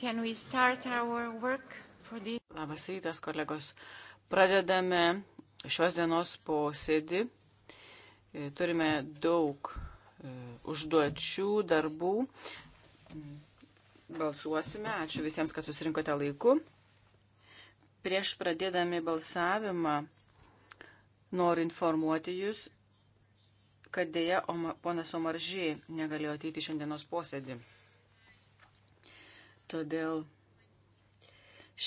The... Labas rytas, kolegos. Pradedame šios dienos posėdį. E, turime daug e, užduočių, darbų. Balsuosime. Ačiū visiems, kad susirinkote laiku. Prieš pradėdami balsavimą noriu informuoti Jūs, kad dėja ponas Omaržiai negalėjo ateiti šiandienos posėdį. Todėl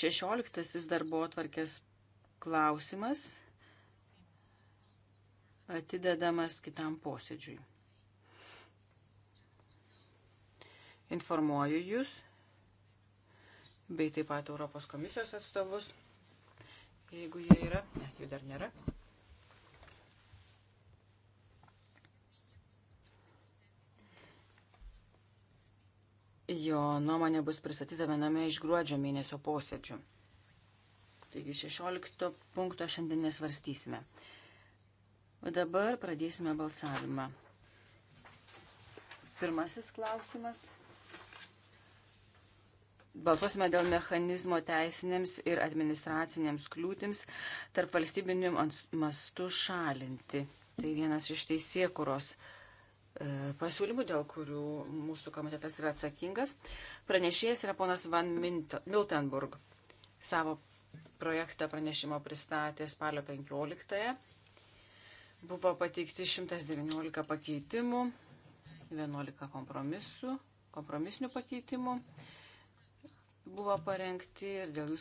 16 darbo atvarkės klausimas atidedamas kitam posėdžiui. Informuoju Jūs, bei taip pat Europos komisijos atstovus, jeigu jie yra, ne, jų dar nėra. Jo nuomonė bus pristatyta viename iš gruodžio mėnesio posėdžių. Taigi 16 punkto šiandien nesvarstysime. O dabar pradėsime balsavimą. Pirmasis klausimas. Balsuosime dėl mechanizmo teisinėms ir administracinėms kliūtims tarp valstybinių mastų šalinti. Tai vienas iš teisėkuros. Tai E, pasiūlymų, dėl kurių mūsų komitetas yra atsakingas. Pranešėjas yra ponas Van Miltenburg. Savo projektą pranešimo pristatė spalio 15-ąją. Buvo pateikti 119 pakeitimų, 11 kompromisų, kompromisinių pakeitimų. Buvo parengti ir dėl jų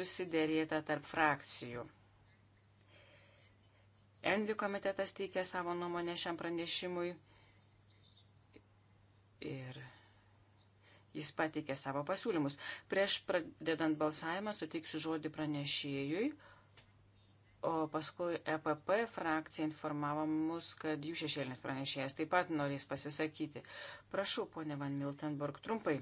susidėrėta tarp frakcijų. Envi komitetas teikė savo nuomonę šiam pranešimui ir jis pateikė savo pasiūlymus. Prieš pradedant balsavimą suteiksiu žodį pranešėjui, o paskui EPP frakcija informavo mus, kad jų šešėlinis pranešėjas taip pat norės pasisakyti. Prašau, ponė Van Miltenburg, trumpai.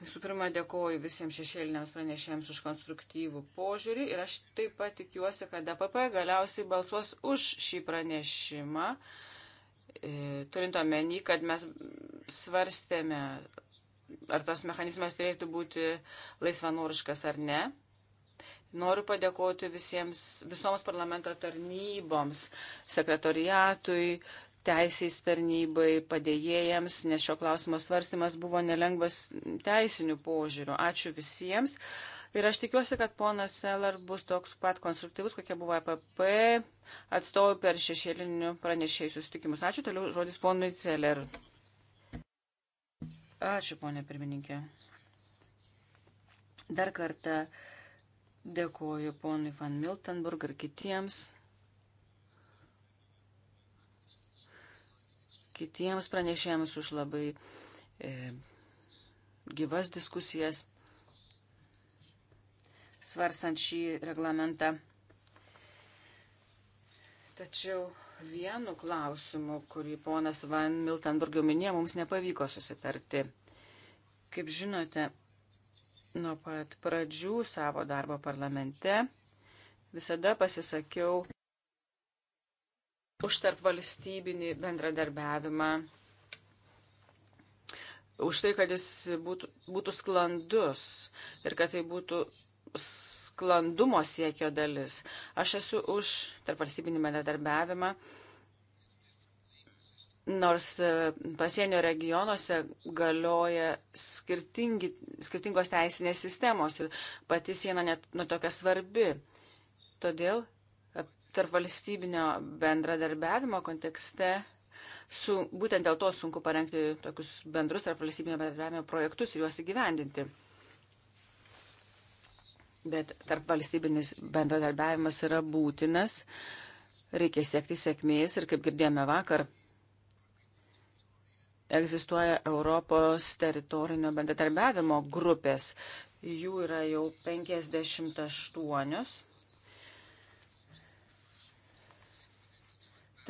Visų pirma, dėkoju visiems šešėliniams pranešėjams už konstruktyvų požiūrį ir aš taip pat tikiuosi, kad DPP e galiausiai balsuos už šį pranešimą, e, turint omeny, kad mes svarstėme, ar tas mechanizmas turėtų būti laisvanoriškas ar ne. Noriu padėkoti visiems, visoms parlamento tarnyboms, sekretoriatui, teisės tarnybai, padėjėjams, nes šio klausimo svarstymas buvo nelengvas teisinių požiūrių. Ačiū visiems. Ir aš tikiuosi, kad ponas Seller bus toks pat konstruktyvus, kokia buvo EPP atstovų per šešėlinių pranešėjų susitikimus. Ačiū toliau žodis ponui Seller. Ačiū, ponė pirmininkė. Dar kartą dėkoju ponui Van Miltenburg ir kitiems kitiems pranešėjams už labai e, gyvas diskusijas svarstant šį reglamentą. Tačiau vienu klausimu, kurį ponas Van Miltenburg jau minėjo, mums nepavyko susitarti. Kaip žinote, nuo pat pradžių savo darbo parlamente visada pasisakiau už tarpvalstybinį bendradarbiavimą, už tai, kad jis būtų, būtų sklandus ir kad tai būtų sklandumo siekio dalis. Aš esu už tarpvalstybinį bendradarbiavimą nors pasienio regionuose galioja skirtingi, skirtingos teisinės sistemos ir pati siena net nu, tokia svarbi. Todėl tarp valstybinio bendradarbiavimo kontekste su, būtent dėl to sunku parengti tokius bendrus tarp valstybinio bendradarbiavimo projektus ir juos įgyvendinti. Bet tarp valstybinis bendradarbiavimas yra būtinas, reikia siekti sėkmės ir kaip girdėjome vakar, egzistuoja Europos teritorinio bendradarbiavimo grupės. Jų yra jau 58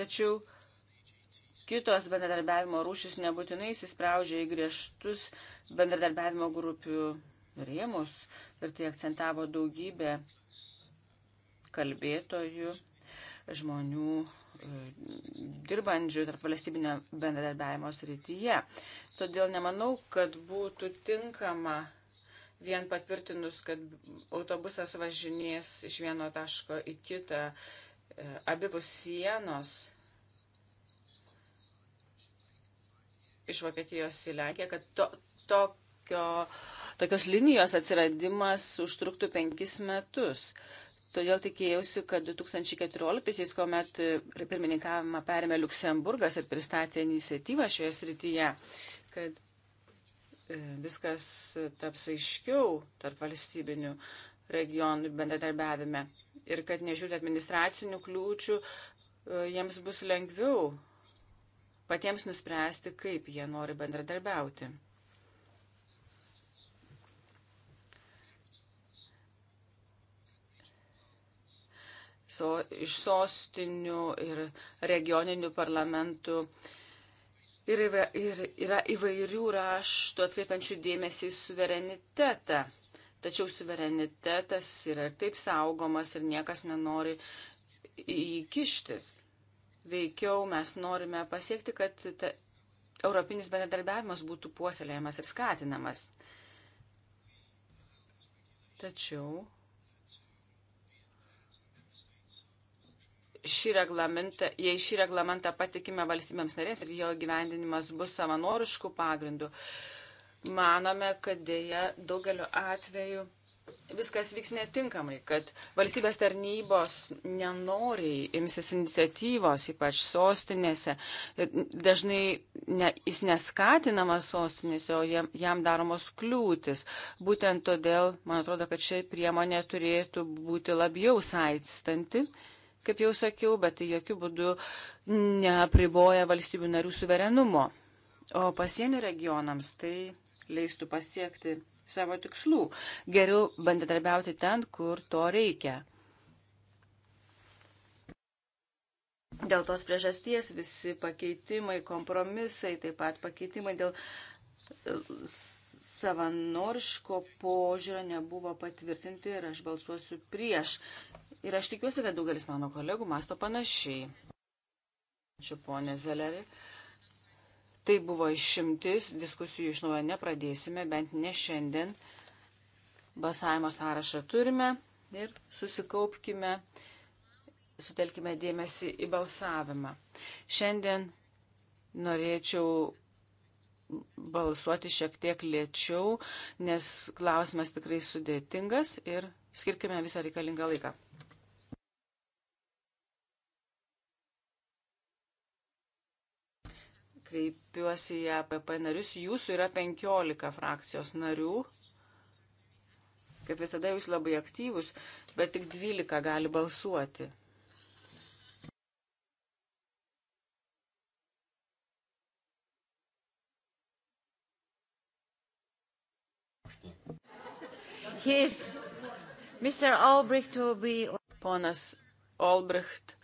Tačiau kitos bendradarbiavimo rūšis nebūtinai įsispraudžia į griežtus bendradarbiavimo grupių rėmus ir tai akcentavo daugybė kalbėtojų, žmonių e, dirbančių tarp valstybinio bendradarbiavimo srityje. Todėl nemanau, kad būtų tinkama vien patvirtinus, kad autobusas važinės iš vieno taško į kitą e, abipus sienos iš Vokietijos į Lenkiją, kad to, tokio, tokios linijos atsiradimas užtruktų penkis metus. Todėl tikėjausi, kad 2014-aisiais, kuomet pirmininkavimą perėmė Luksemburgas ir pristatė iniciatyvą šioje srityje, kad e, viskas taps aiškiau tarp valstybinių regionų bendradarbiavime ir kad nežiūrint administracinių kliūčių, e, jiems bus lengviau patiems nuspręsti, kaip jie nori bendradarbiauti. So, iš sostinių ir regioninių parlamentų ir, ir, yra įvairių raštų atkreipiančių dėmesį į suverenitetą. Tačiau suverenitetas yra ir taip saugomas ir niekas nenori įkištis veikiau mes norime pasiekti, kad ta, europinis bendradarbiavimas būtų puoselėjamas ir skatinamas. Tačiau šį reglamentą, jei šį reglamentą patikime valstybėms narėms ir jo gyvendinimas bus savanoriškų pagrindų, manome, kad dėja daugeliu atveju viskas vyks netinkamai, kad valstybės tarnybos nenoriai imsis iniciatyvos, ypač sostinėse. Dažnai ne, jis neskatinamas sostinėse, o jam, jam daromos kliūtis. Būtent todėl, man atrodo, kad ši priemonė turėtų būti labiau saistanti. Kaip jau sakiau, bet tai jokių būdų neapriboja valstybių narių suverenumo. O pasienio regionams tai leistų pasiekti savo tikslų. Geriau bandadarbiauti ten, kur to reikia. Dėl tos priežasties visi pakeitimai, kompromisai, taip pat pakeitimai dėl e, savanoriško požiūrio nebuvo patvirtinti ir aš balsuosiu prieš. Ir aš tikiuosi, kad daugelis mano kolegų masto panašiai. Ačiū, ponė Zeleri. Tai buvo išimtis, diskusijų iš naujo nepradėsime, bent ne šiandien. Balsavimo sąrašą turime ir susikaupkime, sutelkime dėmesį į balsavimą. Šiandien norėčiau balsuoti šiek tiek lėčiau, nes klausimas tikrai sudėtingas ir skirkime visą reikalingą laiką. Kreipiuosi į APP narius. Jūsų yra 15 frakcijos narių. Kaip visada jūs labai aktyvus, bet tik 12 gali balsuoti. His, Mr. Albrecht will be... Ponas Albrecht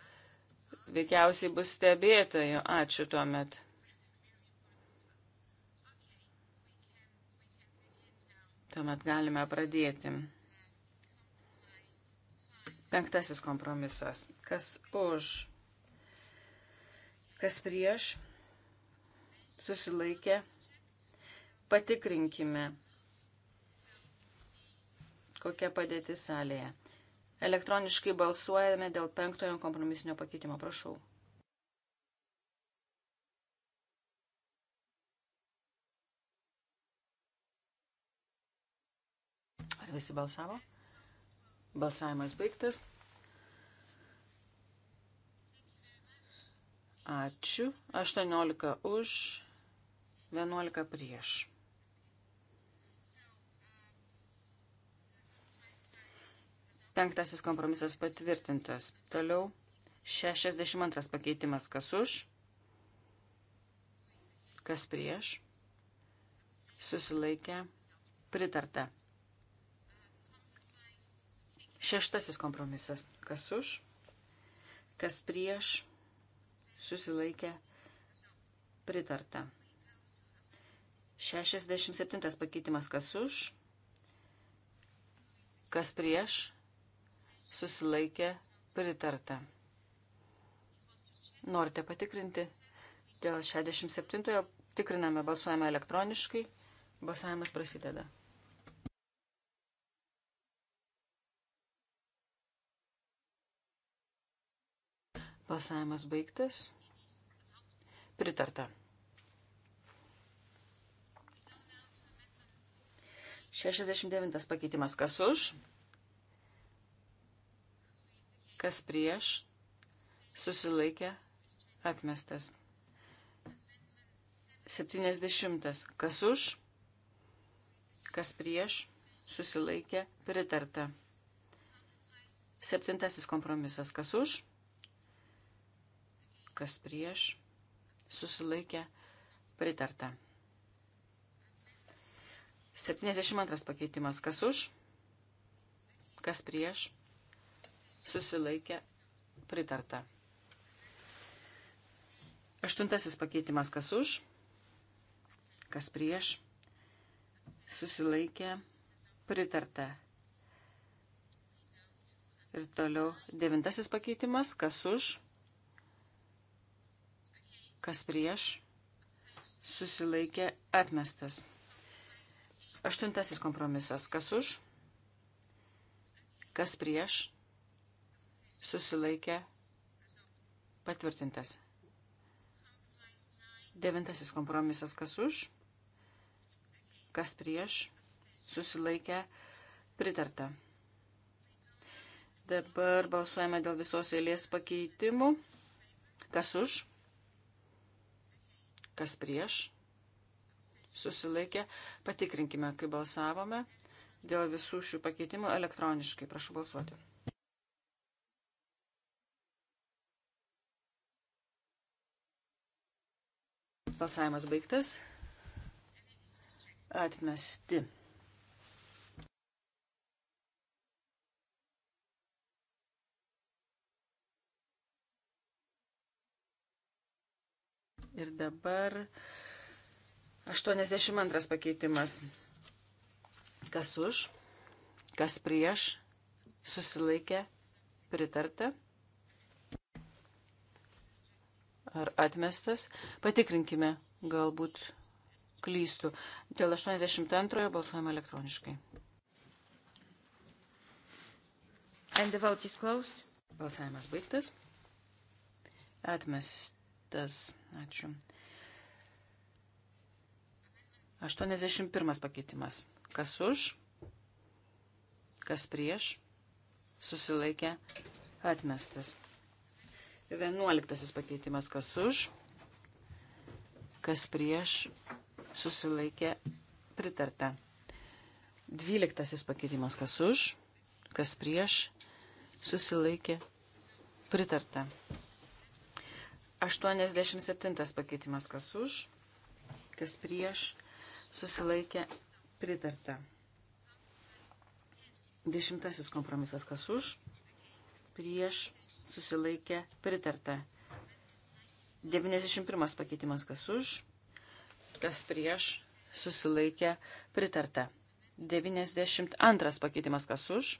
veikiausiai bus stebėtojų. Ačiū tuomet. Tuomet galime pradėti. Penktasis kompromisas. Kas už, kas prieš, susilaikė, patikrinkime, kokia padėti salėje. Elektroniškai balsuojame dėl penktojo kompromisinio pakeitimo. Prašau. Ar visi balsavo? Balsavimas baigtas. Ačiū. 18 už, 11 prieš. Penktasis kompromisas patvirtintas. Toliau 62 pakeitimas. Kas už? Kas prieš? Susilaikę. Pritarta. Šeštasis kompromisas. Kas už, kas prieš, susilaikė, pritarta. 67 pakeitimas. Kas už, kas prieš, susilaikė, pritarta. Norite patikrinti? Dėl 67 tikriname, balsuojame elektroniškai. Balsavimas prasideda. Balsavimas baigtas. Pritarta. Šešiasdešimt devintas pakeitimas. Kas už? Kas prieš? Susilaikė. Atmestas. Septyniasdešimtas. Kas už? Kas prieš? Susilaikė. Pritarta. Septintasis kompromisas. Kas už? kas prieš, susilaikė, pritarta. 72 pakeitimas, kas už, kas prieš, susilaikė, pritarta. Aštuntasis pakeitimas, kas už, kas prieš, susilaikė, pritarta. Ir toliau devintasis pakeitimas, kas už, kas prieš, susilaikė atmestas. Aštuntasis kompromisas, kas už, kas prieš, susilaikė patvirtintas. Devintasis kompromisas, kas už, kas prieš, susilaikė pritarta. Dabar balsuojame dėl visos eilės pakeitimų. Kas už? Kas prieš? Susilaikė. Patikrinkime, kaip balsavome. Dėl visų šių pakeitimų elektroniškai. Prašau balsuoti. Balsavimas baigtas. Atmesti. Ir dabar 82 pakeitimas. Kas už, kas prieš, susilaikė, pritarta ar atmestas. Patikrinkime, galbūt klystų. Dėl 82 balsuojame elektroniškai. And the vote is closed. Balsavimas baigtas. Atmest Ačiū. 81 pakeitimas. Kas už, kas prieš, susilaikė, atmestas. 11 pakeitimas. Kas už, kas prieš, susilaikė, pritarta. 12 pakeitimas. Kas už, kas prieš, susilaikė, pritarta. 87 pakeitimas kas už, kas prieš, susilaikė pritarta. Dešimtasis kompromisas kas už, prieš, susilaikė pritarta. 91 pakeitimas kas už, kas prieš, susilaikė pritarta. 92 pakeitimas kas už,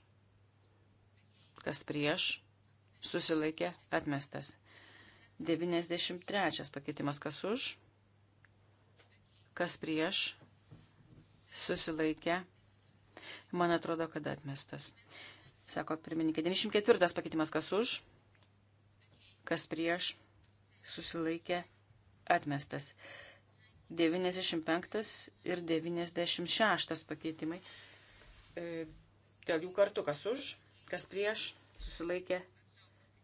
kas prieš, susilaikė atmestas. 93 pakeitimas kas už, kas prieš, susilaikė. Man atrodo, kad atmestas. Sako pirmininkė, 94 pakeitimas kas už, kas prieš, susilaikė, atmestas. 95 ir 96 pakeitimai. E, dėl jų kartu kas už, kas prieš, susilaikė,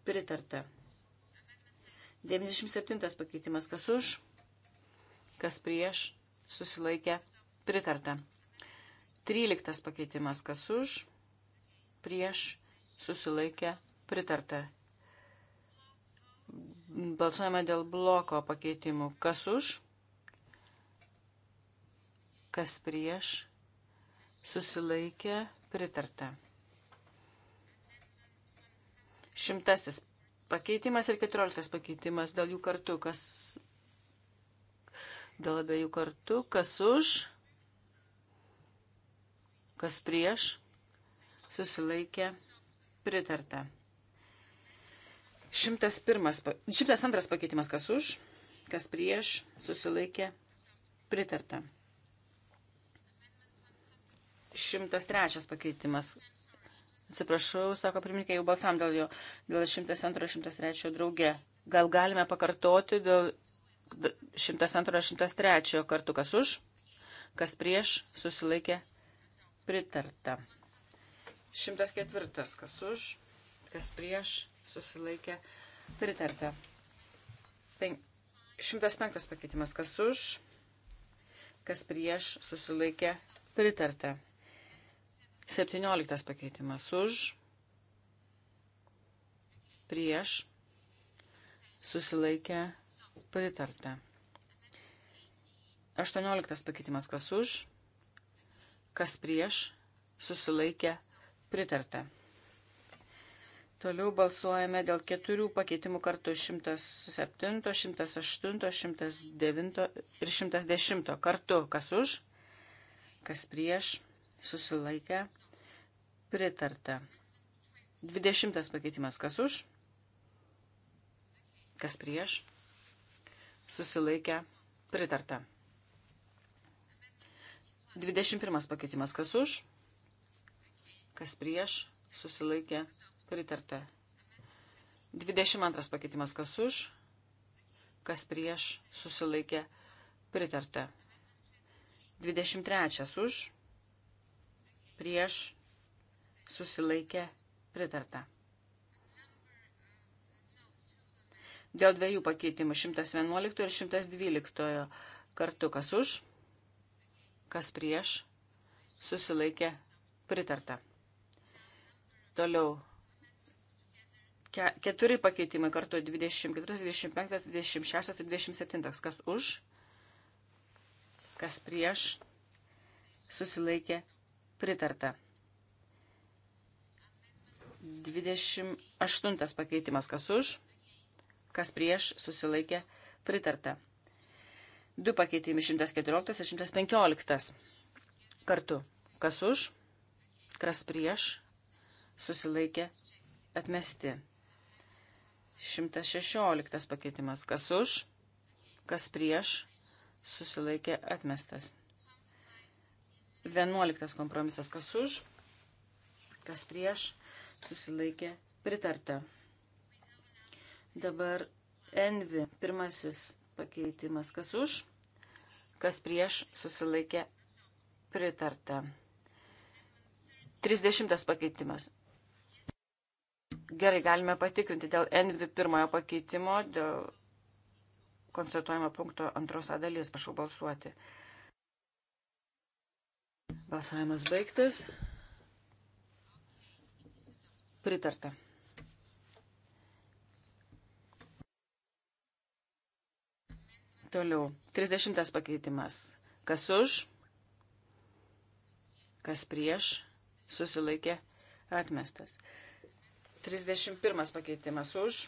pritarta. 97 pakeitimas. Kas už, kas prieš, susilaikė, pritarta. 13 pakeitimas. Kas už, prieš, susilaikė, pritarta. Balsuojame dėl bloko pakeitimų. Kas už, kas prieš, susilaikė, pritarta. Šimtasis pakeitimas ir 14 pakeitimas dėl jų kartu, kas dėl abiejų kartu, kas už, kas prieš, susilaikė pritarta. 101, 102 pakeitimas, kas už, kas prieš, susilaikė pritarta. 103 pakeitimas, Atsiprašau, sako pirmininkė, jau balsam dėl jo, dėl 102-103 drauge. Gal galime pakartoti dėl 102-103 kartu, kas už, kas prieš, susilaikė, pritarta. 104, kas už, kas prieš, susilaikė, pritarta. 105 pakeitimas, kas už, kas prieš, susilaikė, pritarta. 17 pakeitimas už, prieš, susilaikę, pritarta. 18 pakeitimas kas už, kas prieš, susilaikę, pritarta. Toliau balsuojame dėl keturių pakeitimų kartu 107, 108, 109 ir 110 kartu. Kas už, kas prieš, susilaikę, pritarta. 20 pakeitimas kas už, kas prieš, susilaikę, pritarta. 21 pakeitimas kas už, kas prieš, susilaikė, pritarta. 22 pakeitimas kas už, kas prieš, susilaikė, pritarta. 23 už, prieš, susilaikė, pritarta. Dėl dviejų pakeitimų 111 ir 112 kartu kas už, kas prieš, susilaikė, pritarta. Toliau. Keturi pakeitimai kartu 24, 25, 26 ir 27. Kas už, kas prieš, susilaikė, Pritarta. 28 pakeitimas kas už, kas prieš susilaikė pritarta. Du pakeitimai 114 ir 115 kartu. Kas už, kas prieš susilaikė atmesti. 116 pakeitimas. Kas už, kas prieš susilaikė atmestas. 11 kompromisas. Kas už, kas prieš, susilaikė pritarta. Dabar Envi, pirmasis pakeitimas. Kas už, kas prieš, susilaikė pritarta. 30 pakeitimas. Gerai, galime patikrinti dėl Envi pirmojo pakeitimo, dėl konstatuojamo punkto antros A dalies. Prašau balsuoti. Balsavimas baigtas. Pritarta. Toliau. 30 pakeitimas. Kas už, kas prieš, susilaikė, atmestas. 31 pakeitimas už,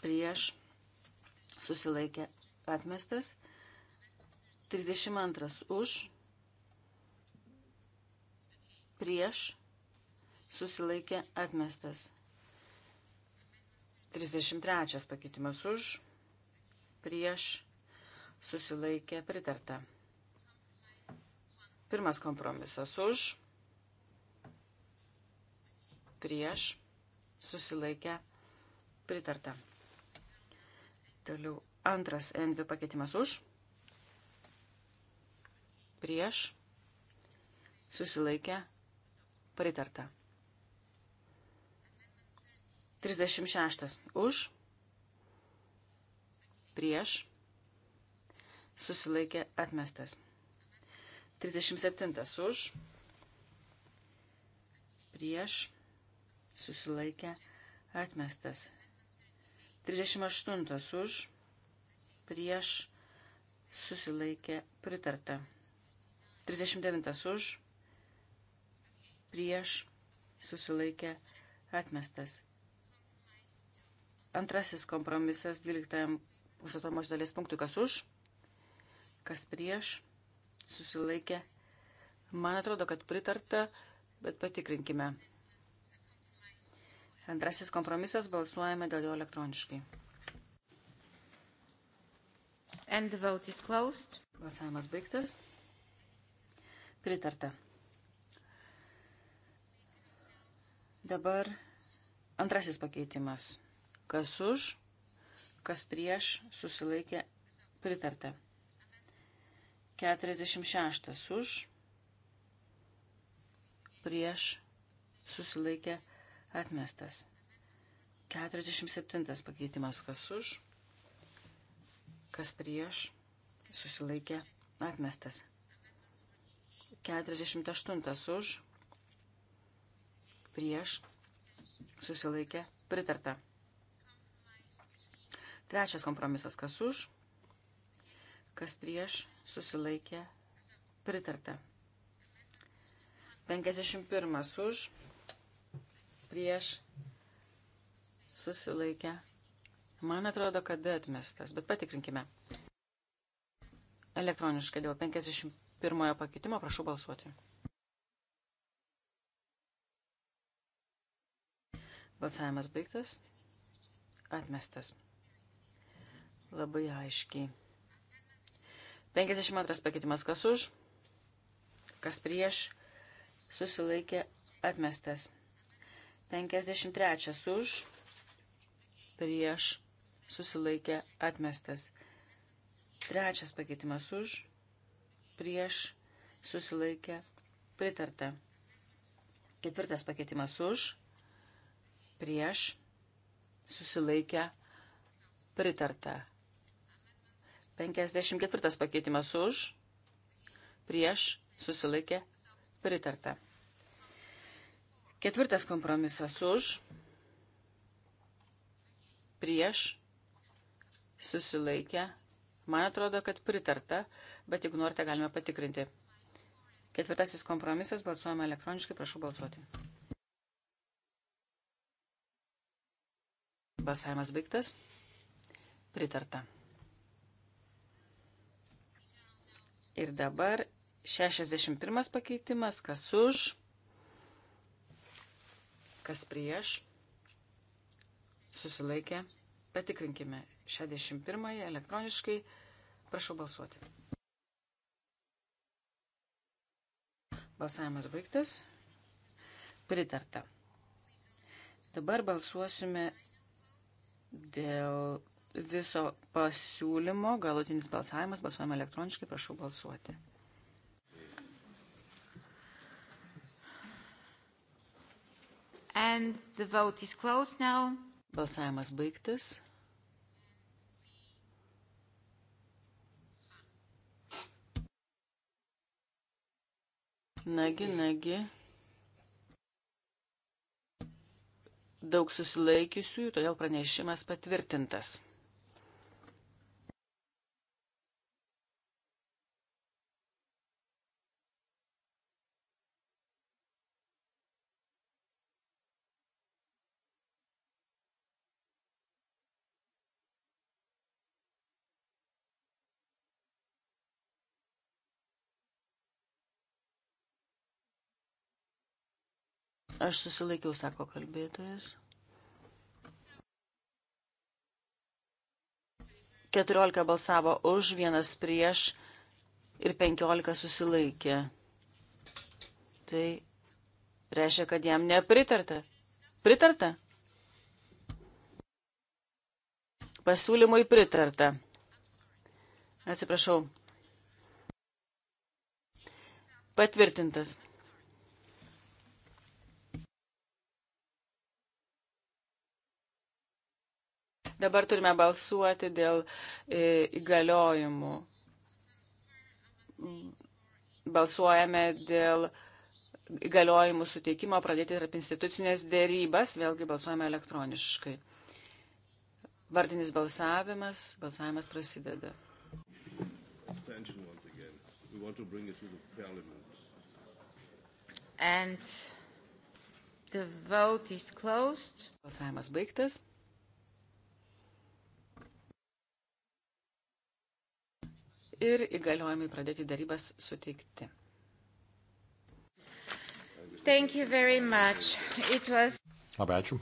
prieš, susilaikė, atmestas. 32 už, prieš, susilaikė atmestas. 33 pakeitimas už, prieš, susilaikė pritarta. Pirmas kompromisas už, prieš, susilaikė pritarta. Toliau antras NV pakeitimas už prieš, susilaikę, pritarta. 36. Už, prieš, susilaikė, atmestas. 37. Už, prieš, susilaikė, atmestas. 38. Už, prieš, susilaikė, pritarta. 39 už, prieš, susilaikė, atmestas. Antrasis kompromisas 12 užsatomos dalies punktui, kas už, kas prieš, susilaikė. Man atrodo, kad pritarta, bet patikrinkime. Antrasis kompromisas balsuojame dėl jo elektroniškai. And the vote is closed. Balsavimas baigtas. Pritarta. Dabar antrasis pakeitimas. Kas už, kas prieš, susilaikė, pritarta. 46 už, prieš, susilaikė, atmestas. 47 pakeitimas. Kas už, kas prieš, susilaikė, atmestas. 48 už, prieš, susilaikė, pritarta. Trečias kompromisas, kas už, kas prieš, susilaikė, pritarta. 51 už, prieš, susilaikė. Man atrodo, kad atmestas, bet patikrinkime. Elektroniškai dėl 51 pirmojo pakeitimo. Prašau balsuoti. Balsavimas baigtas. Atmestas. Labai aiškiai. 52 pakeitimas kas už, kas prieš, susilaikė atmestas. 53 už, prieš, susilaikė atmestas. Trečias pakeitimas už, prieš, susilaikė, pritarta. Ketvirtas pakeitimas už, prieš, susilaikė, pritarta. 54 pakeitimas už, prieš, susilaikė, pritarta. Ketvirtas kompromisas už, prieš, susilaikė, pritarta Man atrodo, kad pritarta, bet jeigu norite, galime patikrinti. Ketvirtasis kompromisas, balsuojame elektroniškai, prašau balsuoti. Balsavimas baigtas. Pritarta. Ir dabar 61 pakeitimas, kas už, kas prieš, susilaikė. Patikrinkime 61 elektroniškai. Prašau balsuoti. Balsavimas baigtas. Pritarta. Dabar balsuosime dėl viso pasiūlymo. Galutinis balsavimas. Balsuojame elektroniškai. Prašau balsuoti. And the vote is closed now. Balsavimas baigtas. Nagi, nagi. Daug susilaikysiųjų, todėl pranešimas patvirtintas. Aš susilaikiau, sako kalbėtojas. 14 balsavo už, vienas prieš ir 15 susilaikė. Tai reiškia, kad jam nepritarta. Pritarta? Pasiūlymui pritarta. Atsiprašau. Patvirtintas. Dabar turime balsuoti dėl e, įgaliojimų. Balsuojame dėl įgaliojimų suteikimo pradėti tarp institucinės dėrybas, vėlgi balsuojame elektroniškai. Vardinis balsavimas, balsavimas prasideda. Balsavimas baigtas. ir įgaliojimai pradėti darybas suteikti. Was... Labai ačiū.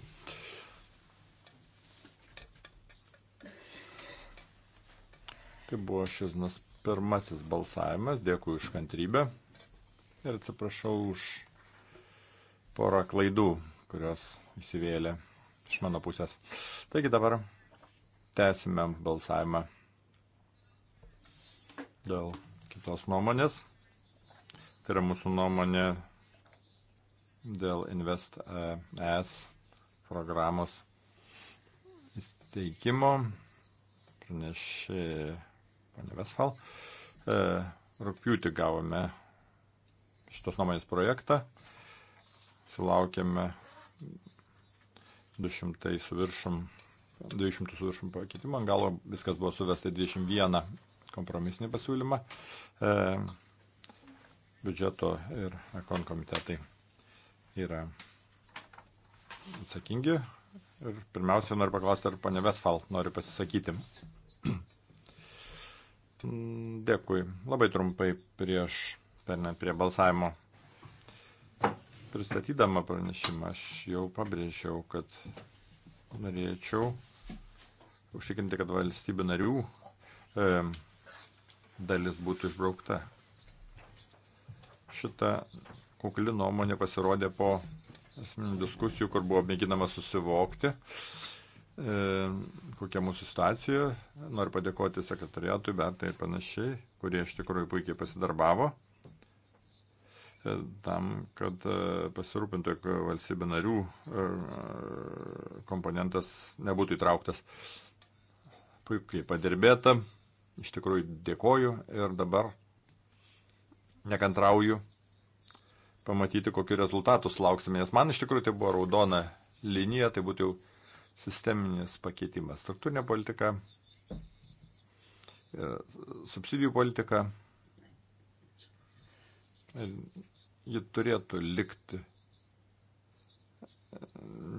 Tai buvo šis nus pirmasis balsavimas. Dėkui už kantrybę. Ir atsiprašau už porą klaidų, kurios įsivėlė iš mano pusės. Taigi dabar tęsime balsavimą dėl kitos nuomonės. Tai yra mūsų nuomonė dėl InvestES programos įsteigimo. Pranešė ponė Vesfal. E, rūpjūtį gavome šitos nuomonės projektą. Sulaukėme 200 su viršum, 200 su viršum pakeitimą. Gal viskas buvo suvesta 21 kompromisinį pasiūlymą e, biudžeto ir ekon komitetai yra atsakingi. Ir pirmiausia, noriu paklausti, ar ponė Vesfalt nori pasisakyti. Dėkui. Labai trumpai prieš pernant prie balsavimo. Pristatydama pranešimą aš jau pabrėžiau, kad norėčiau užtikrinti, kad valstybių narių e, dalis būtų išbraukta. Šita kukli nuomonė pasirodė po asmeninių diskusijų, kur buvo mėginama susivokti, e, kokia mūsų situacija. Noriu padėkoti sekretariatui, bet tai panašiai, kurie iš tikrųjų puikiai pasidarbavo e, tam, kad e, pasirūpintų, jog valstybė narių e, komponentas nebūtų įtrauktas. Puikiai padirbėta, iš tikrųjų dėkoju ir dabar nekantrauju pamatyti, kokiu rezultatu sulauksime, nes man iš tikrųjų tai buvo raudona linija, tai būtų jau sisteminis pakeitimas. Struktūrinė politika, e, subsidijų politika, e, ji turėtų likti, e,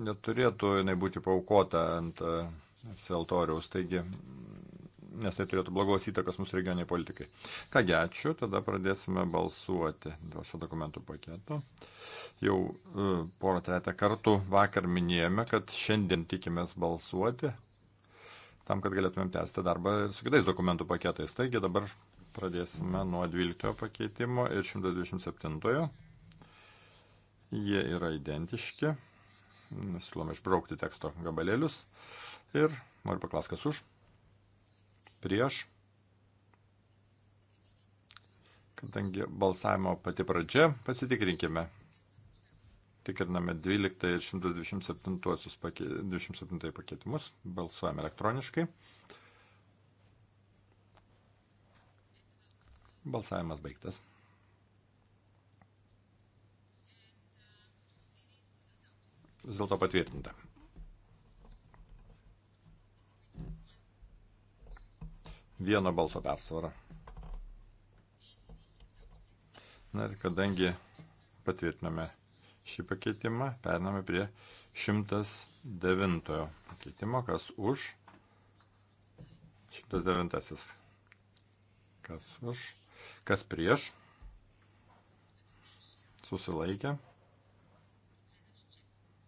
neturėtų jinai būti paukota ant ant altoriaus. Taigi nes tai turėtų blogos įtakos mūsų regioniai politikai. Kągi, ačiū, tada pradėsime balsuoti dėl šio dokumentų paketo. Jau uh, porą tretą kartų vakar minėjome, kad šiandien tikimės balsuoti, tam, kad galėtumėm tęsti darbą ir su kitais dokumentų paketais. Taigi dabar pradėsime nuo 12 pakeitimo ir 127. -ojo. Jie yra identiški. Siūlome išbraukti teksto gabalėlius. Ir noriu paklausti, kas už prieš. Kadangi balsavimo pati pradžia, pasitikrinkime. Tikriname 12 ir 127 pake, pakeitimus. Balsuojame elektroniškai. Balsavimas baigtas. Vis dėlto patvirtinta. vieno balso persvarą. Na ir kadangi patvirtiname šį pakeitimą, periname prie 109 pakeitimo, kas už 109. Kas už, kas prieš, susilaikė.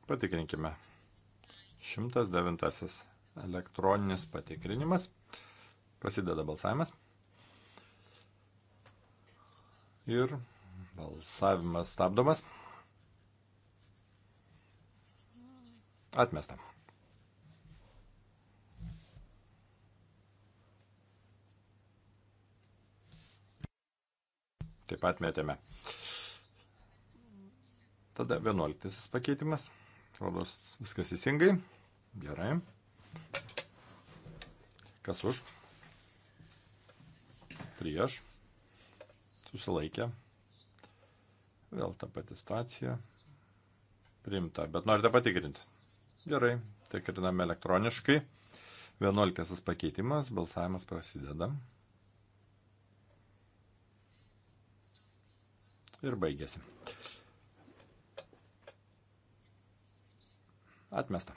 Patikrinkime. 109 elektroninis patikrinimas. Prasideda balsavimas. Ir balsavimas stabdomas. Atmesta. Taip pat metėme. Tada 11 pakeitimas. Rodos viskas įsingai. Gerai. Kas už? prieš, susilaikė, vėl ta pati stacija, priimta, bet norite patikrinti. Gerai, tikriname elektroniškai. 11 pakeitimas, balsavimas prasideda. Ir baigėsi. Atmesta.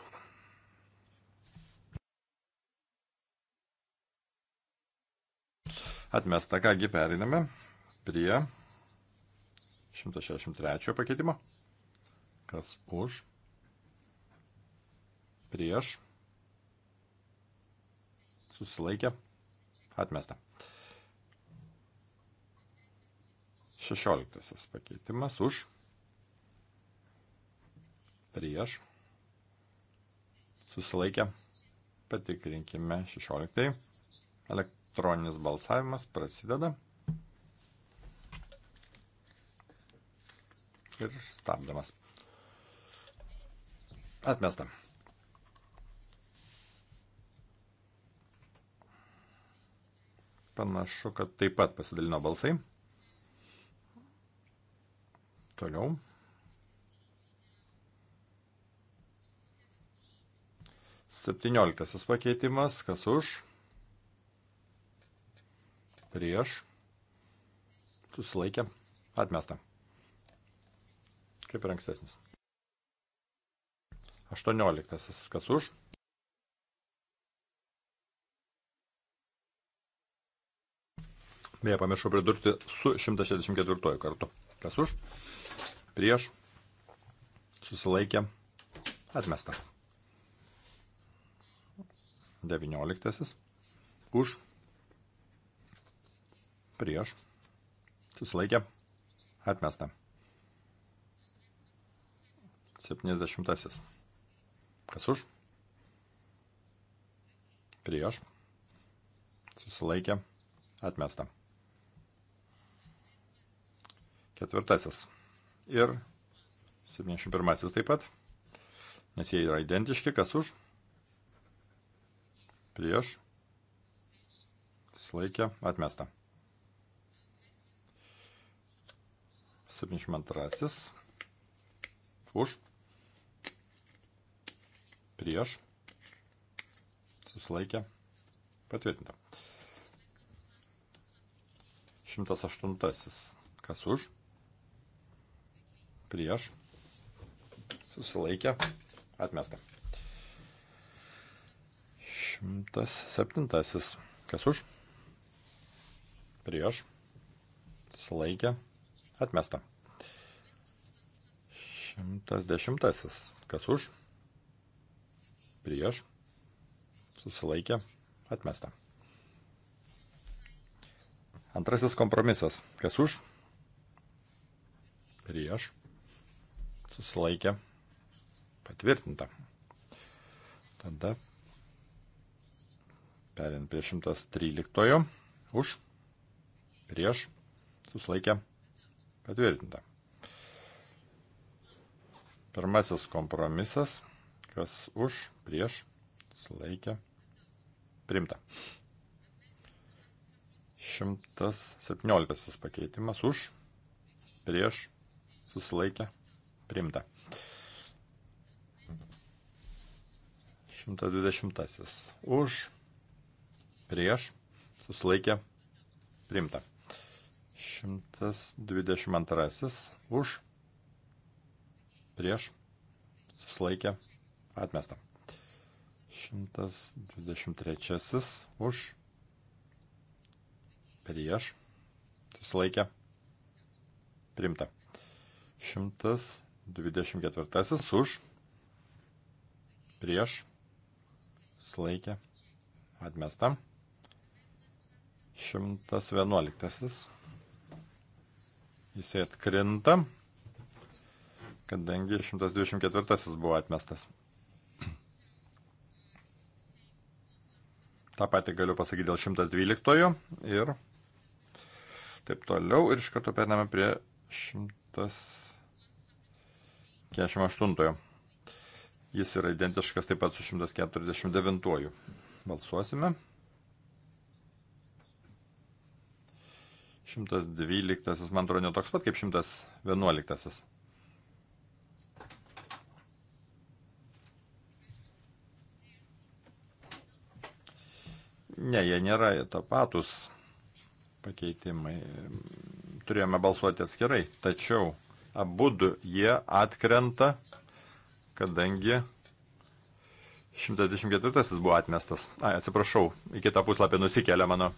Atmesta. Kągi periname prie 163 pakeitimo. Kas už? Prieš. Susilaikė. Atmesta. 16 pakeitimas už. Prieš. Susilaikė. Patikrinkime 16. Elektroninį Elektroninis balsavimas prasideda. Ir stabdamas. Atmesta. Panašu, kad taip pat pasidalino balsai. Toliau. Septynioliktasis pakeitimas. Kas už? prieš, susilaikė, atmesta. Kaip ir ankstesnis. 18. Kas už? Beje, pamiršau pridurti su 164 kartu. Kas už? Prieš. Susilaikė. Atmesta. 19. Už prieš, susilaikė, atmesta. 70. Kas už? Prieš, susilaikė, atmesta. Ketvirtasis. Ir 71 taip pat, nes jie yra identiški, kas už, prieš, susilaikė, atmesta. 72. Už. Prieš. Susilaikė. Patvirtinta. 108. Kas už? Prieš. Susilaikė. Atmesta. 107. Kas už? Prieš. Susilaikė. Atmesta. 110. Kas už? Prieš. Susilaikė. Atmesta. Antrasis kompromisas. Kas už? Prieš. Susilaikė. Patvirtinta. Tada perint prie 113. Už. Prieš. Susilaikė. Patvirtinta. Pirmasis kompromisas, kas už, prieš, sulaikė, primta. 117 pakeitimas už, prieš, susilaikė, primta. 120 už, prieš, susilaikė, primta. 122 už, prieš, susilaikė, atmesta. 123 už, prieš, susilaikė, primta. 124 už, prieš, susilaikė, atmesta. 111 Jisai atkrinta, kadangi 124 buvo atmestas. Ta pati galiu pasakyti dėl 112 ir taip toliau ir iš karto periname prie 148. Jis yra identiškas taip pat su 149. Balsuosime. 112, man atrodo, netoks pat kaip 111. Ne, jie nėra tapatus pakeitimai. Turėjome balsuoti atskirai, tačiau abu du jie atkrenta, kadangi 124 buvo atmestas. Ai, atsiprašau, į kitą puslapį nusikelia mano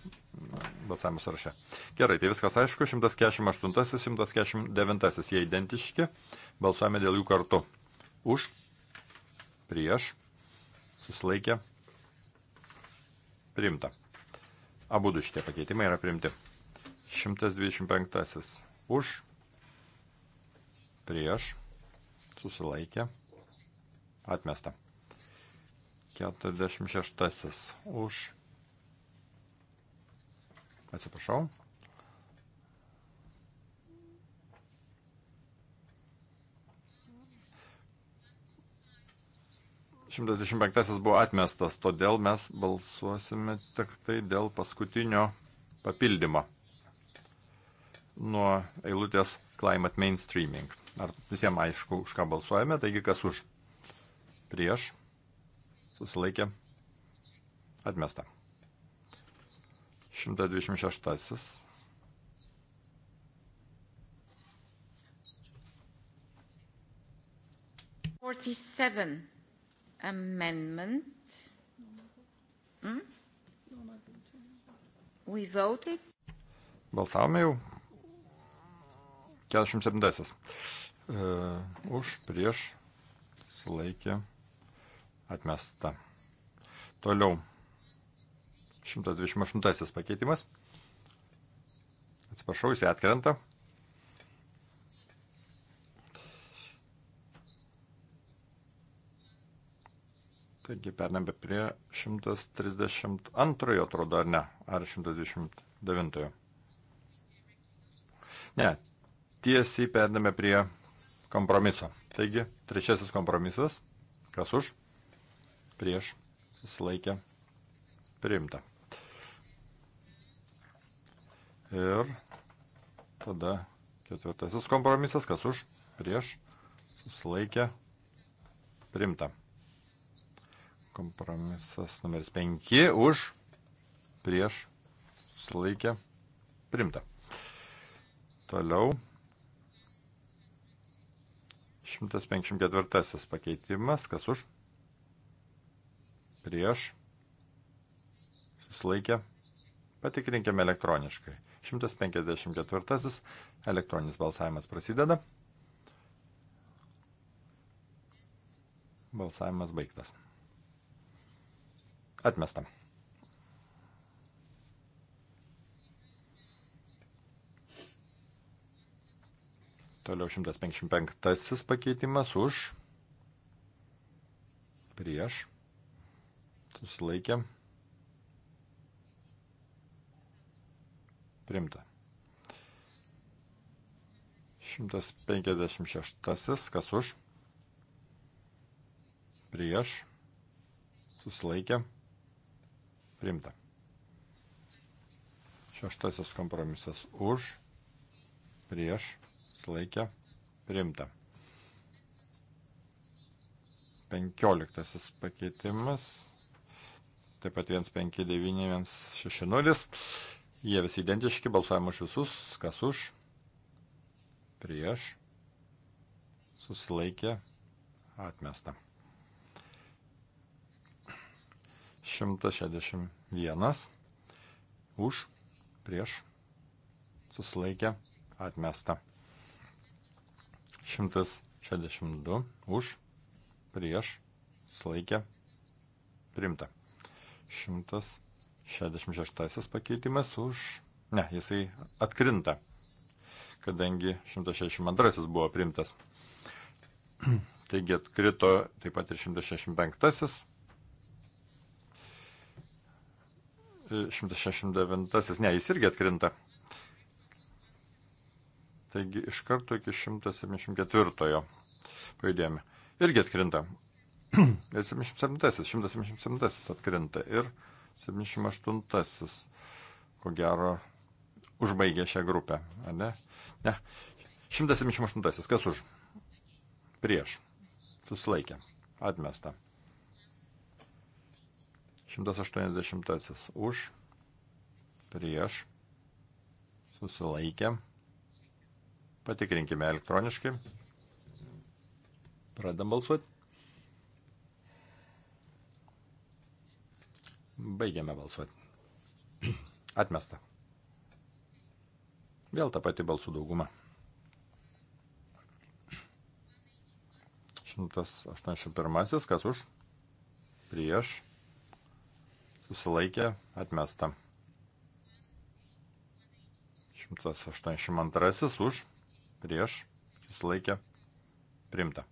balsavimo sąraše. Gerai, tai viskas aišku. 148, 149, jie identiški. Balsuojame dėl jų kartu. Už, prieš, susilaikė, priimta. Abu du šitie pakeitimai yra priimti. 125. Už, prieš, susilaikė, atmesta. 46. Už, Atsiprašau. Šimtas dešimt penktasis buvo atmestas, todėl mes balsuosime tik tai dėl paskutinio papildymo nuo eilutės Climate Mainstreaming. Ar visiems aišku, už ką balsuojame, taigi kas už? Prieš. Susilaikė. Atmesta. 126. Forty seven amendment. Hmm? We voted. Balsavome jau. 47. Uh, e, už, prieš, sulaikė, atmesta. Toliau. 128 pakeitimas. Atsiprašau, jis atkrenta. Taigi pernėme prie 132, atrodo, ar ne? Ar 129? Ne, tiesiai pernėme prie kompromiso. Taigi, trečiasis kompromisas. Kas už? Prieš. Susilaikė. Priimta. Ir tada ketvirtasis kompromisas, kas už, prieš, susilaikė, primta. Kompromisas numeris 5 už, prieš, susilaikė, primta. Toliau. 154 pakeitimas, kas už, prieš, susilaikė, patikrinkime elektroniškai. 154. Elektroninis balsavimas prasideda. Balsavimas baigtas. Atmesta. Toliau 155 pakeitimas už prieš. Susilaikė. Primta. 156. Kas už? Prieš. Susilaikė. Primta. Šeštasis kompromisas už. Prieš. Susilaikė. Primta. Penkioliktasis pakeitimas. Taip pat 159, 160. Jie visi identiški, balsuojam už visus, kas už, prieš, susilaikė, atmesta. 161 už, prieš, susilaikė, atmesta. 162 už, prieš, susilaikė, primta. 100 66 pakeitimas už... Ne, jisai atkrinta, kadangi 162 buvo primtas. Taigi atkrito taip pat ir 165. 169. Ne, jis irgi atkrinta. Taigi iš karto iki 174 pajudėjome. Irgi atkrinta. ir 77, 177 atkrinta. Ir 78, ko gero, užbaigė šią grupę, ar ne? Ne. 178, kas už? Prieš. Susilaikė. Atmesta. 180 už. Prieš. Susilaikė. Patikrinkime elektroniškai. Pradam balsuoti. Baigiame balsuoti. Atmesta. Vėl ta pati balsų dauguma. 181. Kas už? Prieš. Susilaikė. Atmesta. 182. Už. Prieš. Susilaikė. Primta.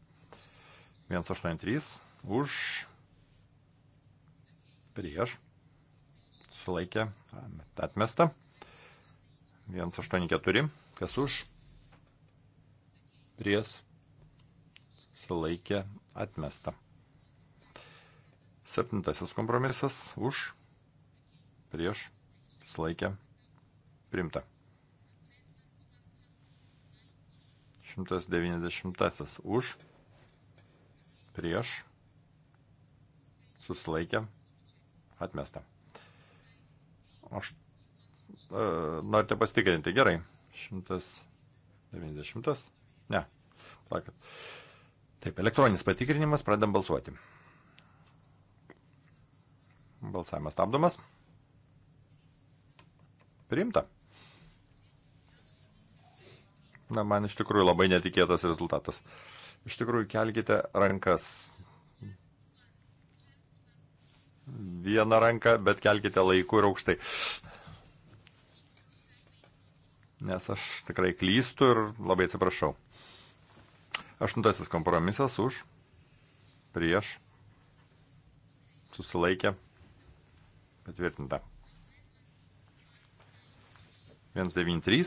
183. Už prieš, sulaikė, atmesta. 184, kas už, prieš, sulaikė, atmesta. Septintasis kompromisas už, prieš, sulaikė, primta. 190 už, prieš, susilaikė, Atmesta. Aš e, norite pasitikrinti. Gerai. 190. Ne. Plakat. Taip, elektroninis patikrinimas, pradedam balsuoti. Balsavimas stabdomas. Priimta. Na, man iš tikrųjų labai netikėtas rezultatas. Iš tikrųjų, kelkite rankas vieną ranką, bet kelkite laiku ir aukštai. Nes aš tikrai klystu ir labai atsiprašau. Aštuntasis kompromisas už, prieš, susilaikė, patvirtinta. 193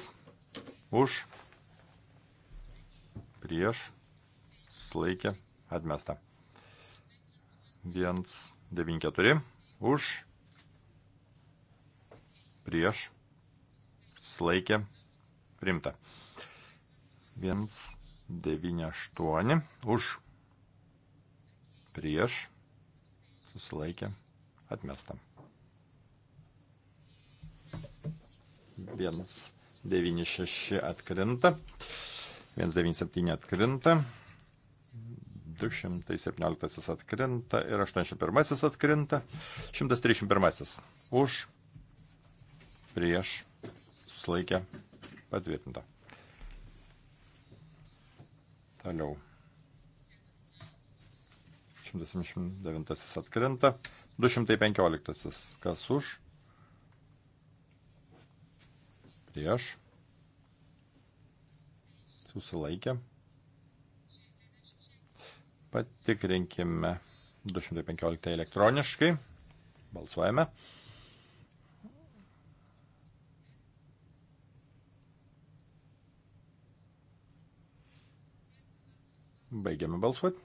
už, prieš, susilaikė, atmesta. 1. 94 už, prieš, slaikė, primta. 198 už, prieš, susilaikė, atmesta. 196 atkrinta, 197 atkrinta. 217 atkrinta ir 81 atkrinta. 131 už, prieš, susilaikė, patvirtinta. Toliau. 179 atkrinta. 215. Kas už? Prieš. Susilaikė. Patikrinkime 215 elektroniškai. Balsuojame. Baigiame balsuoti.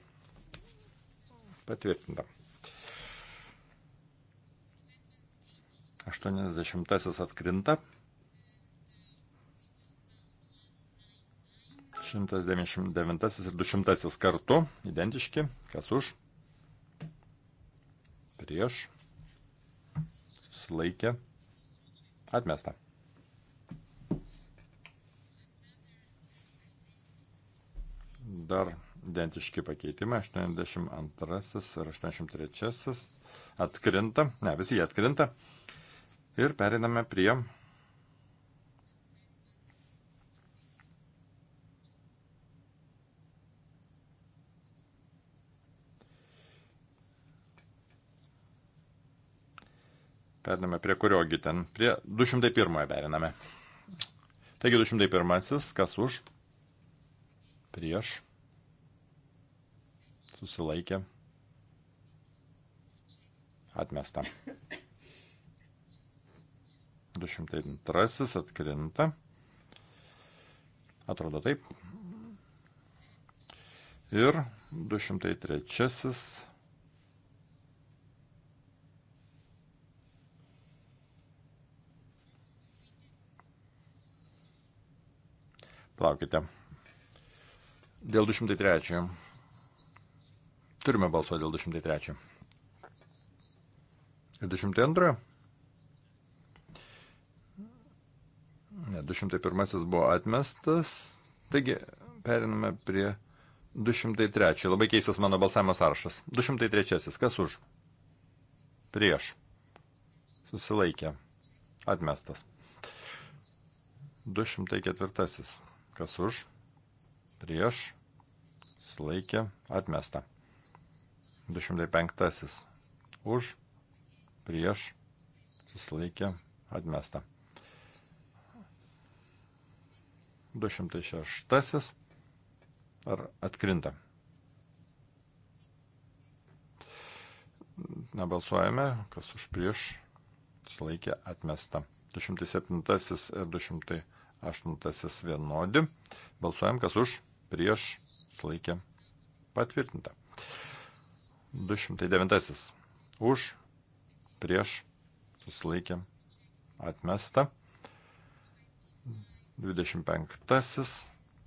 Patvirtinta. 80 atkrinta. 199 ir 200 kartu, identiški, kas už, prieš, susilaikė, atmesta. Dar identiški pakeitimai 82 ir 83 atkrinta, ne, visi jie atkrinta. Ir periname prie Periname prie kuriogi ten. Prie 201 periname. Taigi 201, kas už? Prieš. Susilaikė. Atmesta. 202 atkrinta. Atrodo taip. Ir 203 Plaukite. Dėl 203. Turime balsuoti dėl 203. Ir 202. Ne, 201 buvo atmestas. Taigi, periname prie 203. Labai keistas mano balsavimo sąrašas. 203. Kas už? Prieš. Susilaikė. Atmestas. 204. Kas už? Prieš. Sulaikė. Atmesta. 205. Už. Prieš. Susilaikė. Atmesta. 206. Ar atkrinta? Nebalsuojame, kas už prieš, sulaikė atmesta. 207 ir 200 aštuntasis vienodi. Balsuojam, kas už, prieš, sulaikė, patvirtinta. 209. Už, prieš, susilaikė, atmesta. 25.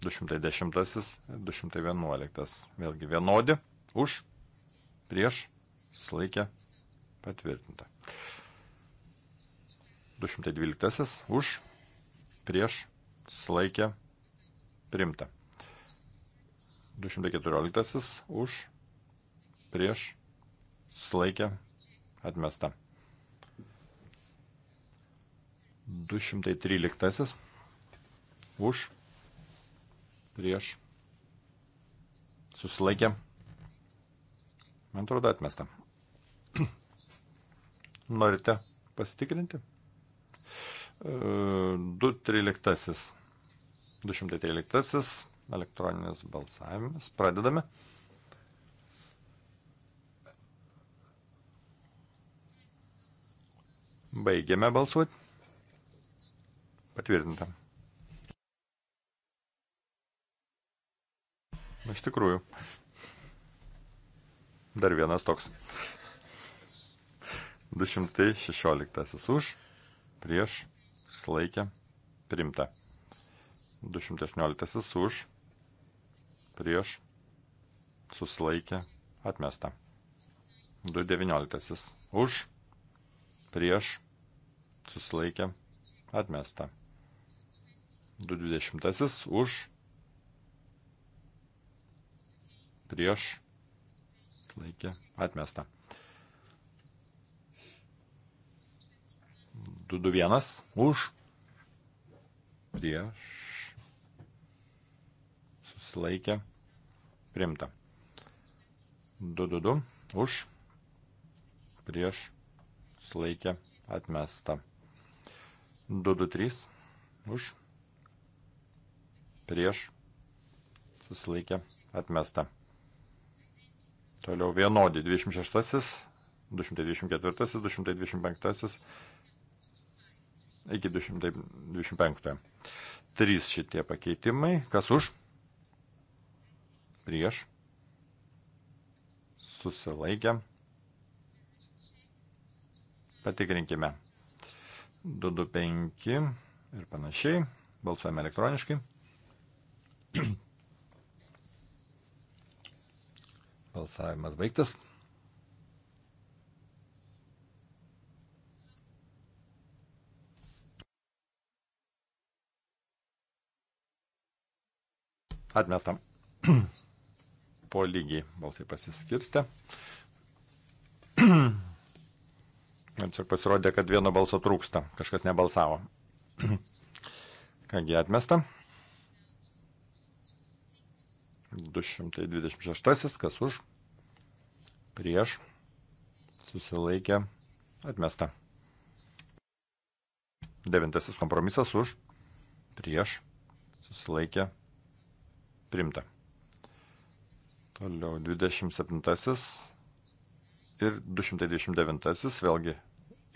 210. 211. Vėlgi vienodi. Už, prieš, susilaikė, patvirtinta. 212. Už, prieš, sulaikė, primta. 214 už, prieš, sulaikė, atmesta. 213 už, prieš, susilaikė, man atrodo atmesta. Norite pasitikrinti? 213. 213 elektroninis balsavimas. Pradedame. Baigiame balsuoti. Patvirtinta. Iš tikrųjų. Dar vienas toks. 216 už, prieš susilaikė, primta. 218 už, prieš, susilaikė, atmesta. 219 už, prieš, susilaikė, atmesta. 220 už, prieš, laikė, atmesta. 221 už, prieš, susilaikė, primta. 222 už, prieš, susilaikė, atmesta. 223 už, prieš, susilaikė, atmesta. Toliau vienodi 26, 224, 225 iki 225. Trys šitie pakeitimai. Kas už? Prieš. Susilaikę. Patikrinkime. 225 ir panašiai. Balsuojame elektroniškai. Balsavimas baigtas. Atmetam. po lygiai balsai pasiskirstė. Čia pasirodė, kad vieno balso trūksta, kažkas nebalsavo. Kągi atmesta. 226, kas už, prieš, susilaikė, atmesta. Devintasis kompromisas už, prieš, susilaikė, Primta. Toliau 27 ir 229 vėlgi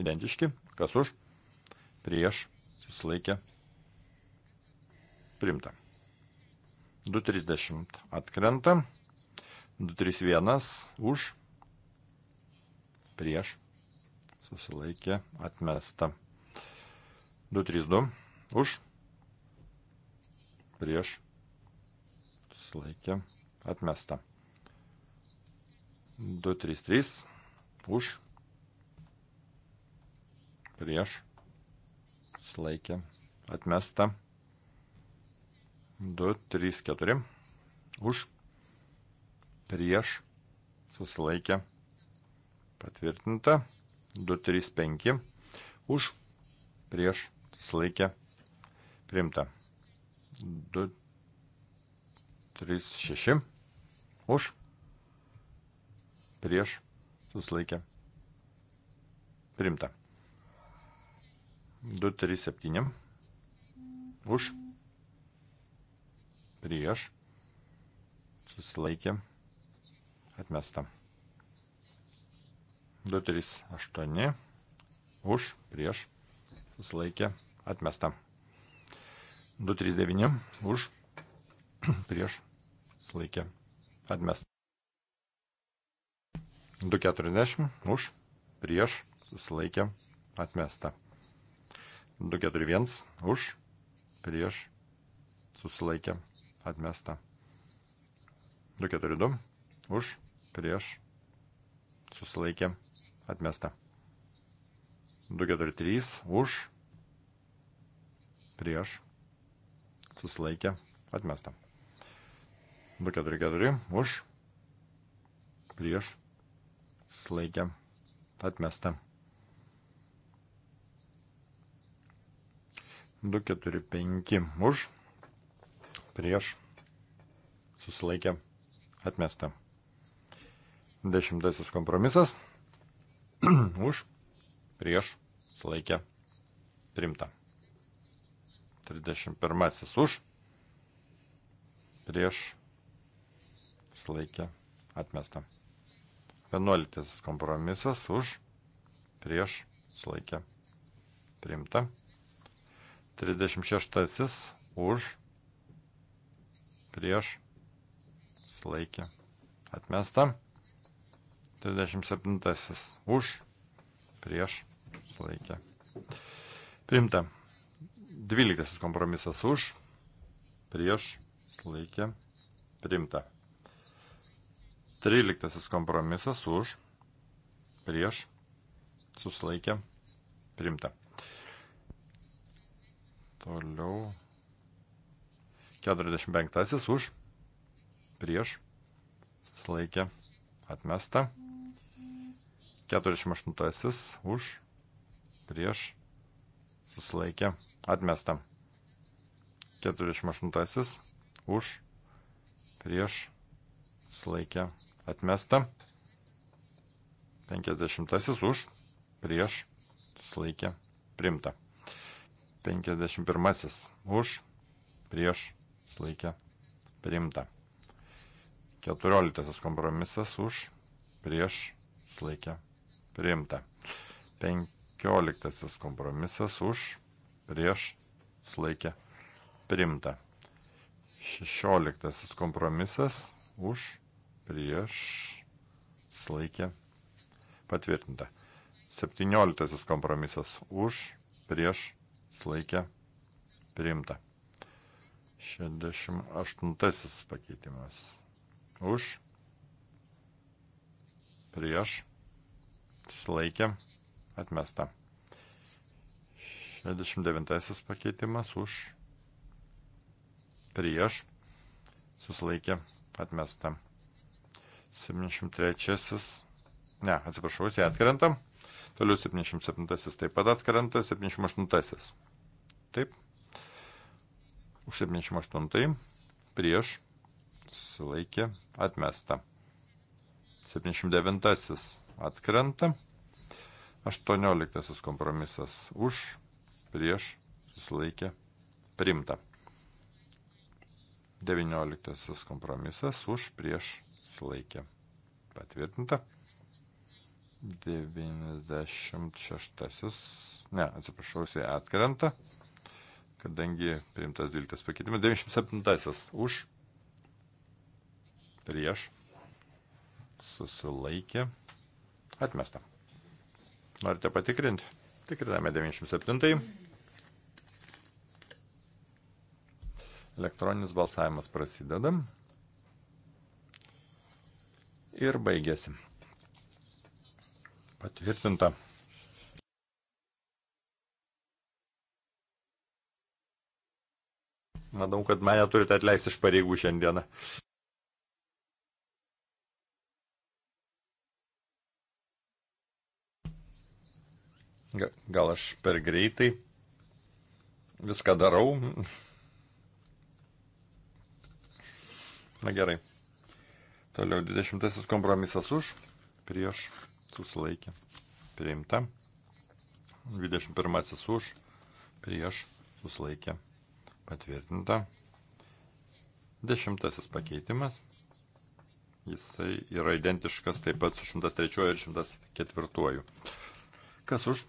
identiški. Kas už? Prieš. Susilaikė. Primta. 230 atkrenta. 231 už. Prieš. Susilaikė. Atmesta. 232 už. Prieš susilaikė, atmesta. 2, 3, 3, už, prieš, susilaikė, atmesta. 2, 3, 4, už, prieš, susilaikė, patvirtinta. 2, 3, 5, už, prieš, susilaikė, priimta. 2, 36 už, prieš, susilaikė, primta. 237 už, prieš, susilaikė, atmesta. 238 už, prieš, susilaikė, atmesta. 239 už, prieš prieš, laikė, atmest. 240 už, prieš, susilaikė, atmesta. 241 už, prieš, susilaikė, atmesta. 242 už, prieš, susilaikė, atmesta. 243 už, prieš, susilaikė, atmesta. 244 už, prieš, slaikę, atmesta. 245 už, prieš, susilaikę, atmesta. Dešimtasis kompromisas už, prieš, sulaikę, primta. 31 už, prieš, susilaikė atmesta. 11 kompromisas už, prieš susilaikė priimta. 36 už, prieš susilaikė atmesta. 37 už, prieš susilaikė priimta. 12 kompromisas už, prieš susilaikė priimta. 13 kompromisas už, prieš, susilaikė, primta. Toliau 45 už, prieš, susilaikė, atmesta. 48 už, prieš, susilaikė, atmesta. 48 už, prieš, susilaikė, atmesta. 50 už, prieš, susilaikė, primta. 51 už, prieš, susilaikė, primta. 14 kompromisas už, prieš, susilaikė, primta. 15 kompromisas už, prieš, susilaikė, primta. 16 kompromisas už, prieš, slaikė, patvirtinta. 17 kompromisas už, prieš, slaikė, priimta. 68 pakeitimas už, prieš, slaikė, atmesta. 69 pakeitimas už, prieš, susilaikė, atmesta. 73. Ne, atsiprašau, jis atkrenta. Toliau 77 taip pat atkrenta, 78. Taip. Už 78 prieš susilaikė atmesta. 79 atkrenta. 18 kompromisas už prieš susilaikė primta. 19 kompromisas už prieš susilaikė patvirtinta. 96. Ne, atsiprašau, jisai atkrenta, kadangi priimtas 12 pakeitimas. 97. Už. Prieš. Susilaikė. Atmesta. Norite patikrinti? Tikriname 97. Elektroninis balsavimas prasideda ir baigėsi. Patvirtinta. Manau, kad mane turite atleisti iš pareigų šiandieną. Gal aš per greitai viską darau? Na gerai. Toliau 20 kompromisas už, prieš, susilaikė, priimta. 21 už, prieš, susilaikė, patvirtinta. 10 pakeitimas. Jisai yra identiškas taip pat su 103 ir 104. Kas už?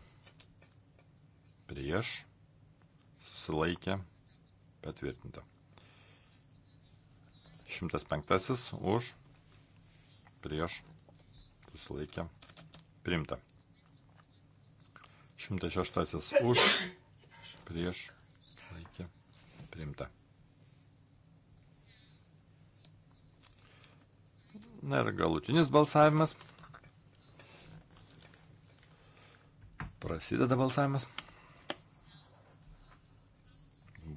Prieš, susilaikė, patvirtinta. 105 už, prieš, susilaikė, priimta. 106 už, prieš, laikė, priimta. Na ir galutinis balsavimas. Prasideda balsavimas.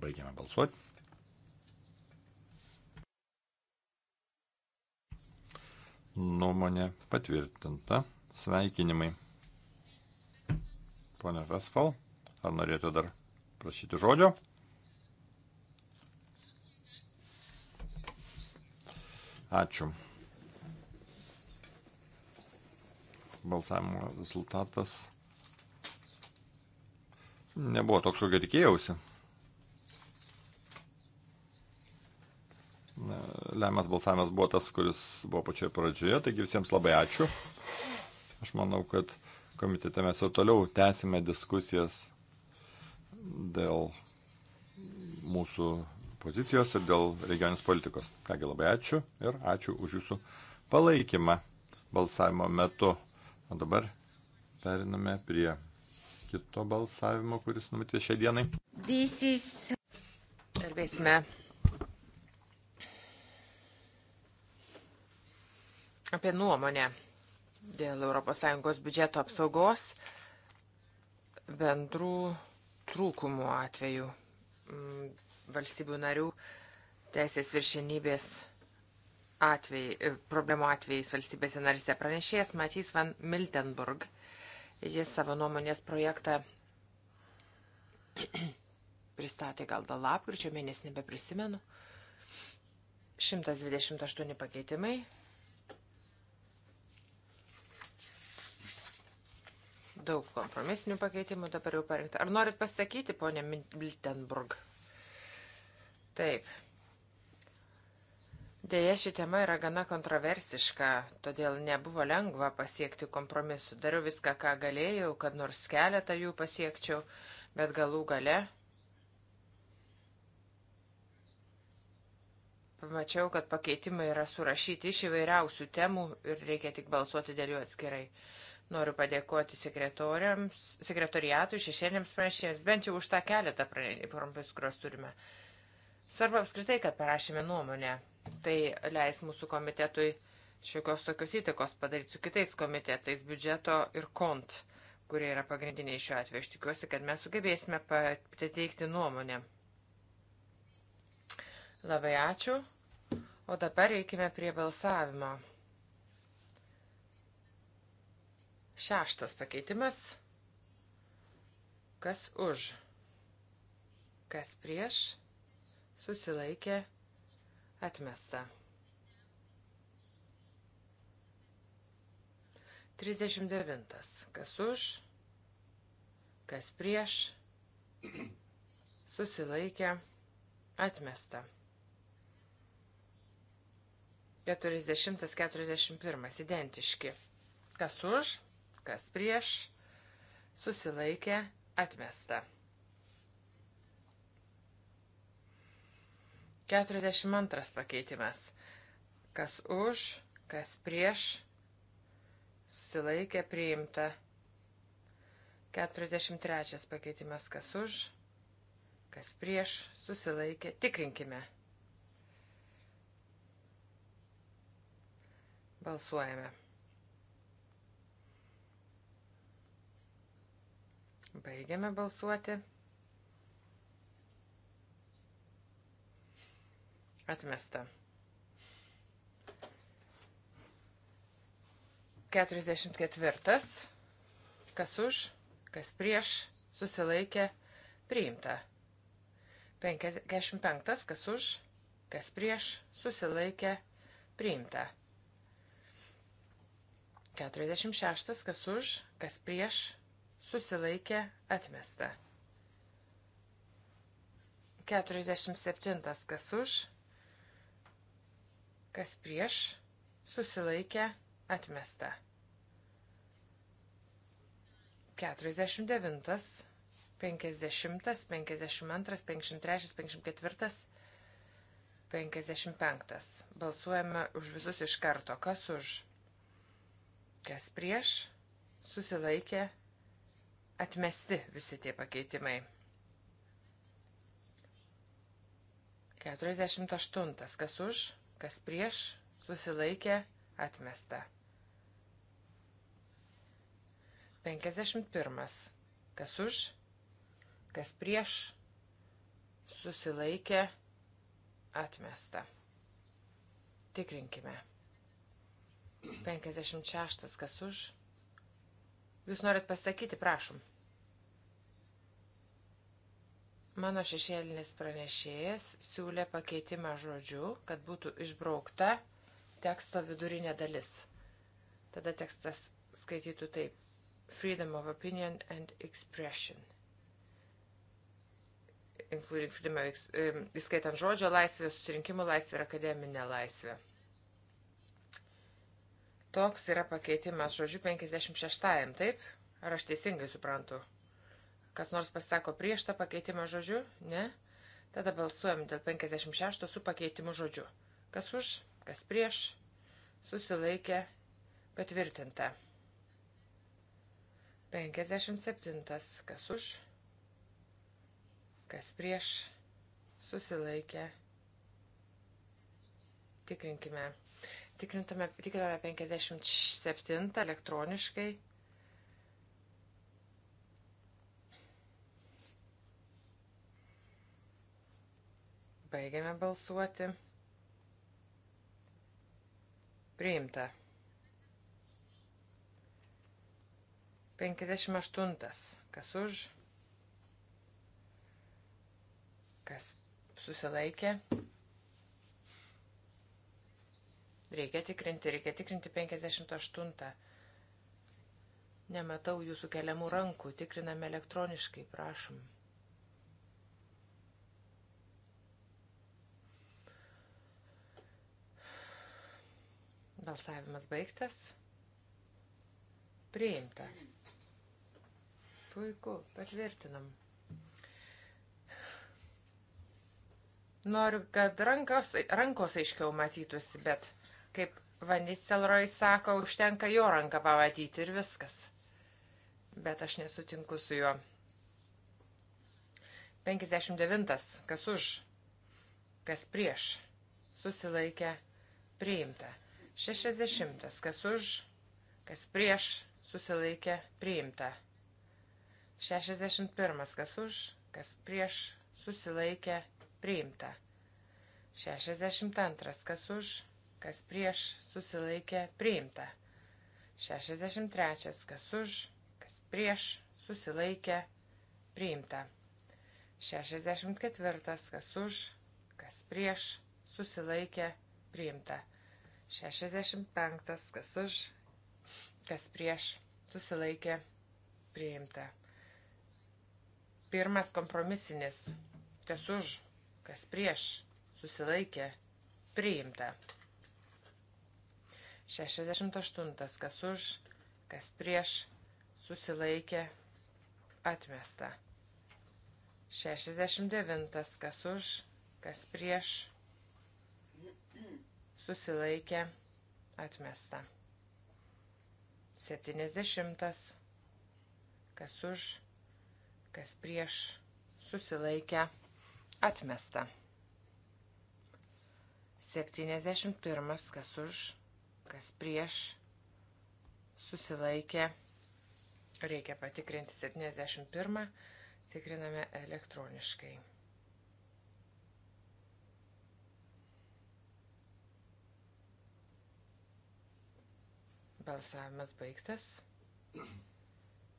Baigiame balsuoti. Nuomonė patvirtinta. Sveikinimai. Pone Vesfal, ar norėtų dar prašyti žodžio? Ačiū. Balsavimo rezultatas nebuvo toks, kokio tikėjausi. lemiamas balsavimas buvo tas, kuris buvo pačioje pradžioje, taigi visiems labai ačiū. Aš manau, kad komitete mes ir toliau tęsime diskusijas dėl mūsų pozicijos ir dėl regionės politikos. Kągi labai ačiū ir ačiū už jūsų palaikymą balsavimo metu. O dabar periname prie kito balsavimo, kuris numatytas šiai dienai. Is... Kalbėsime apie nuomonę dėl ES biudžeto apsaugos bendrų trūkumų atveju mm, valstybių narių teisės viršinybės atvejai, e, problemų atvejais valstybėse narise. Pranešėjas Matys Van Miltenburg. Jis savo nuomonės projektą pristatė gal dėl lapkričio mėnesį, nebeprisimenu. 128 pakeitimai, daug kompromisinių pakeitimų dabar jau parinkta. Ar norit pasakyti, ponė Miltenburg? Taip. Deja, ši tema yra gana kontroversiška, todėl nebuvo lengva pasiekti kompromisų. Dariau viską, ką galėjau, kad nors keletą jų pasiekčiau, bet galų gale pamačiau, kad pakeitimai yra surašyti iš įvairiausių temų ir reikia tik balsuoti dėl jų atskirai. Noriu padėkoti sekretoriatui, šešėlėms pranešėjams, bent jau už tą keletą pranešimų, kuriuos turime. Svarbu apskritai, kad parašėme nuomonę. Tai leis mūsų komitetui šiokios tokios įtakos padaryti su kitais komitetais biudžeto ir kont, kurie yra pagrindiniai šiuo atveju. Aš tikiuosi, kad mes sugebėsime pateikti nuomonę. Labai ačiū. O dabar reikime prie balsavimo. Šeštas pakeitimas. Kas už? Kas prieš? Susilaikė. Atmesta. 39. Kas už? Kas prieš? Susilaikė. Atmesta. 40-41 identiški. Kas už, kas prieš, susilaikė, atmesta. 42 pakeitimas. Kas už, kas prieš, susilaikė priimta. 43 pakeitimas. Kas už, kas prieš, susilaikė. Tikrinkime. Balsuojame. Baigiame balsuoti. Atmesta. 44. Kas už, kas prieš, susilaikė, priimta. 55. Kas už, kas prieš, susilaikė, priimta. 46. Kas už, kas prieš, susilaikė atmesta. 47. Kas už, kas prieš, susilaikė atmesta. 49, 50, 52, 53, 54, 55. Balsuojame už visus iš karto. Kas už? Kas prieš? Susilaikė Atmesti visi tie pakeitimai. 48. Kas už, kas prieš, susilaikė, atmesta. 51. Kas už, kas prieš, susilaikė, atmesta. Tikrinkime. 56. Kas už, Jūs norit pasakyti, prašom. Mano šešėlinis pranešėjas siūlė pakeitimą žodžiu, kad būtų išbraukta teksto vidurinė dalis. Tada tekstas skaitytų taip. Freedom of opinion and expression. Including freedom of, įskaitant žodžio laisvę, susirinkimų laisvę ir akademinę laisvę. Toks yra pakeitimas žodžiu 56, taip? Ar aš teisingai suprantu? Kas nors pasako prieš tą pakeitimą žodžiu? Ne? Tada balsuojam dėl 56 su pakeitimu žodžiu. Kas už, kas prieš, susilaikė, patvirtinta. 57. Kas už, kas prieš, susilaikė. Tikrinkime. Tikrintume, tikriname 57 elektroniškai. Baigiame balsuoti. Priimta. 58. Kas už? Kas susilaikė? Reikia tikrinti, reikia tikrinti 58. Nematau jūsų keliamų rankų, tikriname elektroniškai, prašom. Balsavimas baigtas. Priimta. Puiku, patvirtinam. Noriu, kad rankos, rankos aiškiau matytųsi, bet Kaip Vaniselroj sako, užtenka jo ranką pamatyti ir viskas. Bet aš nesutinku su juo. 59. Kas už? Kas prieš? Susilaikė. Priimta. 60. Kas už? Kas prieš? Susilaikė. Priimta. 61. Kas už? Kas prieš? Susilaikė. Priimta. 62. Kas už? kas prieš susilaikė priimta. 63. Kas už, kas prieš susilaikė priimta. 64. Kas už, kas prieš susilaikė priimta. 65. Kas už, kas prieš susilaikė priimta. Pirmas kompromisinis. Kas už, kas prieš susilaikė priimta. 68. Kas už, kas prieš, susilaikė, atmesta. 69. Kas už, kas prieš, susilaikė, atmesta. 70. Kas už, kas prieš, susilaikė, atmesta. 71. Kas už, kas prieš, susilaikė, reikia patikrinti 71, tikriname elektroniškai. Balsavimas baigtas.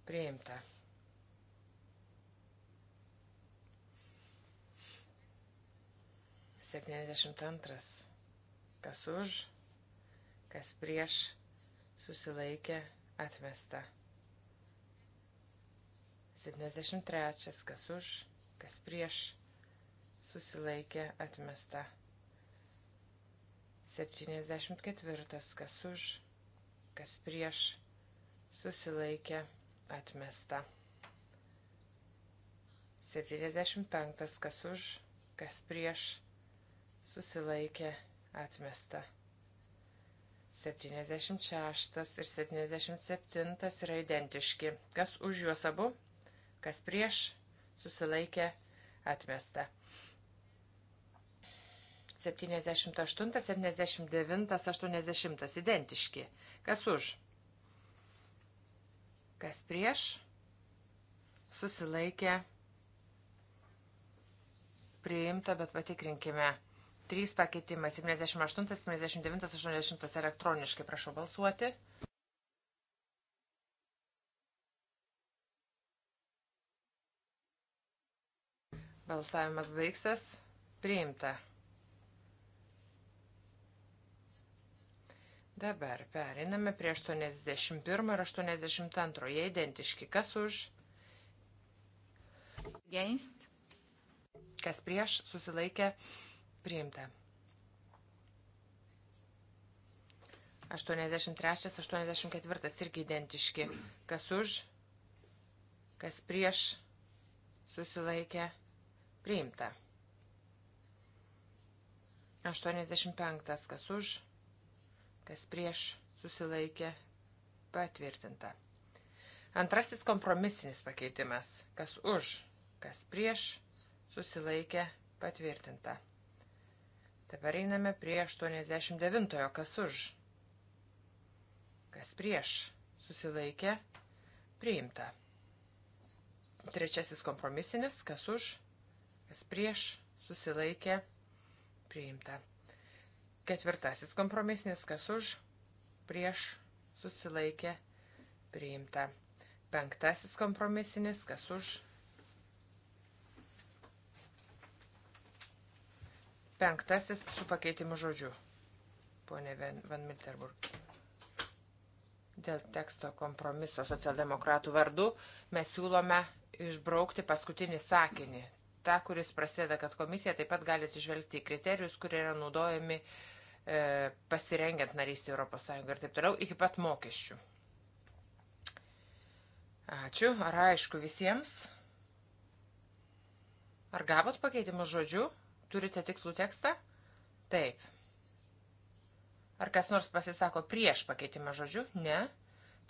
Priimta. Septyniasdešimt antras. Kas už? kas prieš susilaikė atmesta. 73. Kas už, kas prieš susilaikė atmesta. 74. Kas už, kas prieš susilaikė atmesta. 75. Kas už, kas prieš susilaikė atmesta. 76 ir 77 yra identiški. Kas už juos abu, kas prieš, susilaikė, atmesta. 78, 79, 80 identiški. Kas už? Kas prieš? Susilaikė. Priimta, bet patikrinkime. Trys pakeitimai 78, 79, 80 elektroniškai prašau balsuoti. Balsavimas baigtas. Priimta. Dabar periname prie 81 ir 82. Jie identiški. Kas už? Against. Kas prieš susilaikė? Priimta Priimta. 83, 84 irgi identiški. Kas už, kas prieš, susilaikė, priimta. 85, kas už, kas prieš, susilaikė, patvirtinta. Antrasis kompromisinis pakeitimas. Kas už, kas prieš, susilaikė, patvirtinta. Dabar einame prie 89-ojo. Kas už? Kas prieš? Susilaikė. Priimta. Trečiasis kompromisinis. Kas už? Kas prieš? Susilaikė. Priimta. Ketvirtasis kompromisinis. Kas už? Prieš? Susilaikė. Priimta. Penktasis kompromisinis. Kas už? Penktasis su pakeitimu žodžiu. Pone Van Milterburg. Dėl teksto kompromiso socialdemokratų vardu mes siūlome išbraukti paskutinį sakinį. Ta, kuris prasideda, kad komisija taip pat gali atsižvelgti į kriterijus, kurie yra naudojami e, pasirengiant narystį ES ir taip toliau, iki pat mokesčių. Ačiū. Ar aišku visiems? Ar gavot pakeitimus žodžiu? Turite tikslų tekstą? Taip. Ar kas nors pasisako prieš pakeitimą žodžiu? Ne.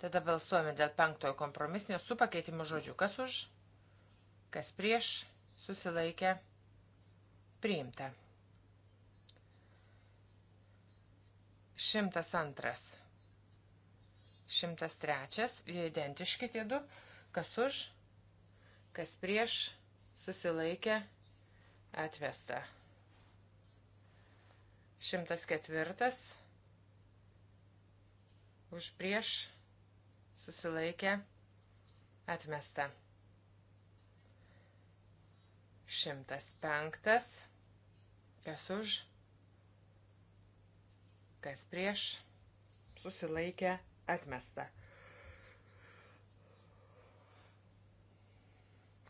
Tada balsuojame dėl penktojo kompromisinio su pakeitimu žodžiu. Kas už? Kas prieš? Susilaikė. Priimta. 102. 103. Jie identiški tie du. Kas už? Kas prieš? Susilaikė. Priimta Atvesta. 104. Už prieš susilaikė. Atmesta. 105. Kas už? Kas prieš? Susilaikė. Atmesta.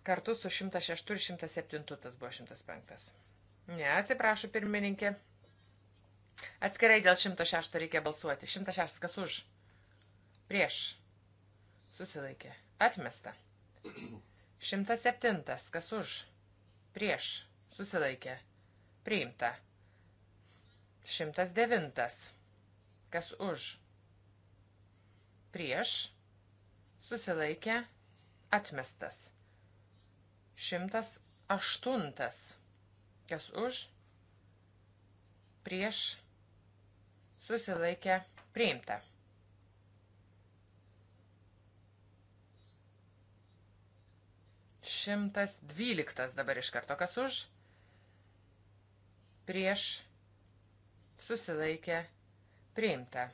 kartu su 106 ir 107, tas buvo 105. Ne, atsiprašau, pirmininkė. Atskirai dėl 106 reikia balsuoti. 106 kas už? Prieš. Susilaikė. Atmesta. 107 kas už? Prieš. Susilaikė. Priimta. 109 kas už? Prieš. Susilaikė. Atmestas. 108. Kas už, prieš, susilaikę, priimta. Šimtas dvyliktas dabar iš karto. Kas už, prieš, susilaikę, priimta.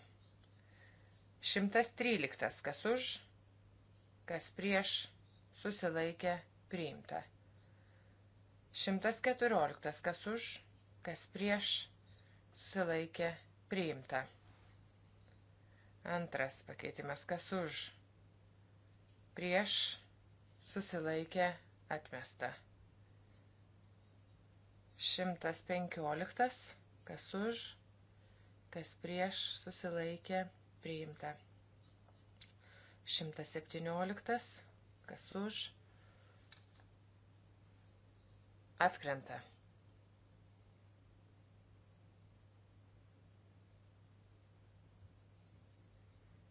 Šimtas tryliktas. Kas už, kas prieš, susilaikę, priimta priimta. 114. Kas už, kas prieš, susilaikė, priimta. Antras pakeitimas. Kas už, prieš, susilaikė, atmesta. 115. Kas už, kas prieš, susilaikė, priimta. 117. Kas už, Atkrenta.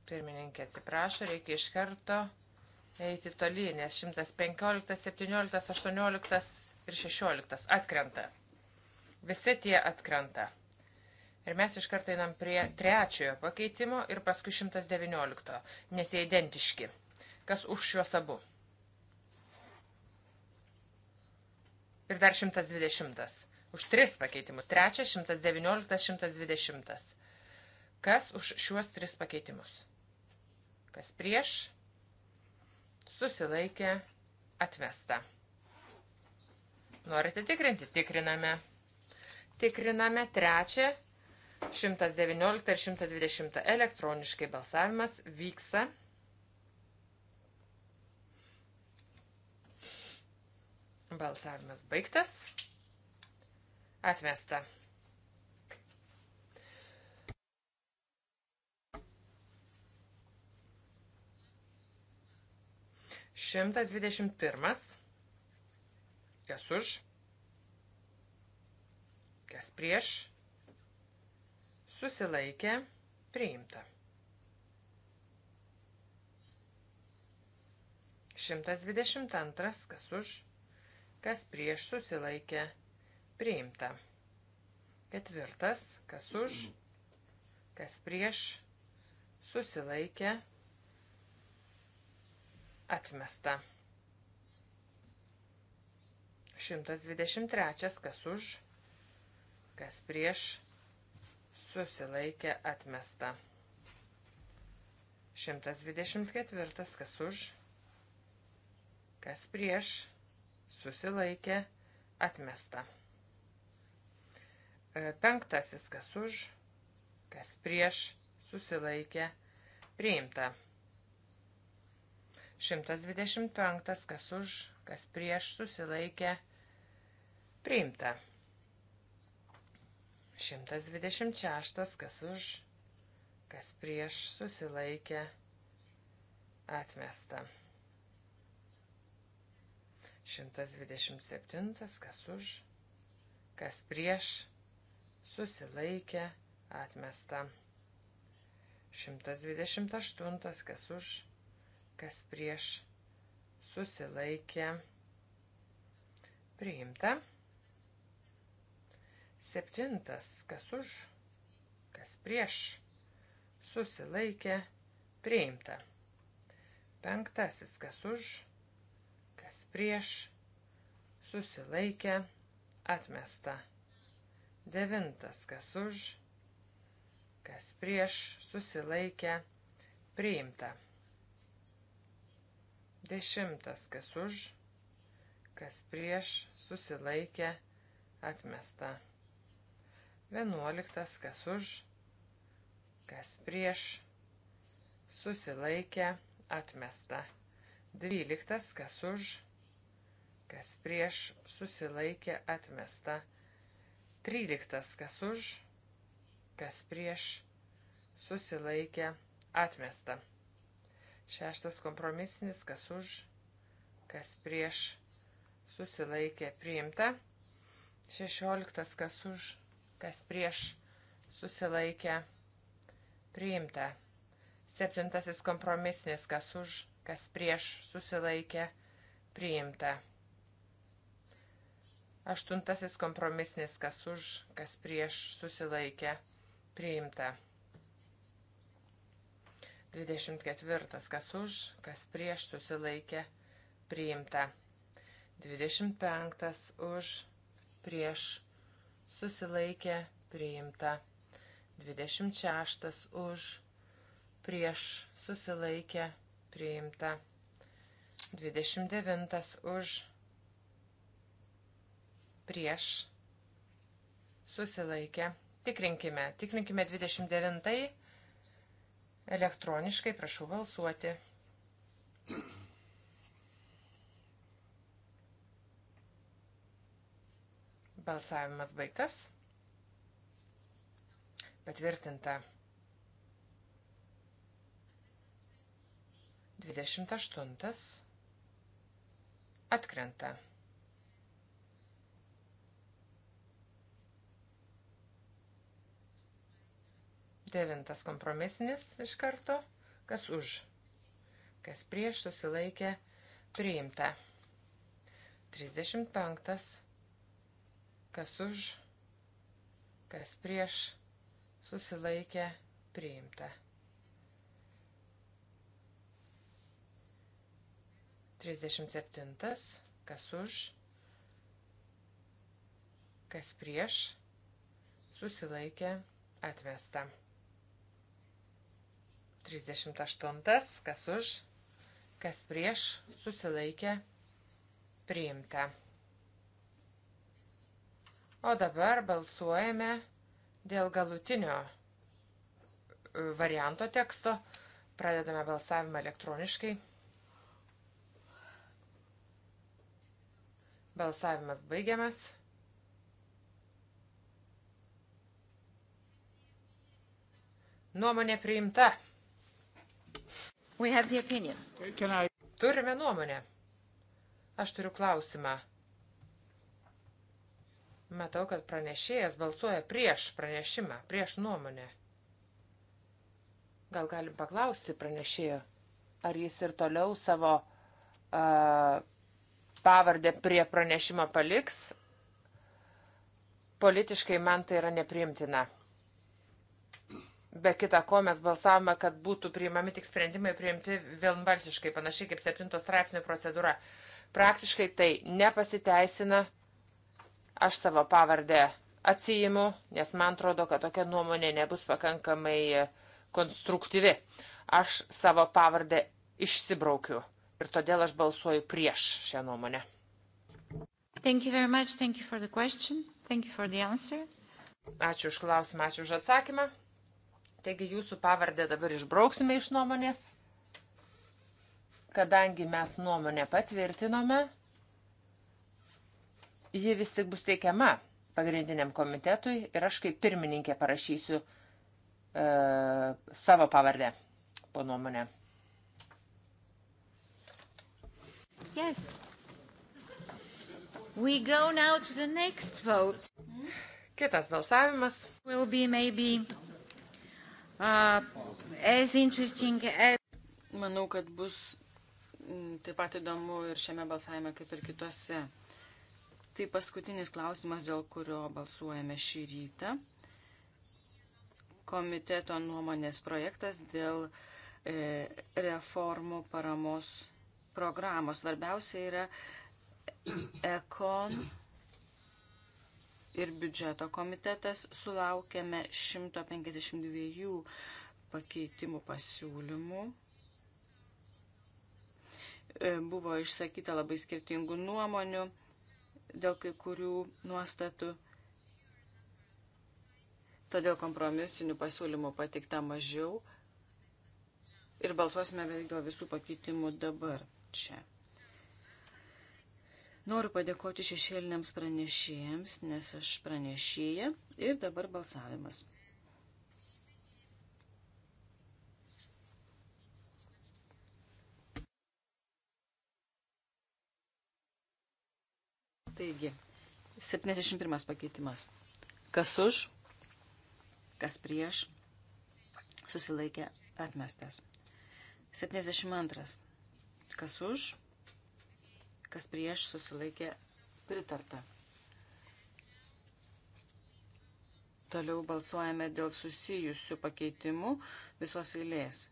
Pirmininkė atsiprašo, reikia iš karto eiti toli, nes 115, 17, 18 ir 16 atkrenta. Visi tie atkrenta. Ir mes iš karto einam prie trečiojo pakeitimo ir paskui 119, nes jie identiški. Kas už šiuos abu? ir dar 120. Už tris pakeitimus. Trečias, 119, 120. Kas už šiuos tris pakeitimus? Kas prieš? Susilaikė, atmesta. Norite tikrinti? Tikriname. Tikriname trečią, 119 ir 120 elektroniškai balsavimas vyksta. Balsavimas baigtas. Atmesta. Šimtas dvidešimt pirmas. Kas už? Kas prieš? Susilaikė. Priimta. 122, kas už, kas prieš susilaikė priimta. Ketvirtas, kas už, kas prieš susilaikė atmesta. 123, kas už, kas prieš susilaikė atmesta. 124, kas už, kas prieš susilaikė, atmesta. E, penktasis, kas už, kas prieš, susilaikė, priimta. 125, kas už, kas prieš, susilaikė, priimta. 126, kas už, kas prieš, susilaikė, atmesta. 127, kas už, kas prieš, susilaikė, atmesta. 128, kas už, kas prieš, susilaikė, priimta. Septintas, kas už, kas prieš, susilaikė, priimta. Penktasis, kas už, prieš, susilaikę, atmesta. Devintas, kas už, kas prieš, susilaikę, priimta. Dešimtas, kas už, kas prieš, susilaikę, atmesta. Vienuoliktas, kas už, kas prieš, susilaikę, atmesta. Dvyliktas, kas už, kas prieš susilaikė atmesta. 13. kas už, kas prieš susilaikė atmesta. 6. kompromisinis, kas už, kas prieš susilaikė priimta. 16. kas už, kas prieš susilaikė priimta. 7. kompromisinis, kas už, kas prieš susilaikė priimta priimta. Aštuntasis kompromisnis, kas už, kas prieš susilaikė, priimta. 24. Kas už, kas prieš susilaikė, priimta. 25. Už, prieš susilaikė, priimta. 26. Už, prieš susilaikė, priimta. 29. Už, prieš susilaikė, priimta prieš, susilaikė. Tikrinkime, tikrinkime 29 elektroniškai, prašau balsuoti. Balsavimas baigtas. Patvirtinta. 28. Atkrenta. Devintas kompromisinis iš karto. Kas už? Kas prieš susilaikė priimta. 35. Kas už? Kas prieš susilaikė priimta. 37. Kas už? Kas prieš susilaikė atmesta. 38. Kas už, kas prieš, susilaikė, priimta. O dabar balsuojame dėl galutinio e, varianto teksto. Pradedame balsavimą elektroniškai. Balsavimas baigiamas. Nuomonė priimta. I... Turime nuomonę. Aš turiu klausimą. Matau, kad pranešėjas balsuoja prieš pranešimą, prieš nuomonę. Gal galim paklausti pranešėjo, ar jis ir toliau savo uh, pavardę prie pranešimo paliks? Politiškai man tai yra nepriimtina. Be kita ko, mes balsavome, kad būtų priimami tik sprendimai priimti vienbalsiškai, panašiai kaip 7 straipsnio procedūra. Praktiškai tai nepasiteisina. Aš savo pavardę atsijimu, nes man atrodo, kad tokia nuomonė nebus pakankamai e, konstruktyvi. Aš savo pavardę išsibraukiu ir todėl aš balsuoju prieš šią nuomonę. Ačiū už klausimą, ačiū už atsakymą. Taigi jūsų pavardę dabar išbrauksime iš nuomonės, kadangi mes nuomonę patvirtinome, ji vis tik bus teikiama pagrindiniam komitetui ir aš kaip pirmininkė parašysiu e, savo pavardę po nuomonę. Yes. We go now to the next vote. Kitas balsavimas. Will be maybe Uh, as... Manau, kad bus mm, taip pat įdomu ir šiame balsavime, kaip ir kitose. Tai paskutinis klausimas, dėl kurio balsuojame šį rytą. Komiteto nuomonės projektas dėl e, reformų paramos programos. Svarbiausia yra ekon ir biudžeto komitetas sulaukėme 152 pakeitimų pasiūlymų. E, buvo išsakyta labai skirtingų nuomonių dėl kai kurių nuostatų. Todėl kompromisinių pasiūlymų pateikta mažiau ir balsuosime beveik dėl visų pakeitimų dabar čia. Noriu padėkoti šešėliniams pranešėjams, nes aš pranešėja ir dabar balsavimas. Taigi, 71 pakeitimas. Kas už, kas prieš, susilaikė atmestas. 72. Kas už, kas prieš susilaikė pritarta. Toliau balsuojame dėl susijusių pakeitimų visos eilės.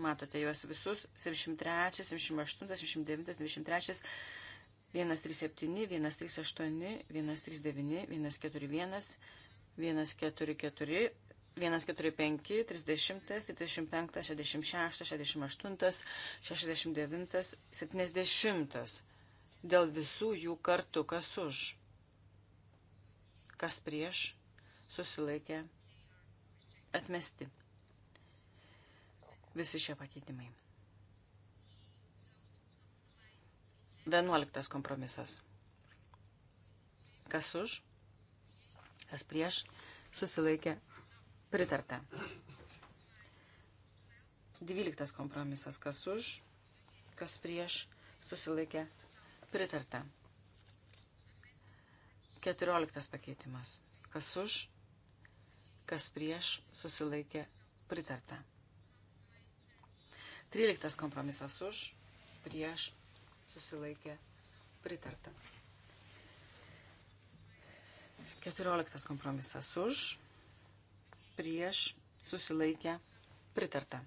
Matote juos visus 703, 708, 709, 23, 137, 138, 139, 141, 144, 145, 30, 35, 66, 68, 69, 70 dėl visų jų kartu, kas už, kas prieš, susilaikė, atmesti. Visi šie pakeitimai. Vienuoliktas kompromisas. Kas už, kas prieš, susilaikė, pritarta. Dvyliktas kompromisas. Kas už, kas prieš, susilaikė, pritarta Pritarta. 14 pakeitimas. Kas už, kas prieš, susilaikė, pritarta. 13 kompromisas už, prieš, susilaikė, pritarta. 14 kompromisas už, prieš, susilaikė, pritarta.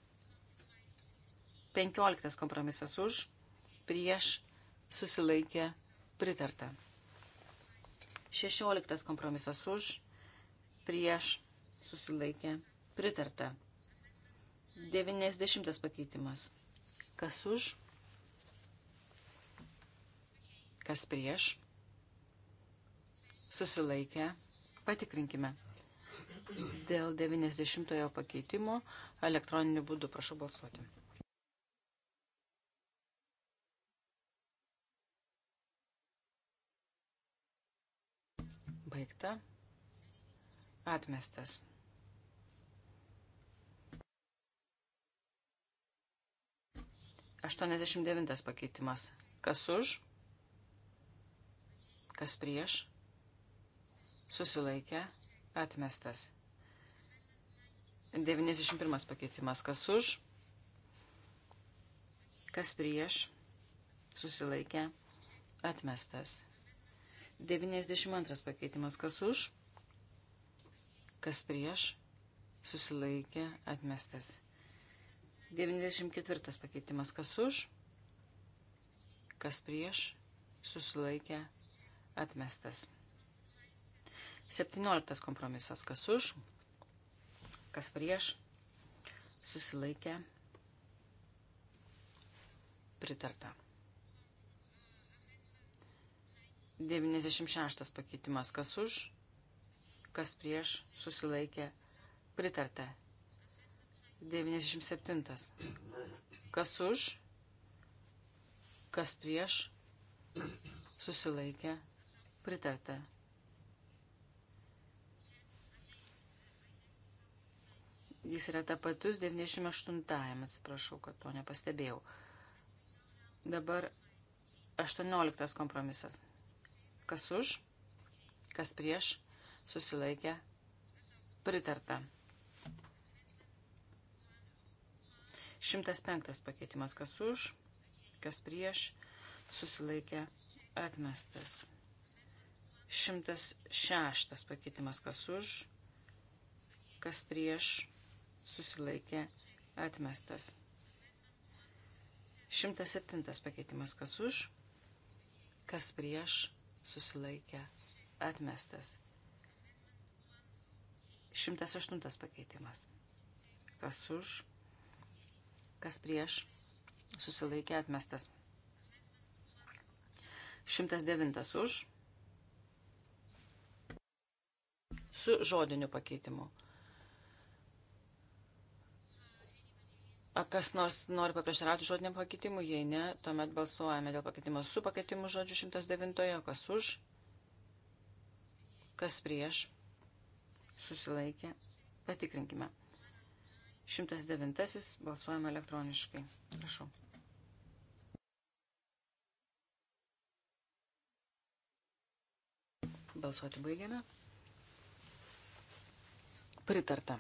15 kompromisas už, prieš, susilaikė pritarta. 16 kompromisas už, prieš susilaikė pritarta. 90 pakeitimas. Kas už, kas prieš, susilaikė, patikrinkime. Dėl 90 pakeitimo elektroniniu būdu prašau balsuoti. Baigta. Atmestas. Aštuoniasdešimt devintas pakeitimas. Kas už? Kas prieš? Susilaikė. Atmestas. 91 pakeitimas. Kas už? Kas prieš? Susilaikė. Atmestas. 92 pakeitimas. Kas už? Kas prieš? Susilaikė atmestas. 94 pakeitimas. Kas už? Kas prieš? Susilaikė atmestas. 17 kompromisas. Kas už? Kas prieš? Susilaikė pritarta. 96 pakeitimas. Kas už, kas prieš, susilaikė, pritarta. 97. Kas už, kas prieš, susilaikė, pritarta. Jis yra tapatus 98-ajam, atsiprašau, kad to nepastebėjau. Dabar 18 kompromisas. Kas už, kas prieš, susilaikė, pritarta. 105 pakeitimas. Kas už, kas prieš, susilaikė, atmestas. 106 pakeitimas. Kas už, kas prieš, susilaikė, atmestas. 107 pakeitimas. Kas už, kas prieš, susilaikė, atmestas susilaikę, atmestas. 108 pakeitimas. Kas už, kas prieš, susilaikė atmestas. 109 už, su žodiniu pakeitimu. Ar kas nors nori paprieštarauti žodiniam pakeitimui? Jei ne, tuomet balsuojame dėl pakeitimo su pakeitimu žodžiu 109. Kas už? Kas prieš? Susilaikė. Patikrinkime. 109. Balsuojame elektroniškai. Prašau. Balsuoti baigiame. Pritarta.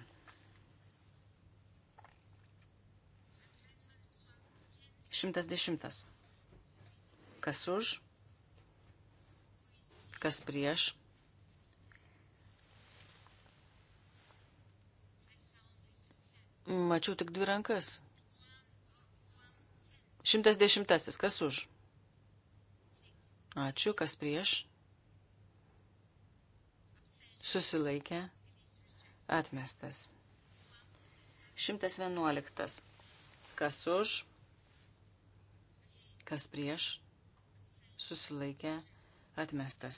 110. Kas už, kas prieš. Mačiau tik dvi rankas. 110. Kas už? Ačiū, kas prieš. Susilaikė. Atmestas. 111. Kas už? kas prieš, susilaikė, atmestas.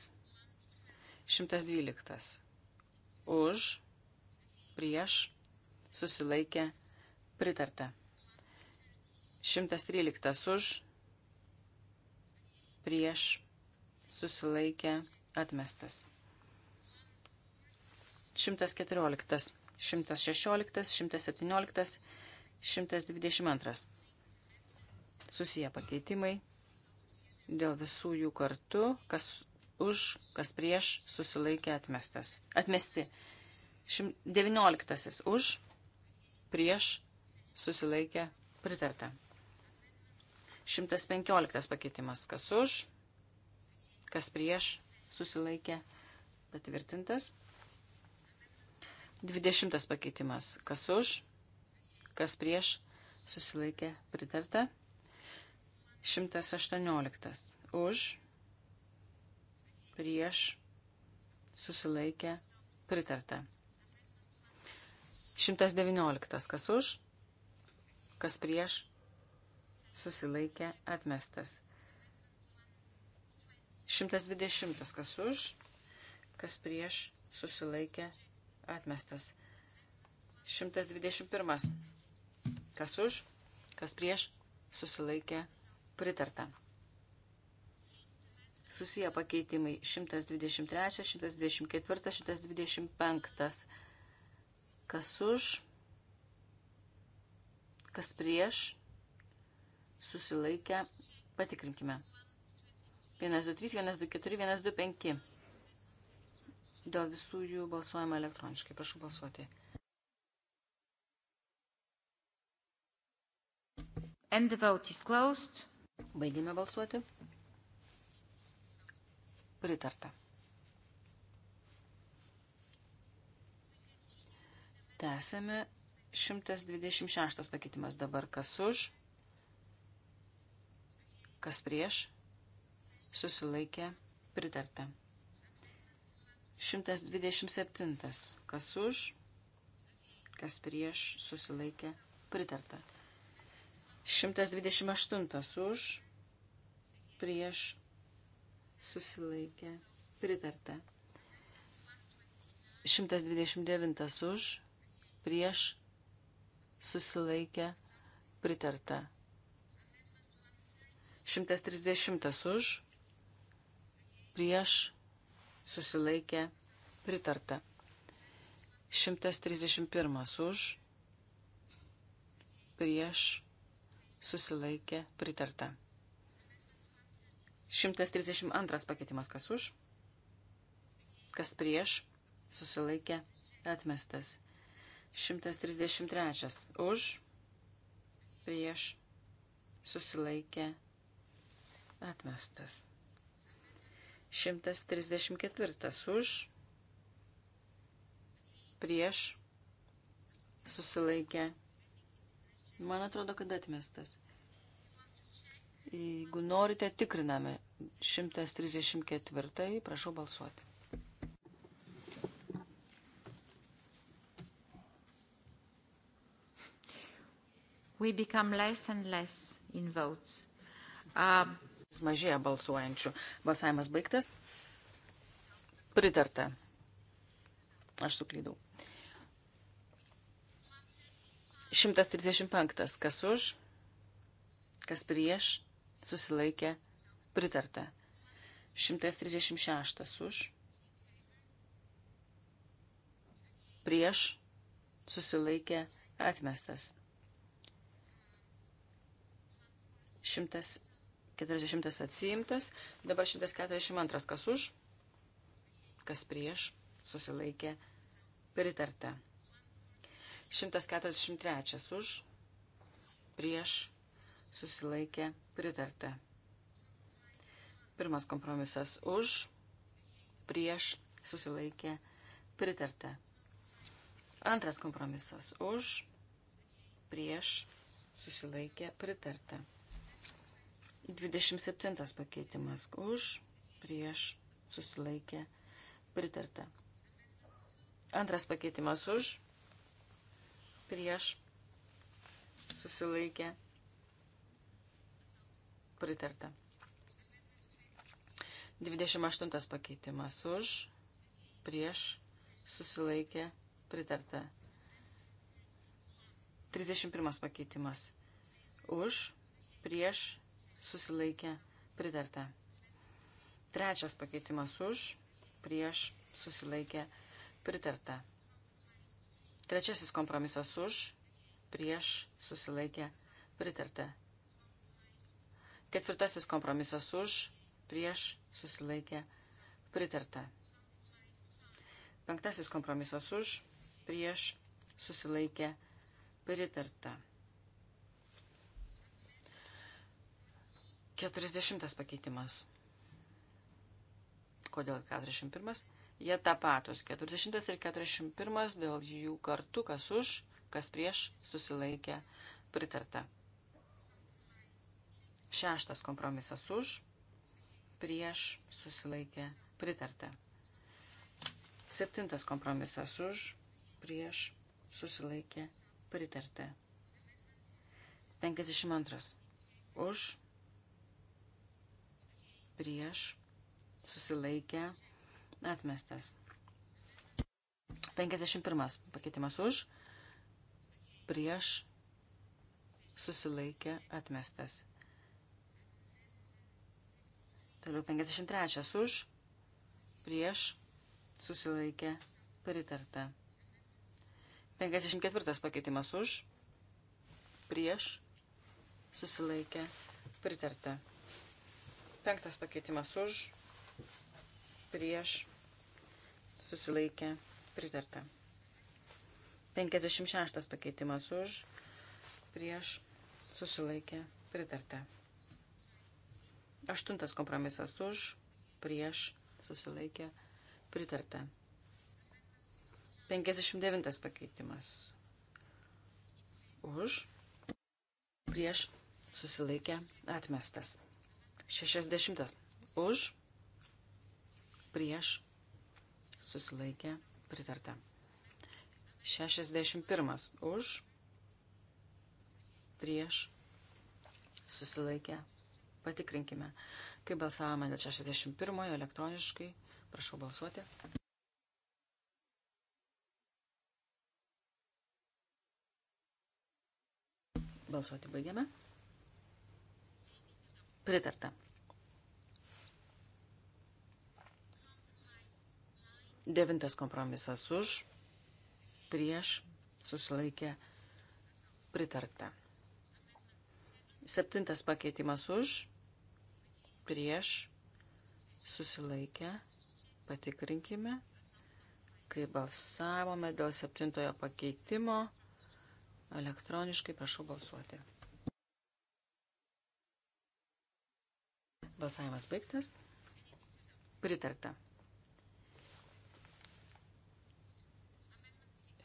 112. Už, prieš, susilaikė, pritarta. 113. Už, prieš, susilaikė, atmestas. 114, 116, 117, 122 susiję pakeitimai dėl visų jų kartu, kas už, kas prieš susilaikė atmestas. Atmesti. 19. Už, prieš susilaikė pritarta. 115 pakeitimas. Kas už, kas prieš susilaikė patvirtintas. 20 pakeitimas. Kas už, kas prieš susilaikė pritarta. 118. Už, prieš, susilaikę, pritarta. 119. Kas už, kas prieš, susilaikė, atmestas. 120. Kas už, kas prieš, susilaikė, atmestas. 121. Kas už, kas prieš, susilaikė, atmestas Pritarta. Susiję pakeitimai 123, 124, 125. Kas už, kas prieš, susilaikę, patikrinkime. 1, 2, 3, 1, 2, 4, 1, 2, 5. Dėl visų jų balsuojama elektroniškai. Prašau balsuoti. And the vote is closed. Baigime balsuoti. Pritarta. Tęsėme 126 pakeitimas dabar. Kas už, kas prieš, susilaikė, pritarta. 127. Kas už, kas prieš, susilaikė, pritarta. 128 už, prieš, susilaikė, pritarta. 129 už, prieš, susilaikė, pritarta. 130 už, prieš, susilaikė, pritarta. 131 už, prieš, susilaikė, pritarta. 132 pakeitimas kas už, kas prieš, susilaikė, atmestas. 133 už, prieš, susilaikė, atmestas. 134 už, prieš, susilaikė, atmestas Man atrodo, kad atmestas. Jeigu norite, tikriname 134, prašau balsuoti. We become less and less in votes. Uh, Mažėja balsuojančių. Balsavimas baigtas. Pritarta. Aš suklydau. 135. Kas už, kas prieš, susilaikė, pritarta. 136. Už, prieš, susilaikė, atmestas. 140 atsiimtas, dabar 142. Kas už, kas prieš, susilaikė, pritarta. 143 už, prieš, susilaikė, pritarta. Pirmas kompromisas už, prieš, susilaikė, pritarta. Antras kompromisas už, prieš, susilaikė, pritarta. 27 pakeitimas už, prieš, susilaikė, pritarta. Antras pakeitimas už, prieš susilaikė pritarta. 28 pakeitimas už, prieš susilaikė pritarta. 31 pakeitimas už, prieš susilaikė pritarta. Trečias pakeitimas už, prieš susilaikė pritarta. Trečiasis kompromisas už, prieš, susilaikė, pritarta. Ketvirtasis kompromisas už, prieš, susilaikė, pritarta. Penktasis kompromisas už, prieš, susilaikė, pritarta. Keturisdešimtas pakeitimas. Kodėl 41? Jie tapatus 40 ir 41 dėl jų kartu, kas už, kas prieš susilaikė pritarta. Šeštas kompromisas už, prieš susilaikė pritarta. Septintas kompromisas už, prieš susilaikė pritarta. 52. Už, prieš susilaikė pritarta Atmestas. 51. Pakeitimas už. Prieš. Susilaikė. Atmestas. Toliau 53. Už. Prieš. Susilaikė. Pritarta. 54. Pakeitimas už. Prieš. Susilaikė. Pritarta. Penktas pakeitimas už, prieš, susilaikė pritarta. 56 pakeitimas už, prieš susilaikė pritarta. 8 kompromisas už, prieš susilaikė pritarta. 59 pakeitimas už, prieš susilaikė atmestas. 60 už, prieš susilaikė, pritarta. 61 už, prieš, susilaikė, patikrinkime. Kai balsavome dėl 61 elektroniškai, prašau balsuoti. Balsuoti baigiame. Pritarta. Devintas kompromisas už, prieš, susilaikė, pritarta. Septintas pakeitimas už, prieš, susilaikė, patikrinkime, kai balsavome dėl septintojo pakeitimo, elektroniškai prašau balsuoti. Balsavimas baigtas. Pritarta.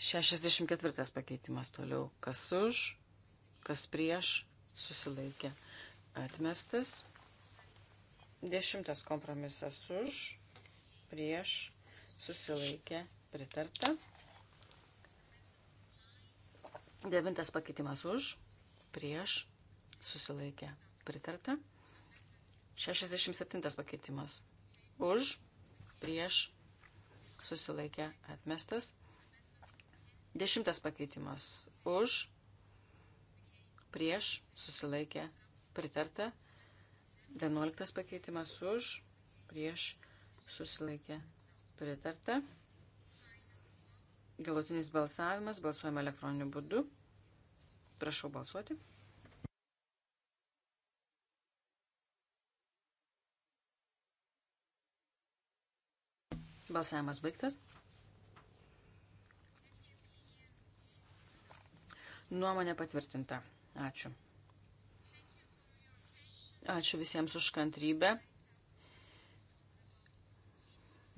64 pakeitimas toliau. Kas už, kas prieš, susilaikė. Atmestas. Dešimtas kompromisas už, prieš, susilaikė, pritarta. Devintas pakeitimas už, prieš, susilaikė, pritarta. 67 pakeitimas už, prieš, susilaikė, atmestas. Dešimtas pakeitimas. Už, prieš, susilaikė, pritarta. Vienuoliktas pakeitimas. Už, prieš, susilaikė, pritarta. Galutinis balsavimas. Balsuojame elektroniniu būdu. Prašau balsuoti. Balsavimas baigtas. Nuomonė patvirtinta. Ačiū. Ačiū visiems už kantrybę.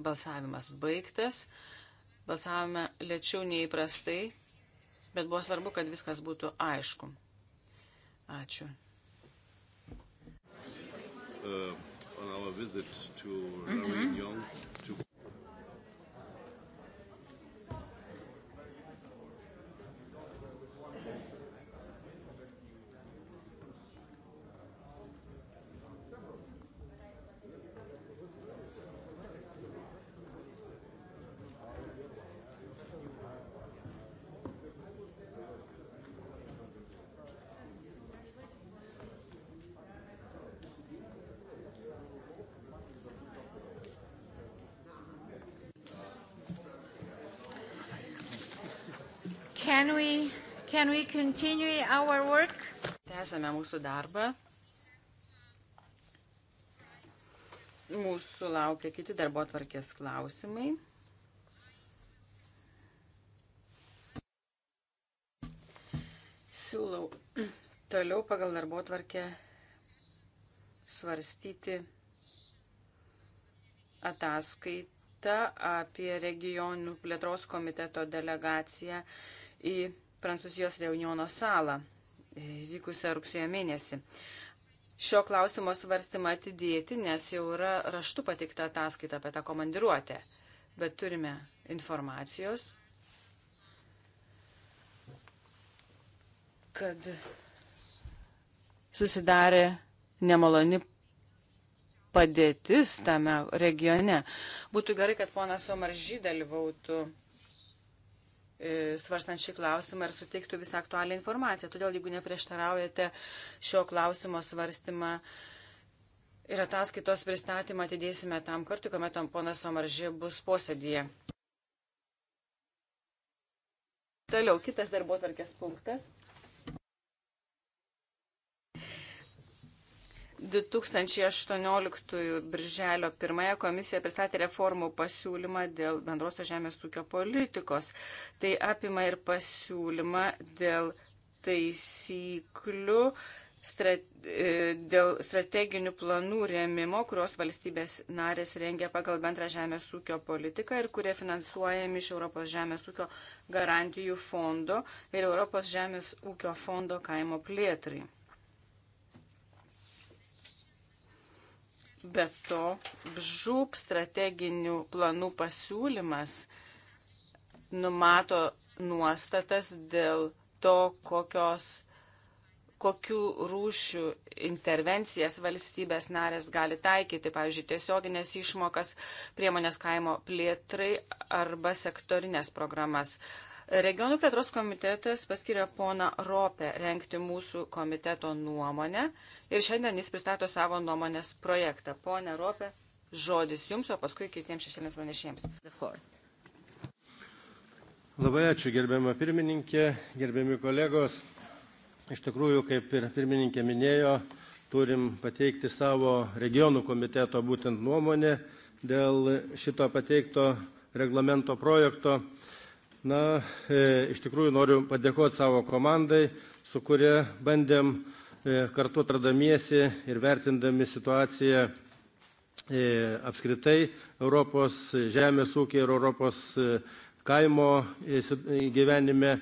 Balsavimas baigtas. Balsavome lėčiau neįprastai, bet buvo svarbu, kad viskas būtų aišku. Ačiū. Uh, on our visit to mm -hmm. Réunion to and we continue our work. Tęsame mūsų darbą. Mūsų laukia kiti darbo atvarkės klausimai. Siūlau toliau pagal darbo atvarkę svarstyti ataskaitą apie regionų plėtros komiteto delegaciją į Prancūzijos Reunjono salą e, vykusią rugsėjo mėnesį. Šio klausimo svarstymą atidėti, nes jau yra raštu patikta ataskaita apie tą komandiruotę, bet turime informacijos, kad susidarė nemaloni padėtis tame regione. Būtų gerai, kad ponas Omaržy dalyvautų E, svarstant šį klausimą ir suteiktų visą aktualią informaciją. Todėl, jeigu neprieštaraujate šio klausimo svarstymą ir ataskaitos pristatymą, atidėsime tam kartui, kuomet ponas Omaržė bus posėdėje. Toliau kitas darbo tvarkės punktas. 2018 birželio 1 komisija pristatė reformų pasiūlymą dėl bendrosios žemės ūkio politikos. Tai apima ir pasiūlymą dėl taisyklių, strate, e, dėl strateginių planų rėmimo, kurios valstybės narės rengia pagal bendrą žemės ūkio politiką ir kurie finansuojami iš Europos žemės ūkio garantijų fondo ir Europos žemės ūkio fondo kaimo plėtrai. Be to, žūp strateginių planų pasiūlymas numato nuostatas dėl to, kokios, kokių rūšių intervencijas valstybės narės gali taikyti, pavyzdžiui, tiesioginės išmokas, priemonės kaimo plėtrai arba sektorinės programas. Uh, Regionų plėtros komitetas paskiria poną Ropę renkti mūsų komiteto nuomonę ir šiandien jis pristato savo nuomonės projektą. Pone Ropė, žodis jums, o paskui kitiems šešėlėms pranešėjams. Labai ačiū gerbiama pirmininkė, gerbiami kolegos. Iš tikrųjų, kaip ir pirmininkė minėjo, turim pateikti savo regionų komiteto būtent nuomonę dėl šito pateikto reglamento projekto. Na, e, iš tikrųjų noriu padėkoti savo komandai, su kuria bandėm e, kartu atradamiesi ir vertindami situaciją e, apskritai Europos žemės ūkio ir Europos kaimo gyvenime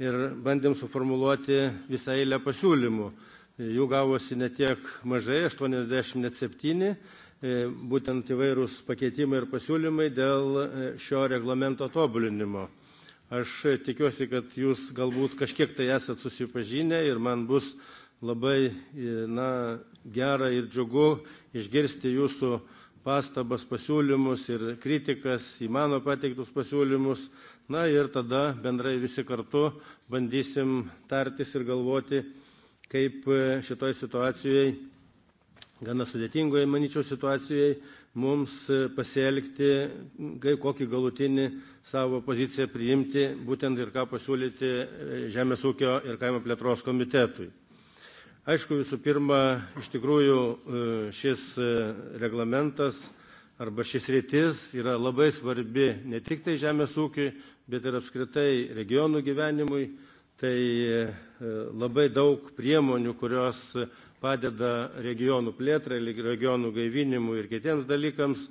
ir bandėm suformuluoti visą eilę pasiūlymų. Jų gavosi ne tiek mažai, 87, būtent įvairūs pakeitimai ir pasiūlymai dėl šio reglamento tobulinimo. Aš tikiuosi, kad jūs galbūt kažkiek tai esat susipažinę ir man bus labai e, na, gera ir džiugu išgirsti jūsų pastabas, pasiūlymus ir kritikas į mano pateiktus pasiūlymus. Na ir tada bendrai visi kartu bandysim tartis ir galvoti, kaip e, šitoj situacijai, gana sudėtingoje, manyčiau, situacijai, mums e, pasielgti, kai kokį galutinį savo poziciją priimti, būtent ir ką pasiūlyti e, Žemės ūkio ir kaimo plėtros komitetui. Aišku, visų pirma, iš tikrųjų e, šis reglamentas arba šis rytis yra labai svarbi ne tik tai žemės ūkiui, bet ir apskritai regionų gyvenimui. Tai labai daug priemonių, kurios padeda regionų plėtrai, regionų gaivinimui ir kitiems dalykams.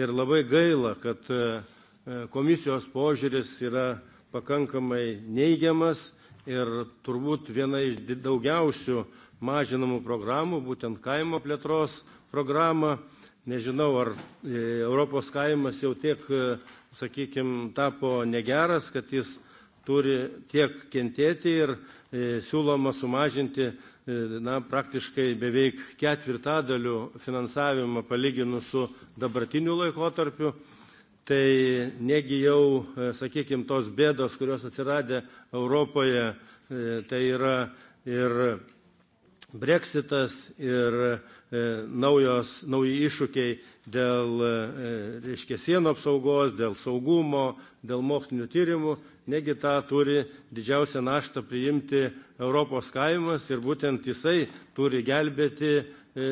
Ir labai gaila, kad e, e, komisijos požiūris yra pakankamai neigiamas ir turbūt viena iš daugiausių mažinamų programų, būtent kaimo plėtros programą. Nežinau, ar e, Europos kaimas jau tiek, sakykime, tapo negeras, kad jis turi tiek kentėti ir siūloma sumažinti E, na, praktiškai beveik ketvirtadaliu finansavimą palyginus su dabartiniu laikotarpiu. Tai negi jau, e, sakykime, tos bėdos, kurios atsiradė Europoje, e, tai yra ir breksitas ir naujos, nauji iššūkiai dėl reiškia, sienų apsaugos, dėl saugumo, dėl mokslinių tyrimų negi tą turi didžiausią naštą priimti Europos kaimas ir būtent jisai turi gelbėti e,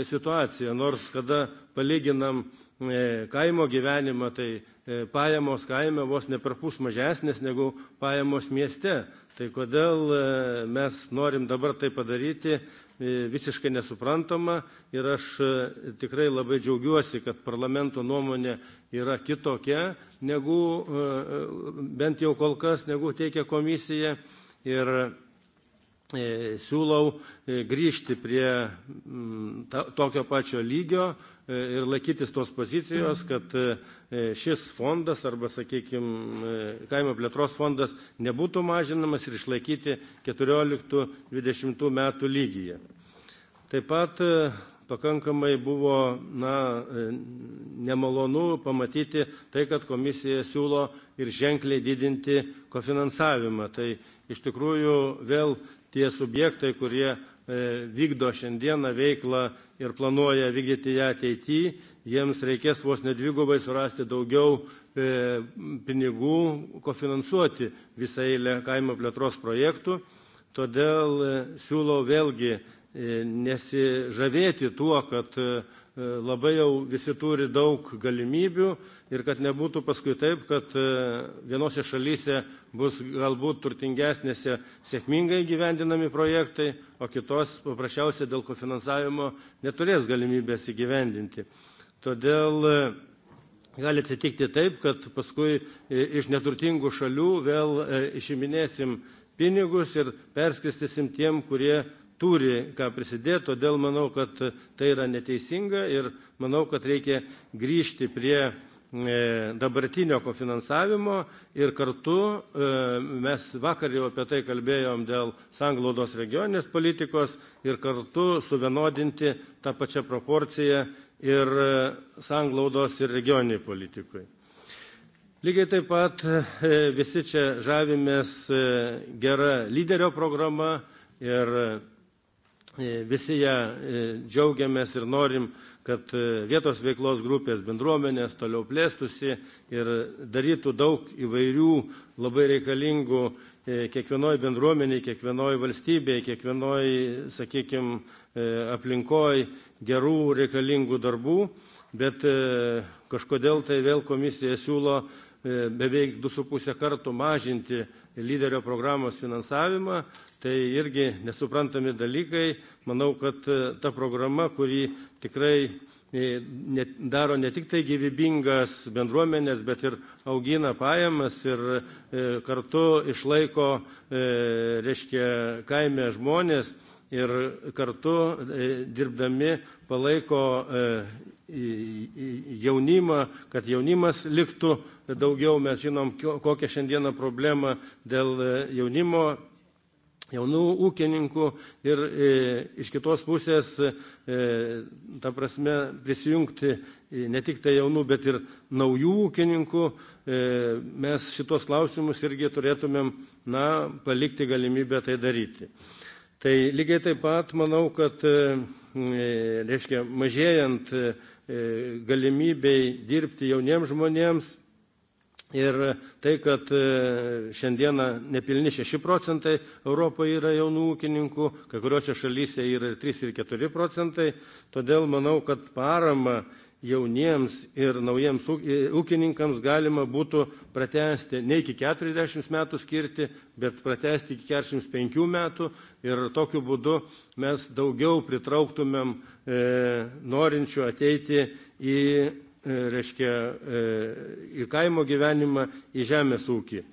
situaciją. Nors kada palyginam e, kaimo gyvenimą, tai e, pajamos kaime vos ne per pus mažesnės negu pajamos mieste. Tai kodėl mes norim dabar tai padaryti, E, visiškai nesuprantama ir aš e, tikrai labai džiaugiuosi, kad parlamento nuomonė yra kitokia negu e, bent jau kol kas, negu teikia komisija. Ir siūlau grįžti prie tokio pačio lygio E, ir laikytis tos pozicijos, kad e, e, šis fondas arba, sakykime, kaimo plėtros fondas nebūtų mažinamas ir išlaikyti 14-20 metų lygyje. Taip pat pakankamai buvo na, nemalonu pamatyti tai, kad komisija siūlo ir ženkliai didinti kofinansavimą. Tai iš tikrųjų vėl tie subjektai, kurie E, vykdo šiandieną veiklą ir planuoja vykdyti ją ateityje, jiems reikės vos nedvigubai surasti daugiau e, pinigų, kofinansuoti visą eilę kaimo plėtros projektų. Todėl e, siūlau vėlgi nesižavėti tuo, kad E, labai jau visi turi daug galimybių ir kad nebūtų paskui taip, kad e, vienose šalyse bus galbūt turtingesnėse sėkmingai gyvendinami projektai, o kitos paprasčiausiai dėl kofinansavimo neturės galimybės įgyvendinti. Todėl e, gali atsitikti taip, kad paskui iš neturtingų šalių vėl išiminėsim pinigus ir perskirstysim tiem, kurie turi ką prisidėti, todėl manau, kad tai yra neteisinga ir manau, kad reikia grįžti prie e, dabartinio kofinansavimo ir kartu e, mes vakar jau apie tai kalbėjom dėl sanglaudos regioninės politikos ir kartu suvienodinti tą pačią proporciją ir e, sanglaudos ir regioniniai politikai. Lygiai taip pat visi čia žavimės gera lyderio programa ir E, visi ją e, džiaugiamės ir norim, kad e, vietos veiklos grupės bendruomenės toliau plėstusi ir darytų daug įvairių labai reikalingų kiekvienoje bendruomenėje, kiekvienoje valstybėje, kiekvienoje, sakykime, aplinkoje gerų reikalingų darbų bet e, kažkodėl tai vėl komisija siūlo e, beveik 2,5 kartų mažinti lyderio programos finansavimą. Tai irgi nesuprantami dalykai. Manau, kad e, ta programa, kuri tikrai daro ne tik tai gyvybingas bendruomenės, bet ir augina pajamas ir kartu išlaiko, reiškia, kaime žmonės ir kartu dirbdami palaiko jaunimą, kad jaunimas liktų daugiau. Mes žinom, kokią šiandieną problemą dėl e, jaunimo jaunų ūkininkų ir e, iš kitos pusės, e, ta prasme, prisijungti ne tik tai jaunų, bet ir naujų ūkininkų, e, mes šitos klausimus irgi turėtumėm, na, palikti galimybę tai daryti. Tai lygiai taip pat manau, kad, e, reiškia, mažėjant e, E, galimybei dirbti jauniems žmonėms ir tai, kad e, šiandieną nepilni 6 procentai Europoje yra jaunų ūkininkų, kai kuriuose šalyse yra ir 3 ir 4 procentai, todėl manau, kad parama jauniems ir naujiems e, ūkininkams galima būtų pratesti ne iki 40 metų skirti, bet pratesti iki 45 metų ir tokiu būdu mes daugiau pritrauktumėm e, norinčių ateiti į, e, reiškia, e, į kaimo gyvenimą, į žemės ūkį.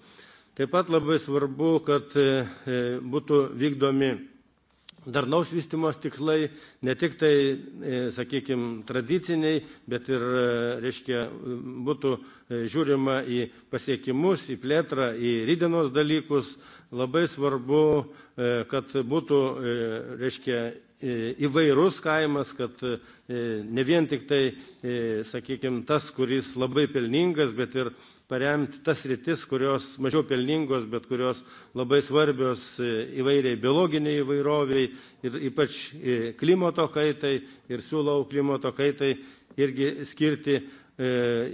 Taip pat labai svarbu, kad e, e būtų vykdomi darnaus vystymos tikslai ne tik tai, e, sakykime, tradiciniai, bet ir, e, reiškia, būtų e, žiūrima į pasiekimus, į plėtrą, į rydienos dalykus. Labai svarbu, kad būtų, reiškia, įvairus kaimas, kad ne vien tik tai, sakykime, tas, kuris labai pelningas, bet ir paremti tas rytis, kurios mažiau pelningos, bet kurios labai svarbios e, įvairiai biologiniai įvairoviai ir ypač e, klimato kaitai ir siūlau klimato kaitai irgi skirti e,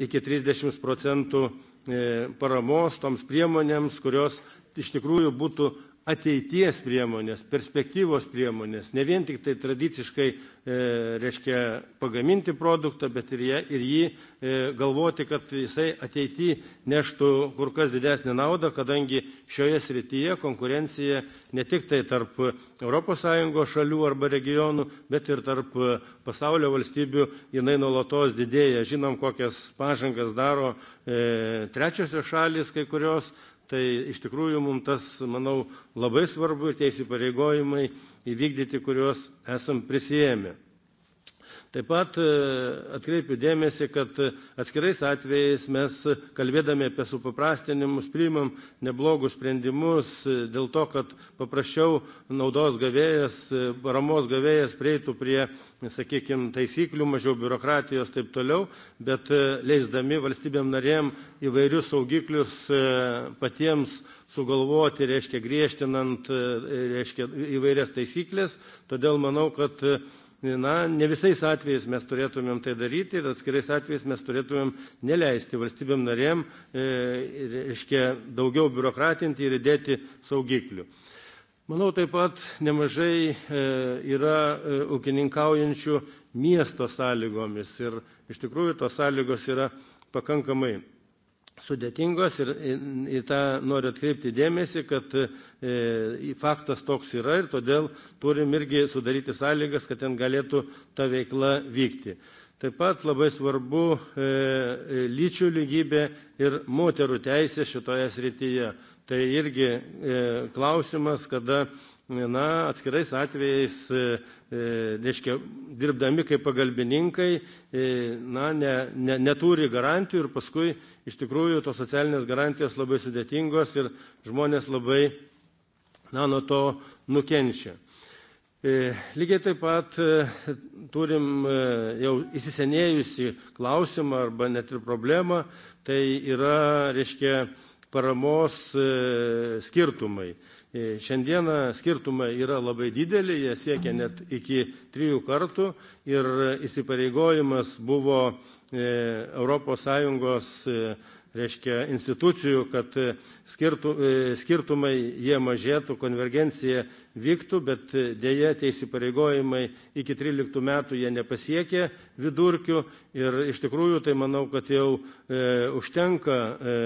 iki 30 procentų paramos toms priemonėms, kurios iš tikrųjų būtų ateities priemonės, perspektyvos priemonės, ne vien tik tai tradiciškai e, reiškia pagaminti produktą, bet ir, jie, ir jį e, galvoti, kad jisai ateityje neštų kur kas didesnį naudą, kadangi šioje srityje konkurencija ne tik tai tarp ES šalių arba regionų, bet ir tarp pasaulio valstybių jinai nuolatos didėja. Žinom, kokias pažangas daro e, trečiosios šalis, kai kurios Tai iš tikrųjų mums tas, manau, labai svarbu ir tie įsipareigojimai įvykdyti, kuriuos esam prisijėmę. Taip pat e, atkreipiu dėmesį, kad e, atskirais atvejais mes, e, kalbėdami apie supaprastinimus, priimam neblogus sprendimus dėl to, kad paprasčiau naudos gavėjas, paramos gavėjas prieitų prie, sakykime, taisyklių, mažiau biurokratijos ir taip toliau, bet leisdami valstybėm narėm įvairius saugiklius patiems sugalvoti, reiškia, griežtinant reiškia, įvairias taisyklės. Todėl manau, kad na ne visais atvejais mes turėtumėm tai daryti ir atskirais atvejais mes turėtumėm neleisti valstybėm narėm e, reiškia daugiau biurokratinti ir įdėti saugiklių. Manau, taip pat nemažai e, yra e, ūkininkaujančių miesto sąlygomis ir iš tikrųjų tos sąlygos yra pakankamai sudėtingos ir į tą noriu atkreipti dėmesį, kad e, faktas toks yra ir todėl turim irgi sudaryti sąlygas, kad ten galėtų ta veikla vykti. Taip pat labai svarbu e, e lyčių lygybė ir moterų teisė šitoje srityje. Tai irgi e, klausimas, kada na, atskirais atvejais, e, e, reiškia, dirbdami kaip pagalbininkai, e, na, ne, ne, neturi garantijų ir paskui iš tikrųjų tos socialinės garantijos labai sudėtingos ir žmonės labai na, nuo to nukenčia. Lygiai taip pat turim jau įsisenėjusi klausimą arba net ir problemą, tai yra, reiškia, paramos skirtumai. E, šiandieną skirtumai yra labai dideli, jie siekia net iki trijų kartų ir įsipareigojimas buvo ES reiškia institucijų, kad e, skirtų, e, skirtumai jie mažėtų, konvergencija vyktų, bet e, dėja tie įsipareigojimai iki 13 metų jie nepasiekė vidurkių ir iš tikrųjų tai manau, kad jau e, užtenka e,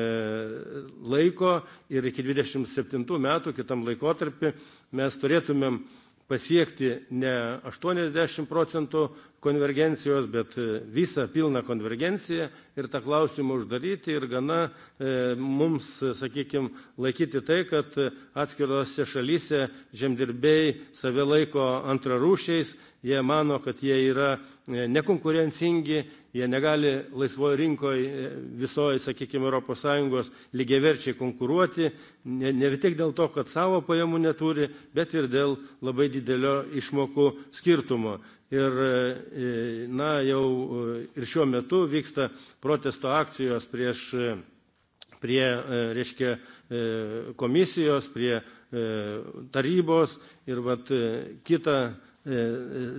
laiko ir iki 27 metų kitam laikotarpį mes turėtumėm pasiekti ne 80 procentų konvergencijos, bet e, visą pilną konvergenciją ir tą klausimą uždaryti ir gana e, mums, e, sakykime, laikyti tai, kad e, atskirose šalyse žemdirbėjai save laiko antrarūšiais, jie mano, kad jie yra nekonkurencingi, jie negali laisvoje rinkoje visoje, sakykime, ES lygiaverčiai konkuruoti, ne, ne tik dėl to, kad savo pajamų neturi, bet ir dėl labai didelio išmokų skirtumo ir, e, na, jau e, ir šiuo metu vyksta protesto akcijos prieš, e, prie, reiškia, komisijos, prie tarybos ir vat kitą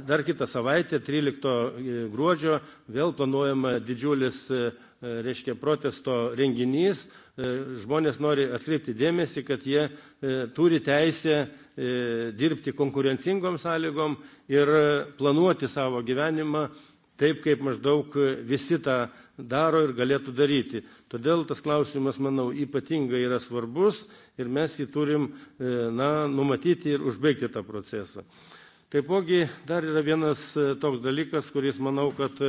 Dar kitą savaitę, 13 gruodžio, vėl planuojama didžiulis E, reiškia, protesto renginys, e, žmonės nori atkreipti dėmesį, kad jie e, turi teisę dirbti konkurencingom sąlygom ir planuoti savo gyvenimą taip, kaip maždaug visi tą daro ir galėtų daryti. Todėl tas klausimas, manau, ypatingai yra svarbus ir mes jį turim na, numatyti ir užbaigti tą procesą. Taipogi dar yra vienas toks dalykas, kuris, manau, kad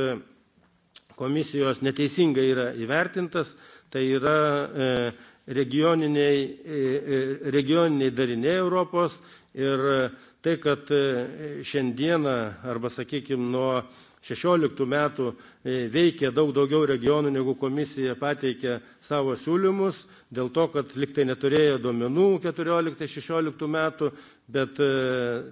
komisijos neteisingai yra įvertintas, tai yra e, regioniniai, e, e, regioniniai dariniai Europos ir tai, kad šiandieną arba, sakykime, nuo 16 metų e, veikė daug daugiau regionų, negu komisija pateikė savo siūlymus, dėl to, kad liktai neturėjo duomenų 14-16 metų, bet e,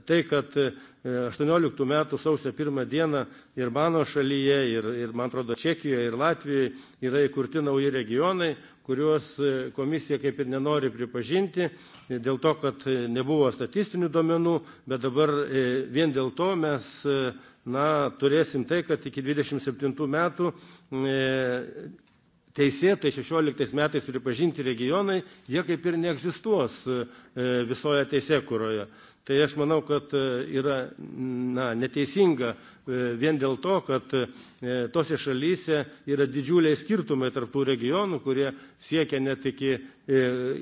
tai, kad 18 e, metų sausio 1 dieną ir mano šalyje, ir, ir man atrodo, Čekijoje, ir Latvijoje yra įkurti nauji regionai, kuriuos komisija kaip ir nenori pripažinti, dėl to, kad nebuvo statistinių duomenų, bet dabar vien dėl to mes na, turėsim tai, kad iki 27 metų e, teisėtai 16 metais pripažinti regionai, jie kaip ir neegzistuos e, visoje teisėkuroje. Tai aš manau, kad e, yra na, neteisinga e, vien dėl to, kad e, tose šalyse yra didžiuliai skirtumai tarptų regionų, kurie siekia net iki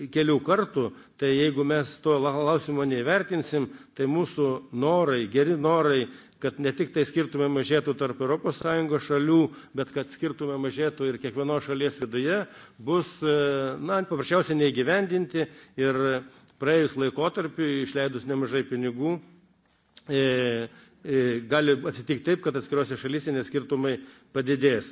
kelių kartų. Tai jeigu mes to klausimo neįvertinsim, tai mūsų norai, geri norai, kad ne tik tai skirtumai mažėtų tarp ES šalių, bet kad skirtumai mažėtų ir kiekvienos šalies viduje, bus, na, paprasčiausiai neįgyvendinti ir praėjus laikotarpiu, išleidus nemažai pinigų, e, e, gali atsitikti taip, kad atskirose šalyse neskirtumai padidės.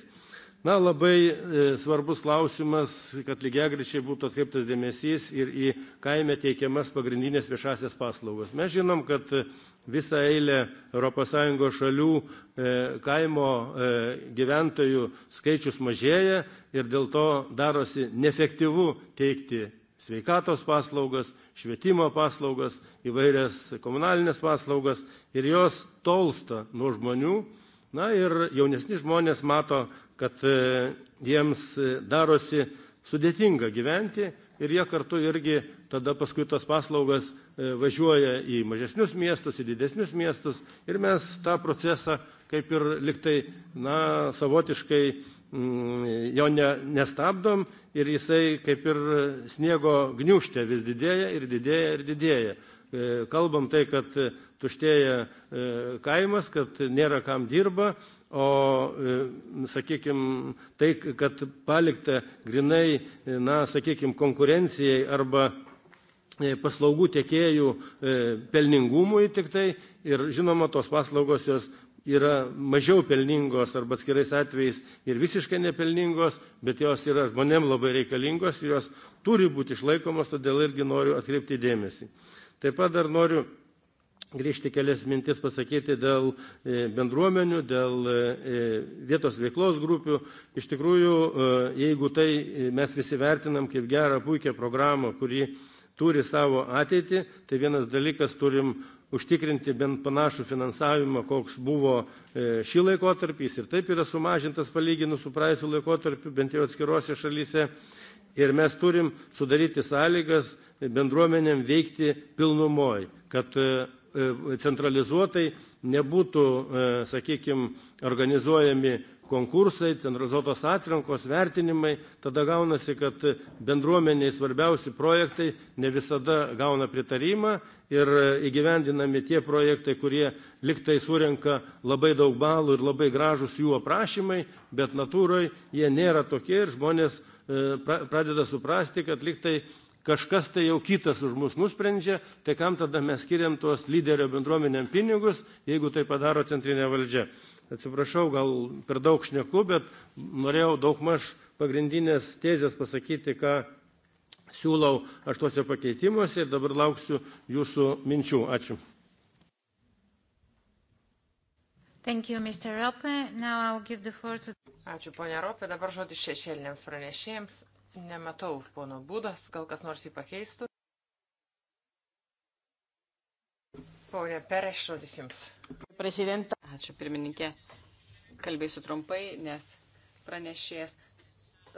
Na, labai e, svarbus klausimas, kad lygiagrečiai būtų atkreiptas dėmesys ir į kaime teikiamas pagrindinės viešasias paslaugas. Mes žinom, kad visą eilę ES šalių kaimo gyventojų skaičius mažėja ir dėl to darosi neefektyvu teikti sveikatos paslaugas, švietimo paslaugas, įvairias komunalinės paslaugas ir jos tolsta nuo žmonių. Na ir jaunesni žmonės mato, kad e, jiems e, darosi sudėtinga gyventi ir jie kartu irgi tada paskui tos paslaugas e, važiuoja į mažesnius miestus, į didesnius miestus ir mes tą procesą kaip ir liktai, na, savotiškai Mm, jo ne, nestabdom ir jisai kaip ir sniego gniuštė vis didėja ir didėja ir didėja. E, kalbam tai, kad tuštėja e, kaimas, kad nėra kam dirba, o, e, sakykime, tai, kad palikta grinai, na, sakykime, konkurencijai arba paslaugų tiekėjų pelningumui tik tai ir žinoma tos paslaugos jos yra mažiau pelningos arba atskirais atvejais ir visiškai nepelningos, bet jos yra žmonėm labai reikalingos ir jos turi būti išlaikomos, todėl irgi noriu atkreipti dėmesį. Taip pat dar noriu grįžti kelias mintis pasakyti dėl e, bendruomenių, dėl e, e, vietos veiklos grupių. Iš tikrųjų, jeigu tai mes visi vertinam kaip gerą, puikią programą, kuri turi savo ateitį, tai vienas dalykas turim užtikrinti bent panašų finansavimą, koks buvo e, šį laikotarpį, jis ir taip yra sumažintas palyginus su praėjusiu laikotarpiu, bent jau atskiruose šalyse. Ir mes turim sudaryti sąlygas bendruomenėm veikti pilnumoj, kad e, e, centralizuotai nebūtų, sakykime, organizuojami konkursai centralizuotos atrankos vertinimai tada gaunasi kad bendruomenei svarbiausi projektai ne visada gauna pritarimą ir įgyvendinami tie projektai kurie lygtai surenka labai daug balų ir labai gražūs jų aprašymai bet natūroj jie nėra tokie ir žmonės e, pradeda suprasti kad lygtai kažkas tai jau kitas už mus nusprendžia tai kam tada mes skiriam tuos lyderio bendruomenėm pinigus jeigu tai padaro centrinė valdžia atsiprašau, gal per daug šneku, bet norėjau daug maž pagrindinės tezės pasakyti, ką siūlau aš tuose pakeitimuose ir dabar lauksiu jūsų minčių. Ačiū. Thank you, Mr. Rope. Now I'll give the floor to... Ačiū, ponia Rope. Dabar žodis šešėliniam pranešėjams. Nematau pono būdas, gal kas nors jį pakeistų. Pone Perešodis jums. Prezidentą. Ačiū pirmininkė. Kalbėsiu trumpai, nes pranešės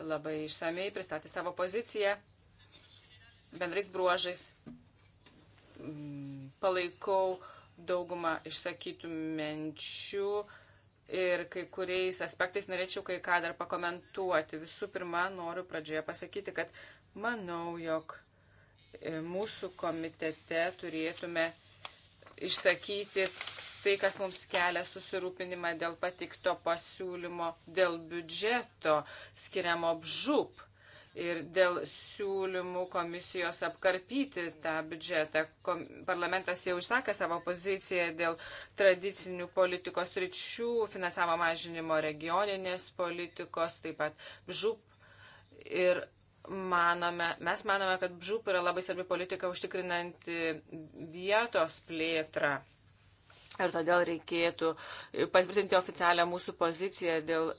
labai išsamei pristatė savo poziciją bendrais bruožais. Mm, palaikau daugumą išsakytų minčių ir kai kuriais aspektais norėčiau kai ką dar pakomentuoti. Visų pirma, noriu pradžioje pasakyti, kad manau, jog e, mūsų komitete turėtume išsakyti tai, kas mums kelia susirūpinimą dėl patikto pasiūlymo, dėl biudžeto skiriamo apžūp ir dėl siūlymų komisijos apkarpyti tą biudžetą. Kom parlamentas jau išsakė savo poziciją dėl tradicinių politikos ryčių, finansavimo mažinimo regioninės politikos, taip pat žūp ir manome, mes manome, kad BŽUP yra labai svarbi politika užtikrinanti vietos plėtrą. Ir todėl reikėtų patvirtinti oficialią mūsų poziciją dėl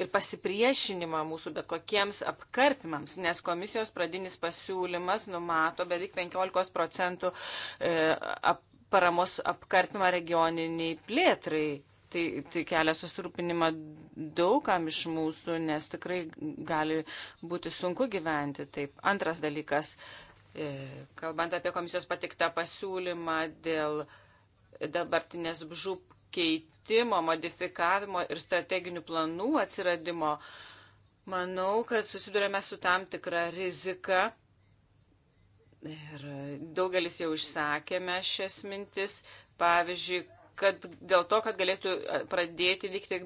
ir pasipriešinimą mūsų bet kokiems apkarpimams, nes komisijos pradinis pasiūlymas numato beveik 15 procentų e, ap, paramos apkarpimą regioniniai plėtrai. Tai, tai kelia susirūpinimą daugam iš mūsų, nes tikrai gali būti sunku gyventi. Taip. Antras dalykas, e, kalbant apie komisijos patiktą pasiūlymą dėl dabartinės bžūp keitimo, modifikavimo ir strateginių planų atsiradimo, manau, kad susidurėme su tam tikra rizika. Ir daugelis jau išsakėme šias mintis. Pavyzdžiui, kad dėl to, kad galėtų e, pradėti vykti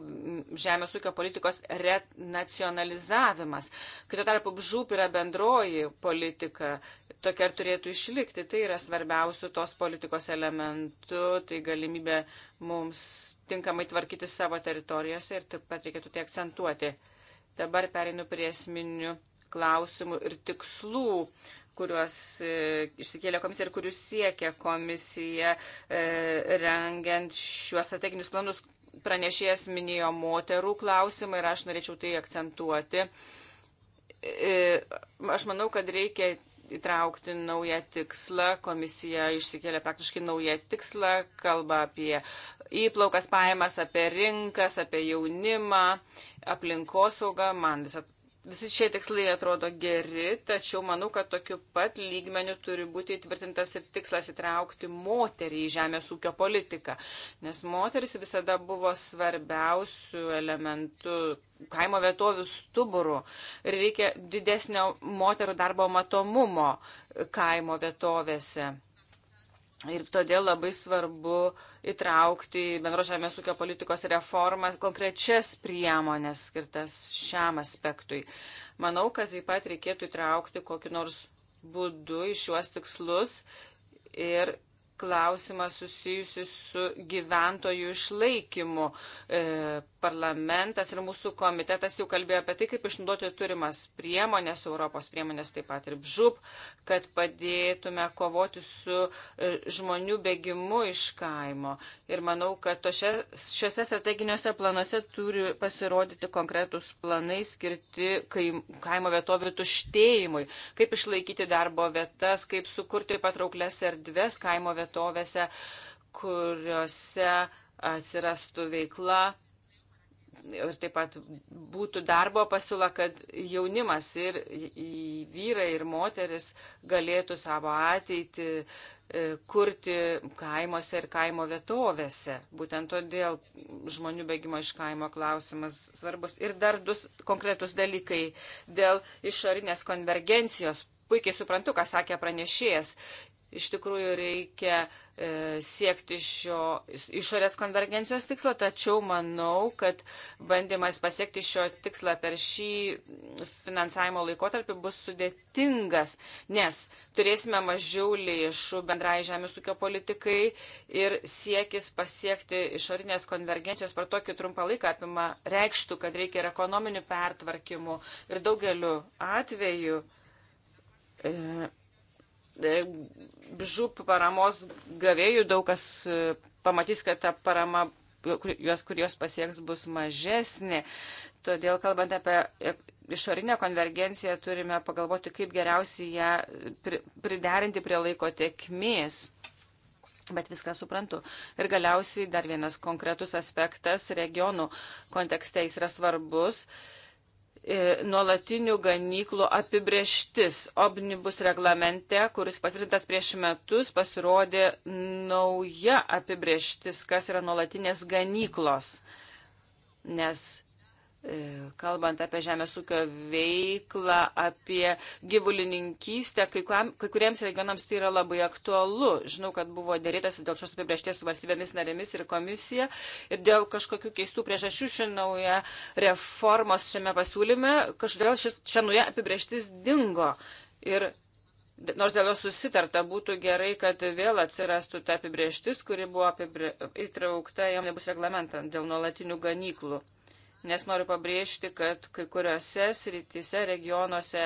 žemės ūkio politikos renacionalizavimas. Kito tarpu žūp yra bendroji politika, tokia ir turėtų išlikti. Tai yra svarbiausių tos politikos elementų, tai galimybė mums tinkamai tvarkyti savo teritorijose ir taip pat reikėtų tai akcentuoti. Dabar pereinu prie esminių klausimų ir tikslų, kuriuos e, išsikėlė komisija ir kurių siekia komisija e, rengiant šiuos strateginius planus. Pranešėjas minėjo moterų klausimą ir aš norėčiau tai akcentuoti. E, aš manau, kad reikia įtraukti naują tikslą. Komisija išsikėlė praktiškai naują tikslą, kalba apie įplaukas pajamas, apie rinkas, apie jaunimą, aplinkosaugą. Man visą Visi šie tikslai atrodo geri, tačiau manau, kad tokiu pat lygmeniu turi būti įtvirtintas ir tikslas įtraukti moterį į žemės ūkio politiką, nes moteris visada buvo svarbiausių elementų kaimo vietovių stuburų ir reikia didesnio moterų darbo matomumo kaimo vietovėse. Ir todėl labai svarbu įtraukti į bendro žemės ūkio politikos reformą konkrečias priemonės skirtas šiam aspektui. Manau, kad taip pat reikėtų įtraukti kokį nors būdu į šiuos tikslus ir klausimą susijusi su gyventojų išlaikymu, e, parlamentas ir mūsų komitetas jau kalbėjo apie tai, kaip išnaudoti turimas priemonės, Europos priemonės taip pat ir bžup, kad padėtume kovoti su e, žmonių bėgimu iš kaimo. Ir manau, kad tošia, šiuose strateginiuose planuose turi pasirodyti konkretus planai skirti kaimo vietovių tuštėjimui, kaip išlaikyti darbo vietas, kaip sukurti patrauklės erdves kaimo vietovėse, kuriuose atsirastų veikla, ir taip pat būtų darbo pasiūla, kad jaunimas ir vyrai ir moteris galėtų savo ateitį e, kurti kaimuose ir kaimo vietovėse. Būtent todėl žmonių bėgimo iš kaimo klausimas svarbus. Ir dar du konkretus dalykai dėl išorinės konvergencijos puikiai suprantu, ką sakė pranešėjas. Iš tikrųjų reikia e, siekti šio išorės konvergencijos tikslo, tačiau manau, kad bandymas pasiekti šio tikslo per šį finansavimo laikotarpį bus sudėtingas, nes turėsime mažiau lėšų bendrai žemės ūkio politikai ir siekis pasiekti išorinės konvergencijos per tokį trumpą laiką apima reikštų, kad reikia ir ekonominių pertvarkymų ir daugeliu atveju E, e, žūp paramos gavėjų daug kas e, pamatys, kad ta parama, juos, kurios pasieks, bus mažesnė. Todėl, kalbant apie išorinę konvergenciją, turime pagalvoti, kaip geriausiai ją priderinti prie laiko tekmės. Bet viską suprantu. Ir galiausiai dar vienas konkretus aspektas regionų kontekste jis yra svarbus. Uh, E, nuolatinių ganyklų apibrieštis. Omnibus reglamente, kuris patvirtintas prieš metus, pasirodė nauja apibrieštis, kas yra nuolatinės ganyklos. Nes E, kalbant apie žemės ūkio veiklą, apie gyvulininkystę, kai, kuriam, kai kuriems regionams tai yra labai aktualu. Žinau, kad buvo dėrėtasi dėl šios apibriešties su valstybėmis narėmis ir komisija ir dėl kažkokių keistų priežasčių ši nauja reformos šiame pasiūlyme, kažkodėl ši nauja apibrieštis dingo. Ir Nors dėl jo susitarta būtų gerai, kad vėl atsirastų ta apibrieštis, kuri buvo apibre... įtraukta, jam nebus reglamentant dėl nuolatinių ganyklų nes noriu pabrėžti, kad kai kuriuose srityse, regionuose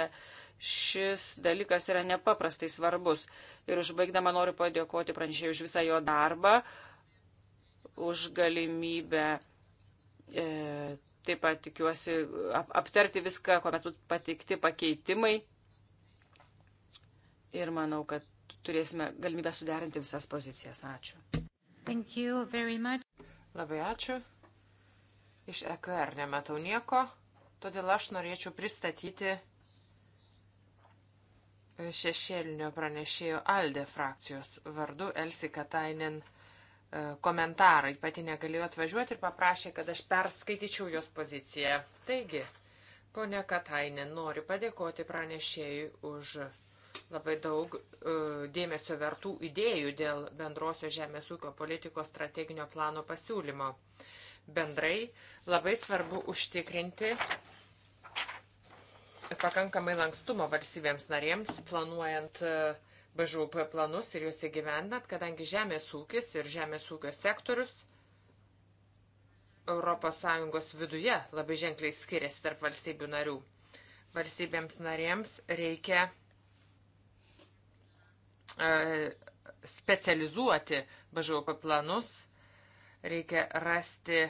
šis dalykas yra nepaprastai svarbus. Ir užbaigdama noriu padėkoti pranešėjui už visą jo darbą, už galimybę. E, Taip pat tikiuosi ap aptarti viską, kuomet būtų pateikti pakeitimai. Ir manau, kad turėsime galimybę suderinti visas pozicijas. Ačiū. Labai ačiū. Iš EKR nematau nieko, todėl aš norėčiau pristatyti e, šešėlinio pranešėjo Alde frakcijos vardu Elsi Katainen e, komentarą. Ji pati negalėjo atvažiuoti ir paprašė, kad aš perskaityčiau jos poziciją. Taigi, ponia Katainen nori padėkoti pranešėjui už labai daug e, dėmesio vertų idėjų dėl bendrosios žemės ūkio politikos strateginio plano pasiūlymo bendrai, labai svarbu užtikrinti pakankamai lankstumo valstybėms narėms, planuojant e, BŽUP planus ir juos įgyvendant, kadangi žemės ūkis ir žemės ūkio sektorius ES viduje labai ženkliai skiriasi tarp valstybių narių. Valstybėms narėms reikia e, specializuoti BŽUP planus Reikia rasti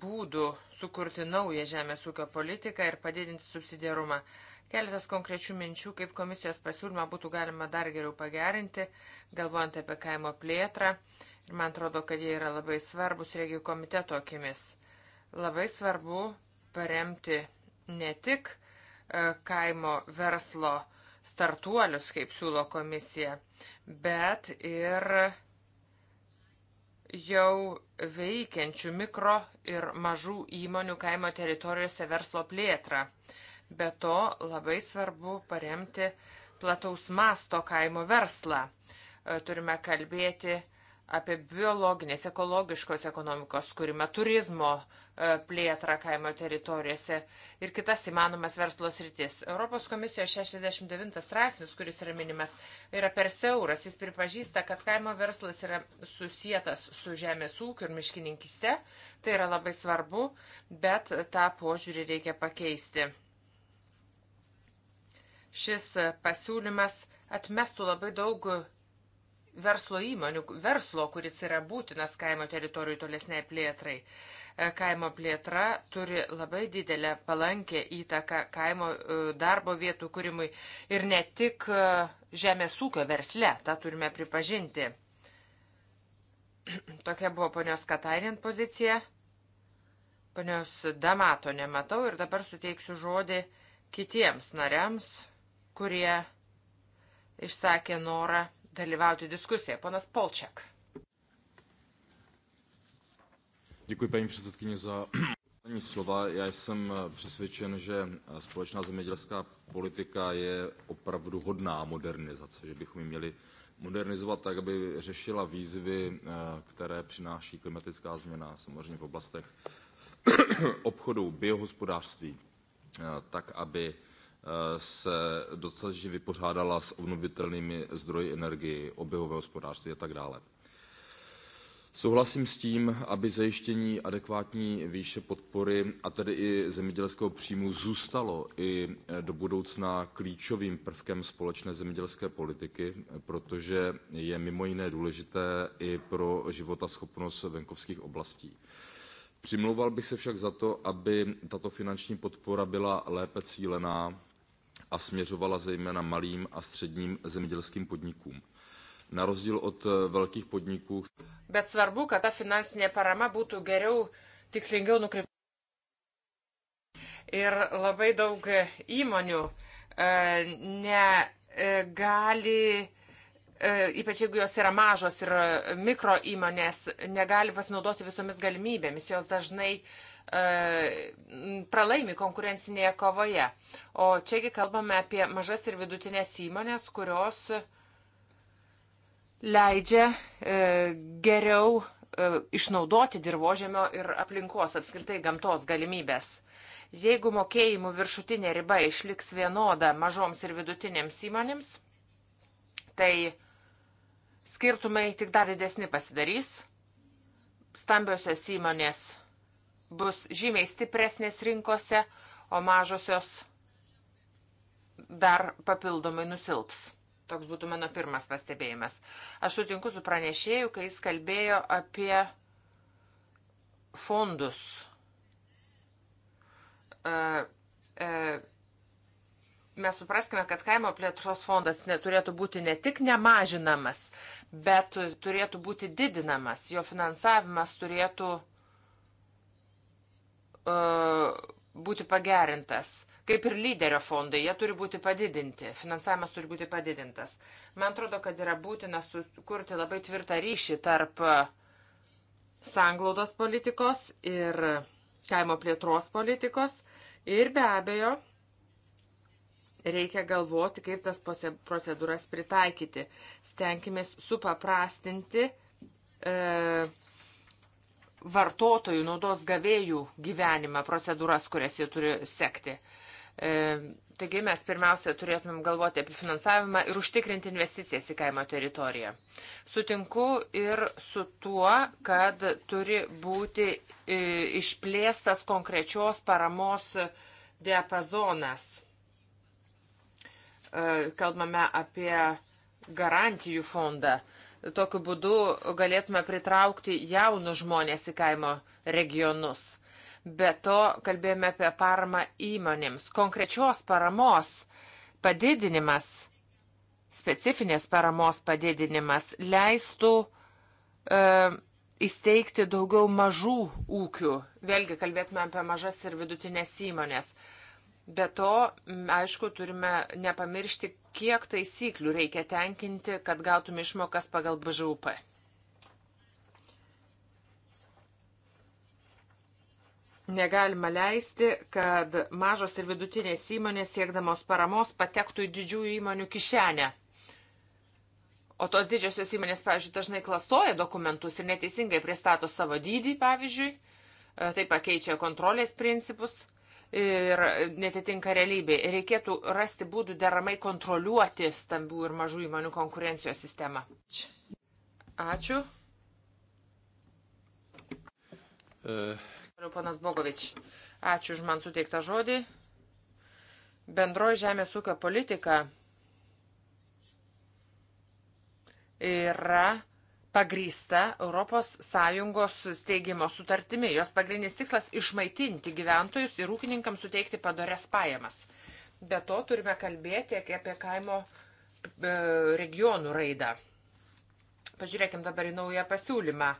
būdų sukurti naują žemės ūkio politiką ir padidinti subsidiarumą. Keletas konkrečių minčių, kaip komisijos pasiūlymą būtų galima dar geriau pagerinti, galvojant apie kaimo plėtrą. Ir man atrodo, kad jie yra labai svarbus regijų komiteto akimis. Labai svarbu paremti ne tik e, kaimo verslo startuolius, kaip siūlo komisija, bet ir jau veikiančių mikro ir mažų įmonių kaimo teritorijose verslo plėtrą. Be to labai svarbu paremti plataus masto kaimo verslą. E, turime kalbėti apie biologinės, ekologiškos ekonomikos kūrimą, turizmo e, plėtrą kaimo teritorijose ir kitas įmanomas verslo sritis. Europos komisijos 69 straipsnis, kuris yra minimas, yra per siauras. Jis pripažįsta, kad kaimo verslas yra susijęs su žemės ūkiu ir miškininkiste. Tai yra labai svarbu, bet tą požiūrį reikia pakeisti. Šis pasiūlymas atmestų labai daug verslo įmonių, verslo, kuris yra būtinas kaimo teritorijų tolesnei plėtrai. E, kaimo plėtra turi labai didelę palankę įtaką kaimo e, darbo vietų kūrimui ir ne tik e, žemės ūkio versle, tą turime pripažinti. Tokia buvo ponios Katainin pozicija. Ponios Damato nematau ir dabar suteiksiu žodį kitiems nariams, kurie išsakė norą dalyvauti diskusijoje. Ponas Polčiak. Děkuji paní předsedkyně za udělení slova. Já jsem eh, přesvědčen, že eh, společná zemědělská politika je opravdu hodná modernizace, že bychom ji měli modernizovat tak, aby řešila výzvy, eh, které přináší klimatická změna, samozřejmě v oblastech obchodu, biohospodářství, tak, aby se dostatečně vypořádala s obnovitelnými zdroji energie, oběhové hospodářství a tak dále. Souhlasím s tím, aby zajištění adekvátní výše podpory a tedy i zemědělského příjmu zůstalo i do budoucna klíčovým prvkem společné zemědělské politiky, protože je mimo jiné důležité i pro životaschopnost venkovských oblastí. Přimlouval bych se však za to, aby tato finanční podpora byla lépe cílená, a směřovala zejména malým a středním zemědělským podnikům. Na rozdíl od eh, velkých podniků. Bet svarbu, kad ta finansinė parama būtų geriau, tikslingiau nukreipta. Ir labai daug įmonių e, eh, negali. Eh, e, ypač jeigu jos yra mažos ir mikro įmonės, negali pasinaudoti visomis galimybėmis, jos dažnai E, pralaimi konkurencinėje kovoje. O čiagi kalbame apie mažas ir vidutinės įmonės, kurios leidžia e, geriau e, išnaudoti dirbožėmio ir aplinkos apskritai gamtos galimybės. Jeigu mokėjimų viršutinė riba išliks vienoda mažoms ir vidutinėms įmonėms, tai skirtumai tik dar didesni pasidarys. Stambiosios įmonės bus žymiai stipresnės rinkose, o mažosios dar papildomai nusilps. Toks būtų mano pirmas pastebėjimas. Aš sutinku su pranešėju, kai jis kalbėjo apie fondus. E, e, mes supraskime, kad kaimo plėtros fondas turėtų būti ne tik nemažinamas, bet turėtų būti didinamas. Jo finansavimas turėtų E, būti pagerintas. Kaip ir lyderio fondai, jie turi būti padidinti, finansavimas turi būti padidintas. Man atrodo, kad yra būtina sukurti labai tvirtą ryšį tarp sanglaudos politikos ir kaimo plėtros politikos. Ir be abejo, reikia galvoti, kaip tas procedūras pritaikyti. Stenkimės supaprastinti e, vartotojų, naudos gavėjų gyvenimą, procedūras, kurias jie turi sekti. E, taigi mes pirmiausia turėtumėm galvoti apie finansavimą ir užtikrinti investicijas į kaimo teritoriją. Sutinku ir su tuo, kad turi būti e, išplėstas konkrečios paramos diapazonas. E, kalbame apie garantijų fondą. E, Tokiu būdu galėtume pritraukti jaunus žmonės į kaimo regionus. Be to kalbėjome apie paramą įmonėms. Konkrečios paramos padidinimas, specifinės paramos padidinimas leistų e, įsteigti daugiau mažų ūkių. Vėlgi kalbėtume apie mažas ir vidutinės įmonės. E, Be to, aišku, turime nepamiršti, kiek taisyklių reikia tenkinti, kad gautum išmokas pagal BŽUP. Negalima leisti, kad mažos ir vidutinės įmonės siekdamos paramos patektų į didžiųjų įmonių kišenę. O tos didžiosios įmonės, pavyzdžiui, dažnai klastoja dokumentus ir neteisingai pristato savo dydį, pavyzdžiui, e, tai pakeičia kontrolės principus – ir netitinka realybė. Reikėtų rasti būdų deramai kontroliuoti stambių ir mažų įmonių konkurencijos sistemą. Ačiū. Uh. Panas Bogovič, ačiū už man suteiktą žodį. Bendroji žemės ūkio politika yra pagrįsta ES steigimo sutartimi. Jos pagrindinis tikslas - išmaitinti gyventojus ir ūkininkams suteikti padorės pajamas. Be to turime kalbėti apie kaimo e, regionų raidą. Pažiūrėkime dabar į naują pasiūlymą.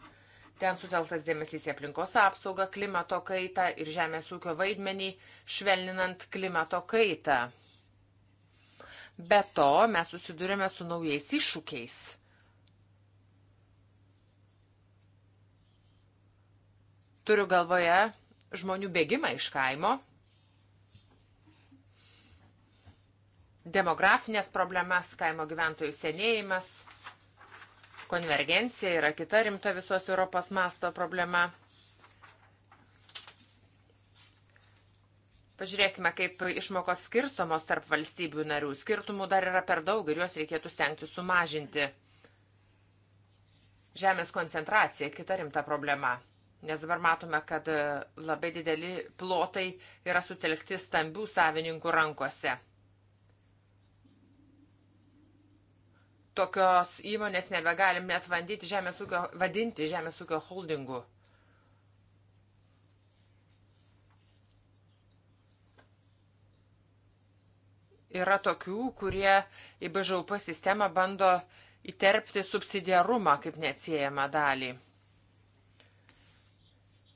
Ten suteltas dėmesys į aplinkos apsaugą, klimato kaitą ir žemės ūkio vaidmenį, švelninant klimato kaitą. Be to, mes susidurėme su naujais iššūkiais Turiu galvoje žmonių bėgimą iš kaimo, demografinės problemas, kaimo gyventojų senėjimas, konvergencija yra kita rimta visos Europos masto problema. Pažiūrėkime, kaip išmokos skirstomos tarp valstybių narių. Skirtumų dar yra per daug ir juos reikėtų stengti sumažinti. Žemės koncentracija - kita rimta problema. Nes dabar matome, kad e, labai dideli plotai yra sutelkti stambių savininkų rankose. Tokios įmonės nebegalim net vandyti žemės ūkio, vadinti žemės ūkio holdingu. Yra tokių, kurie į BŽUP sistemą bando įterpti subsidiarumą kaip neatsiejamą dalį.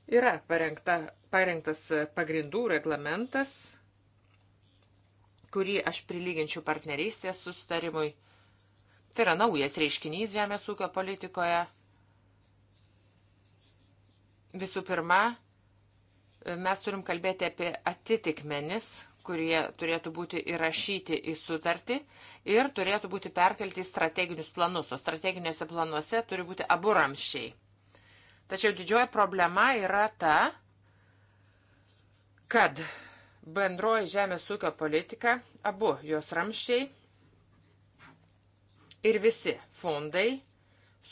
Yra parengta, parengtas pagrindų reglamentas, kurį aš prilyginčiau partnerystės sustarimui. Tai yra naujas reiškinys žemės ūkio politikoje. Visų pirma, mes turim kalbėti apie atitikmenis, kurie turėtų būti įrašyti į sutartį ir turėtų būti perkelti į strateginius planus. O strateginiuose planuose turi būti abu ramščiai. Tačiau didžioji problema yra ta, kad bendroji žemės ūkio politika, abu jos ramščiai ir visi fondai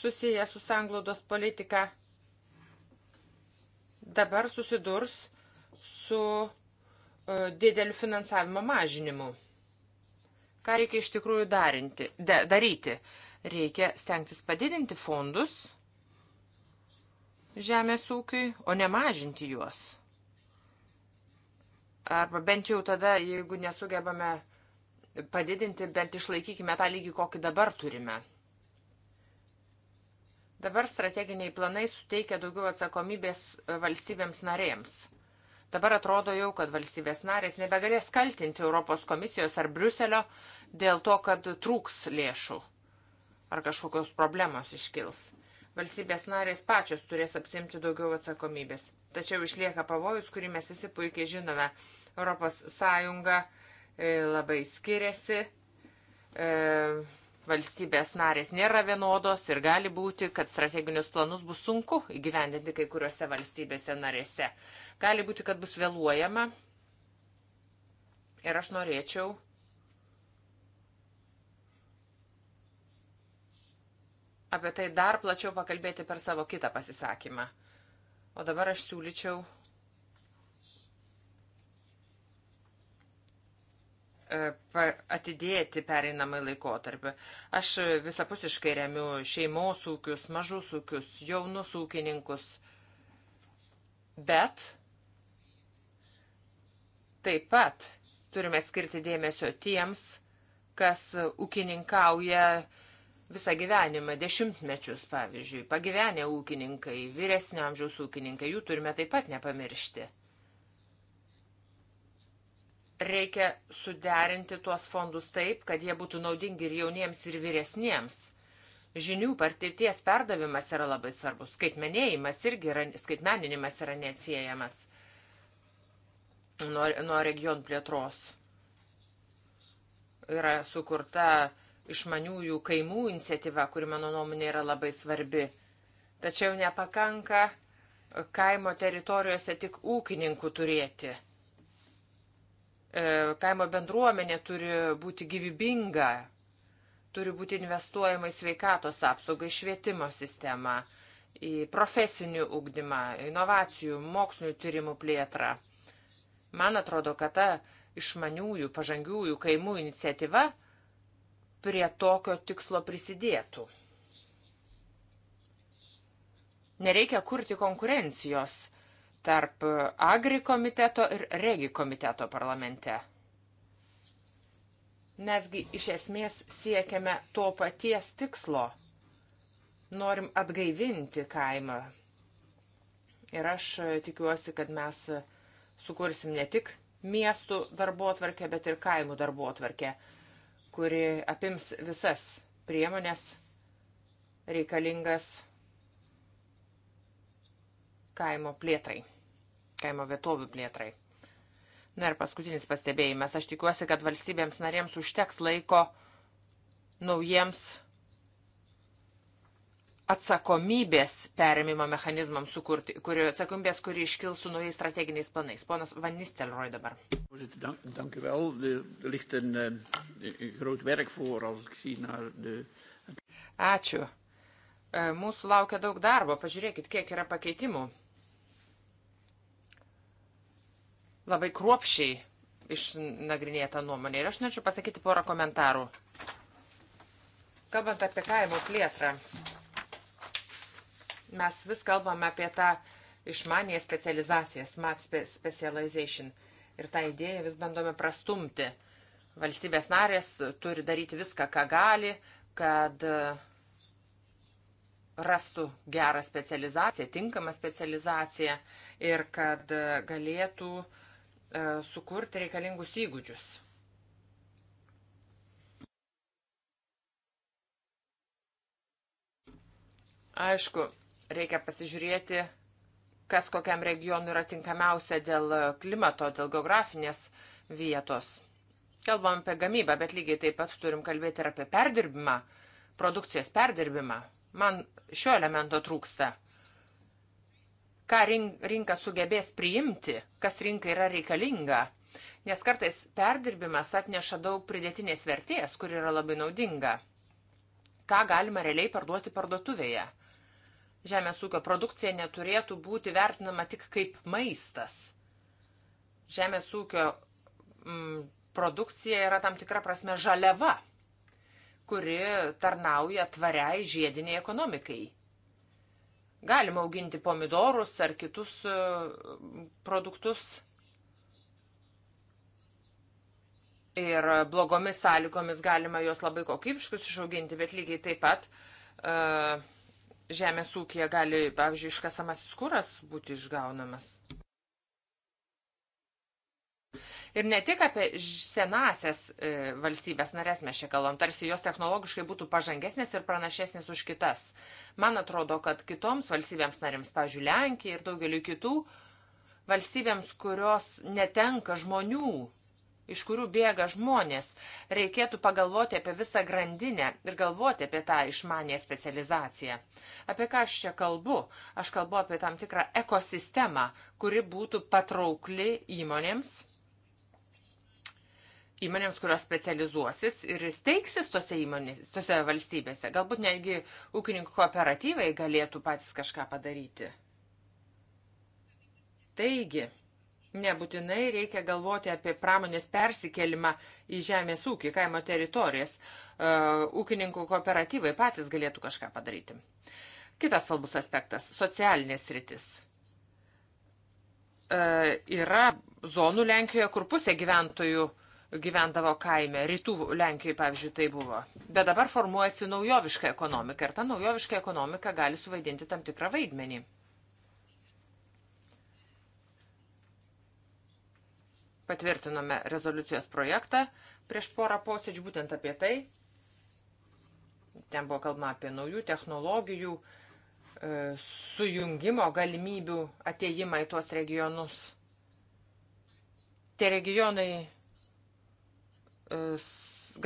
susiję su sanglaudos politika dabar susidurs su e, dideliu finansavimo mažinimu. Ką reikia iš tikrųjų darinti, da, daryti? Reikia stengtis padidinti fondus žemės ūkiui, o nemažinti juos. Arba bent jau tada, jeigu nesugebame padidinti, bent išlaikykime tą lygį, kokį dabar turime. Dabar strateginiai planai suteikia daugiau atsakomybės valstybėms narėms. Dabar atrodo jau, kad valstybės narės nebegalės kaltinti Europos komisijos ar Briuselio dėl to, kad trūks lėšų ar kažkokios problemos iškils. Valstybės narės pačios turės apsimti daugiau atsakomybės. Tačiau išlieka pavojus, kurį mes visi puikiai žinome. Europos Sąjunga e, labai skiriasi. E, valstybės narės nėra vienodos ir gali būti, kad strateginius planus bus sunku įgyvendinti kai kuriuose valstybėse narėse. Gali būti, kad bus vėluojama. Ir aš norėčiau apie tai dar plačiau pakalbėti per savo kitą pasisakymą. O dabar aš siūlyčiau e, atidėti pereinamai laikotarpį. Aš visapusiškai remiu šeimos ūkius, mažus ūkius, jaunus ūkininkus, bet taip pat turime skirti dėmesio tiems, kas ūkininkauja uh, visą gyvenimą, dešimtmečius, pavyzdžiui, pagyvenę ūkininkai, vyresnio amžiaus ūkininkai, jų turime taip pat nepamiršti. Reikia suderinti tuos fondus taip, kad jie būtų naudingi ir jauniems, ir vyresniems. Žinių patirties perdavimas yra labai svarbus, skaitmenėjimas irgi yra, skaitmeninimas yra neatsiejamas nuo, nuo region plėtros. Yra sukurta uh, išmaniųjų kaimų iniciatyva, kuri mano nuomonė yra labai svarbi. Tačiau nepakanka kaimo teritorijose tik ūkininkų turėti. E, kaimo bendruomenė turi būti gyvybinga, turi būti investuojama į sveikatos apsaugą, į švietimo sistemą, į profesinį ugdymą, inovacijų, mokslinių tyrimų plėtrą. Man atrodo, kad ta išmaniųjų, pažangiųjų kaimų iniciatyva prie tokio tikslo prisidėtų. Nereikia kurti konkurencijos tarp agri komiteto ir regi komiteto parlamente. Mesgi iš esmės siekiame to paties tikslo. Norim atgaivinti kaimą. Ir aš tikiuosi, kad mes sukursim ne tik miestų darbo atvarkę, bet ir kaimų darbo atvarkę kuri apims visas priemonės reikalingas kaimo plėtrai, kaimo vietovių plėtrai. Na ir paskutinis pastebėjimas. Aš tikiuosi, kad valstybėms narėms užteks laiko naujiems atsakomybės perėmimo mechanizmam sukurti, kurio atsakomybės, kuri iškils su naujais strateginiais planais. Ponas Van Nistelrooy dabar. Dank u wel. Er ligt eh, een groot werk voor als ik zie naar de. Ačiū. E, mūsų laukia daug darbo. Pažiūrėkit, kiek yra pakeitimų. Labai kruopšiai išnagrinėta nuomonė. Ir aš norėčiau pasakyti porą komentarų. Kalbant apie kaimo plėtrą. Mes vis kalbame apie tą išmanėje specializaciją, smart specialization. Ir tą idėją vis bandome prastumti. Valstybės narės turi daryti viską, ką gali, kad e, rastų gerą specializaciją, tinkamą specializaciją ir kad e, galėtų e, sukurti reikalingus įgūdžius. Aišku, Reikia pasižiūrėti, kas kokiam regionui yra tinkamiausia dėl klimato, dėl geografinės vietos. Kalbam apie gamybą, bet lygiai taip pat turim kalbėti ir apie perdirbimą, produkcijos perdirbimą. Man šio elemento trūksta. Ką rinka sugebės priimti, kas rinka yra reikalinga. Nes kartais perdirbimas atneša daug pridėtinės vertės, kur yra labai naudinga. Ką galima realiai parduoti parduotuvėje. Žemės ūkio produkcija neturėtų būti vertinama tik kaip maistas. Žemės ūkio mm, produkcija yra tam tikra prasme žaliava, kuri tarnauja tvariai žiediniai ekonomikai. Galima auginti pomidorus ar kitus e, produktus, ir blogomis sąlygomis galima juos labai kokybiškus išauginti, bet lygiai taip pat uh, žemės ūkija gali, pavyzdžiui, iškasamasis kuras būti išgaunamas. Ir ne tik apie senasias e, valstybės narės mes čia kalbam, tarsi jos technologiškai būtų pažangesnės ir pranašesnės už kitas. Man atrodo, kad kitoms valstybėms narėms, pavyzdžiui, Lenkijai ir daugeliu kitų valstybėms, kurios netenka žmonių, iš kurių bėga žmonės. Reikėtų pagalvoti apie visą grandinę ir galvoti apie tą išmanę specializaciją. Apie ką aš čia kalbu? Aš kalbu apie tam tikrą ekosistemą, kuri būtų patraukli įmonėms. Įmonėms, kurios specializuosis ir steiksis tose, įmonės, tose valstybėse. Galbūt netgi ūkininkų kooperatyvai galėtų patys kažką padaryti. Taigi, Nebūtinai reikia galvoti apie pramonės persikelimą į žemės ūkį, kaimo teritorijas. E, ūkininkų kooperatyvai patys galėtų kažką padaryti. Kitas svarbus aspektas - socialinės rytis. E, yra zonų Lenkijoje, kur pusė gyventojų gyvendavo kaime, rytų Lenkijoje, pavyzdžiui, tai buvo. Bet dabar formuojasi naujoviška ekonomika ir ta naujoviška ekonomika gali suvaidinti tam tikrą vaidmenį. patvirtinome rezoliucijos projektą prieš porą posėdžių būtent apie tai. Ten buvo kalbama apie naujų technologijų e, sujungimo galimybių ateimą į tuos regionus. Tie regionai e,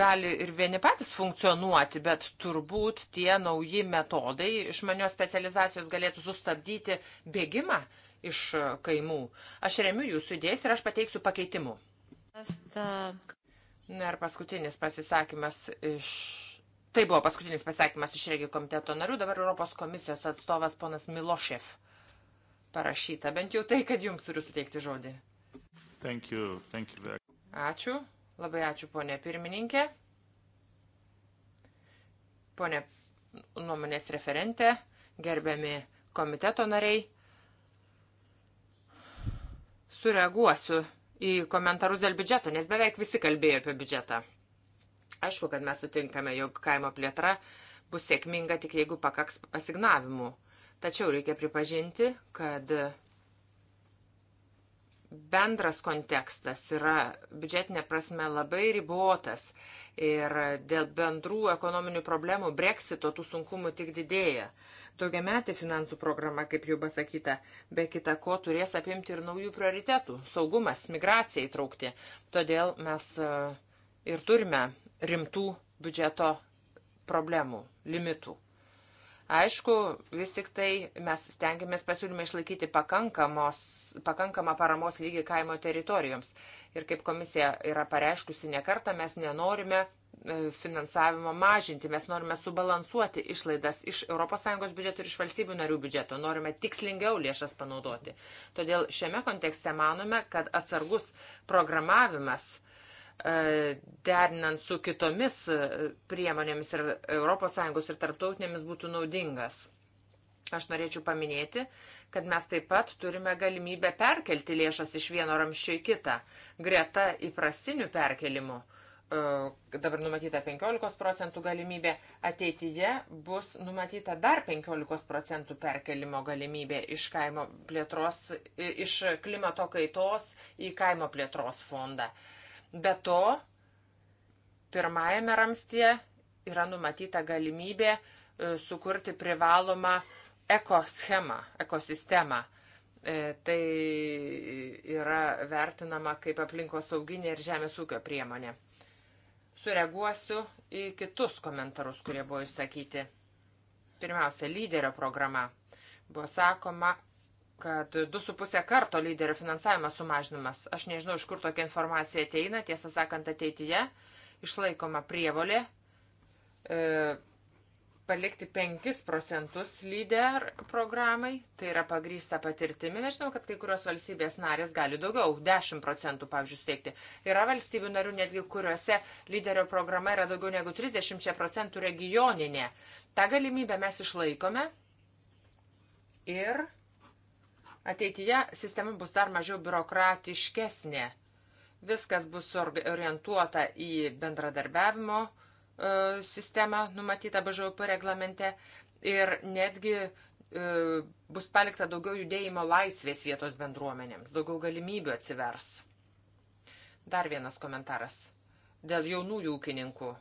gali ir vieni patys funkcionuoti, bet turbūt tie nauji metodai išmanios specializacijos galėtų sustabdyti bėgimą iš e, kaimų. Aš remiu jūsų idėjas ir aš pateiksiu pakeitimų. Na ir paskutinis pasisakymas iš. Tai buvo paskutinis pasakymas iš regijų komiteto narių, dabar Europos komisijos atstovas ponas Milošev. Parašyta bent jau tai, kad jums turiu suteikti žodį. Thank you. Thank you. Ačiū, labai ačiū ponė pirmininkė. Pone nuomonės referentė, gerbiami komiteto nariai sureaguosiu į komentarus dėl biudžeto, nes beveik visi kalbėjo apie biudžetą. Aišku, kad mes sutinkame, jog kaimo plėtra bus sėkminga tik jeigu pakaks asignavimų. Tačiau reikia pripažinti, kad bendras kontekstas yra biudžetinė prasme labai ribotas ir dėl bendrų ekonominių problemų breksito tų sunkumų tik didėja. Daugiametė finansų programa, kaip jau pasakyta, be kita ko turės apimti ir naujų prioritetų - saugumas, migracija įtraukti. Todėl mes e, ir turime rimtų biudžeto problemų, limitų. Aišku, vis tik tai mes stengiamės pasiūlymą išlaikyti pakankamą paramos lygį kaimo teritorijoms. Ir kaip komisija yra pareiškusi nekartą, mes nenorime e, finansavimo mažinti, mes norime subalansuoti išlaidas iš ES biudžeto ir iš valstybių narių biudžeto, norime tikslingiau lėšas panaudoti. Todėl šiame kontekste manome, kad atsargus programavimas uh, derinant su kitomis e, priemonėmis ir ES ir tarptautinėmis būtų naudingas. Aš norėčiau paminėti, kad mes taip pat turime galimybę perkelti lėšas iš vieno ramščio į kitą, greta įprastinių perkelimų. E, dabar numatyta 15 procentų galimybė, ateityje bus numatyta dar 15 procentų perkelimo galimybė iš, kaimo plėtros, iš klimato kaitos į kaimo plėtros fondą. Uh, Be to, pirmajame ramstie yra numatyta galimybė e, sukurti privalomą ekoschemą, ekosistemą. E, tai yra vertinama kaip aplinkosauginė ir žemės ūkio priemonė. Sureaguosiu į kitus komentarus, kurie buvo išsakyti. Pirmiausia, lyderio programa. Buvo sakoma, kad 2,5 karto lyderio finansavimas sumažinimas. Aš nežinau, iš kur tokia informacija ateina, tiesą sakant, ateityje išlaikoma prievolė e, palikti 5 procentus lyder programai, tai yra pagrįsta patirtimi. Nežinau, kad kai kurios valstybės narės gali daugiau, 10 procentų, pavyzdžiui, steigti. Yra valstybių narių netgi, kuriuose lyderio programa yra daugiau negu 30 procentų regioninė. Ta galimybė mes išlaikome ir Ateityje sistema bus dar mažiau biurokratiškesnė. Viskas bus orientuota į bendradarbiavimo e, sistemą numatytą BŽUP reglamente ir netgi e, bus palikta daugiau judėjimo laisvės vietos bendruomenėms, daugiau galimybių atsivers. Dar vienas komentaras. Dėl jaunųjų ūkininkų.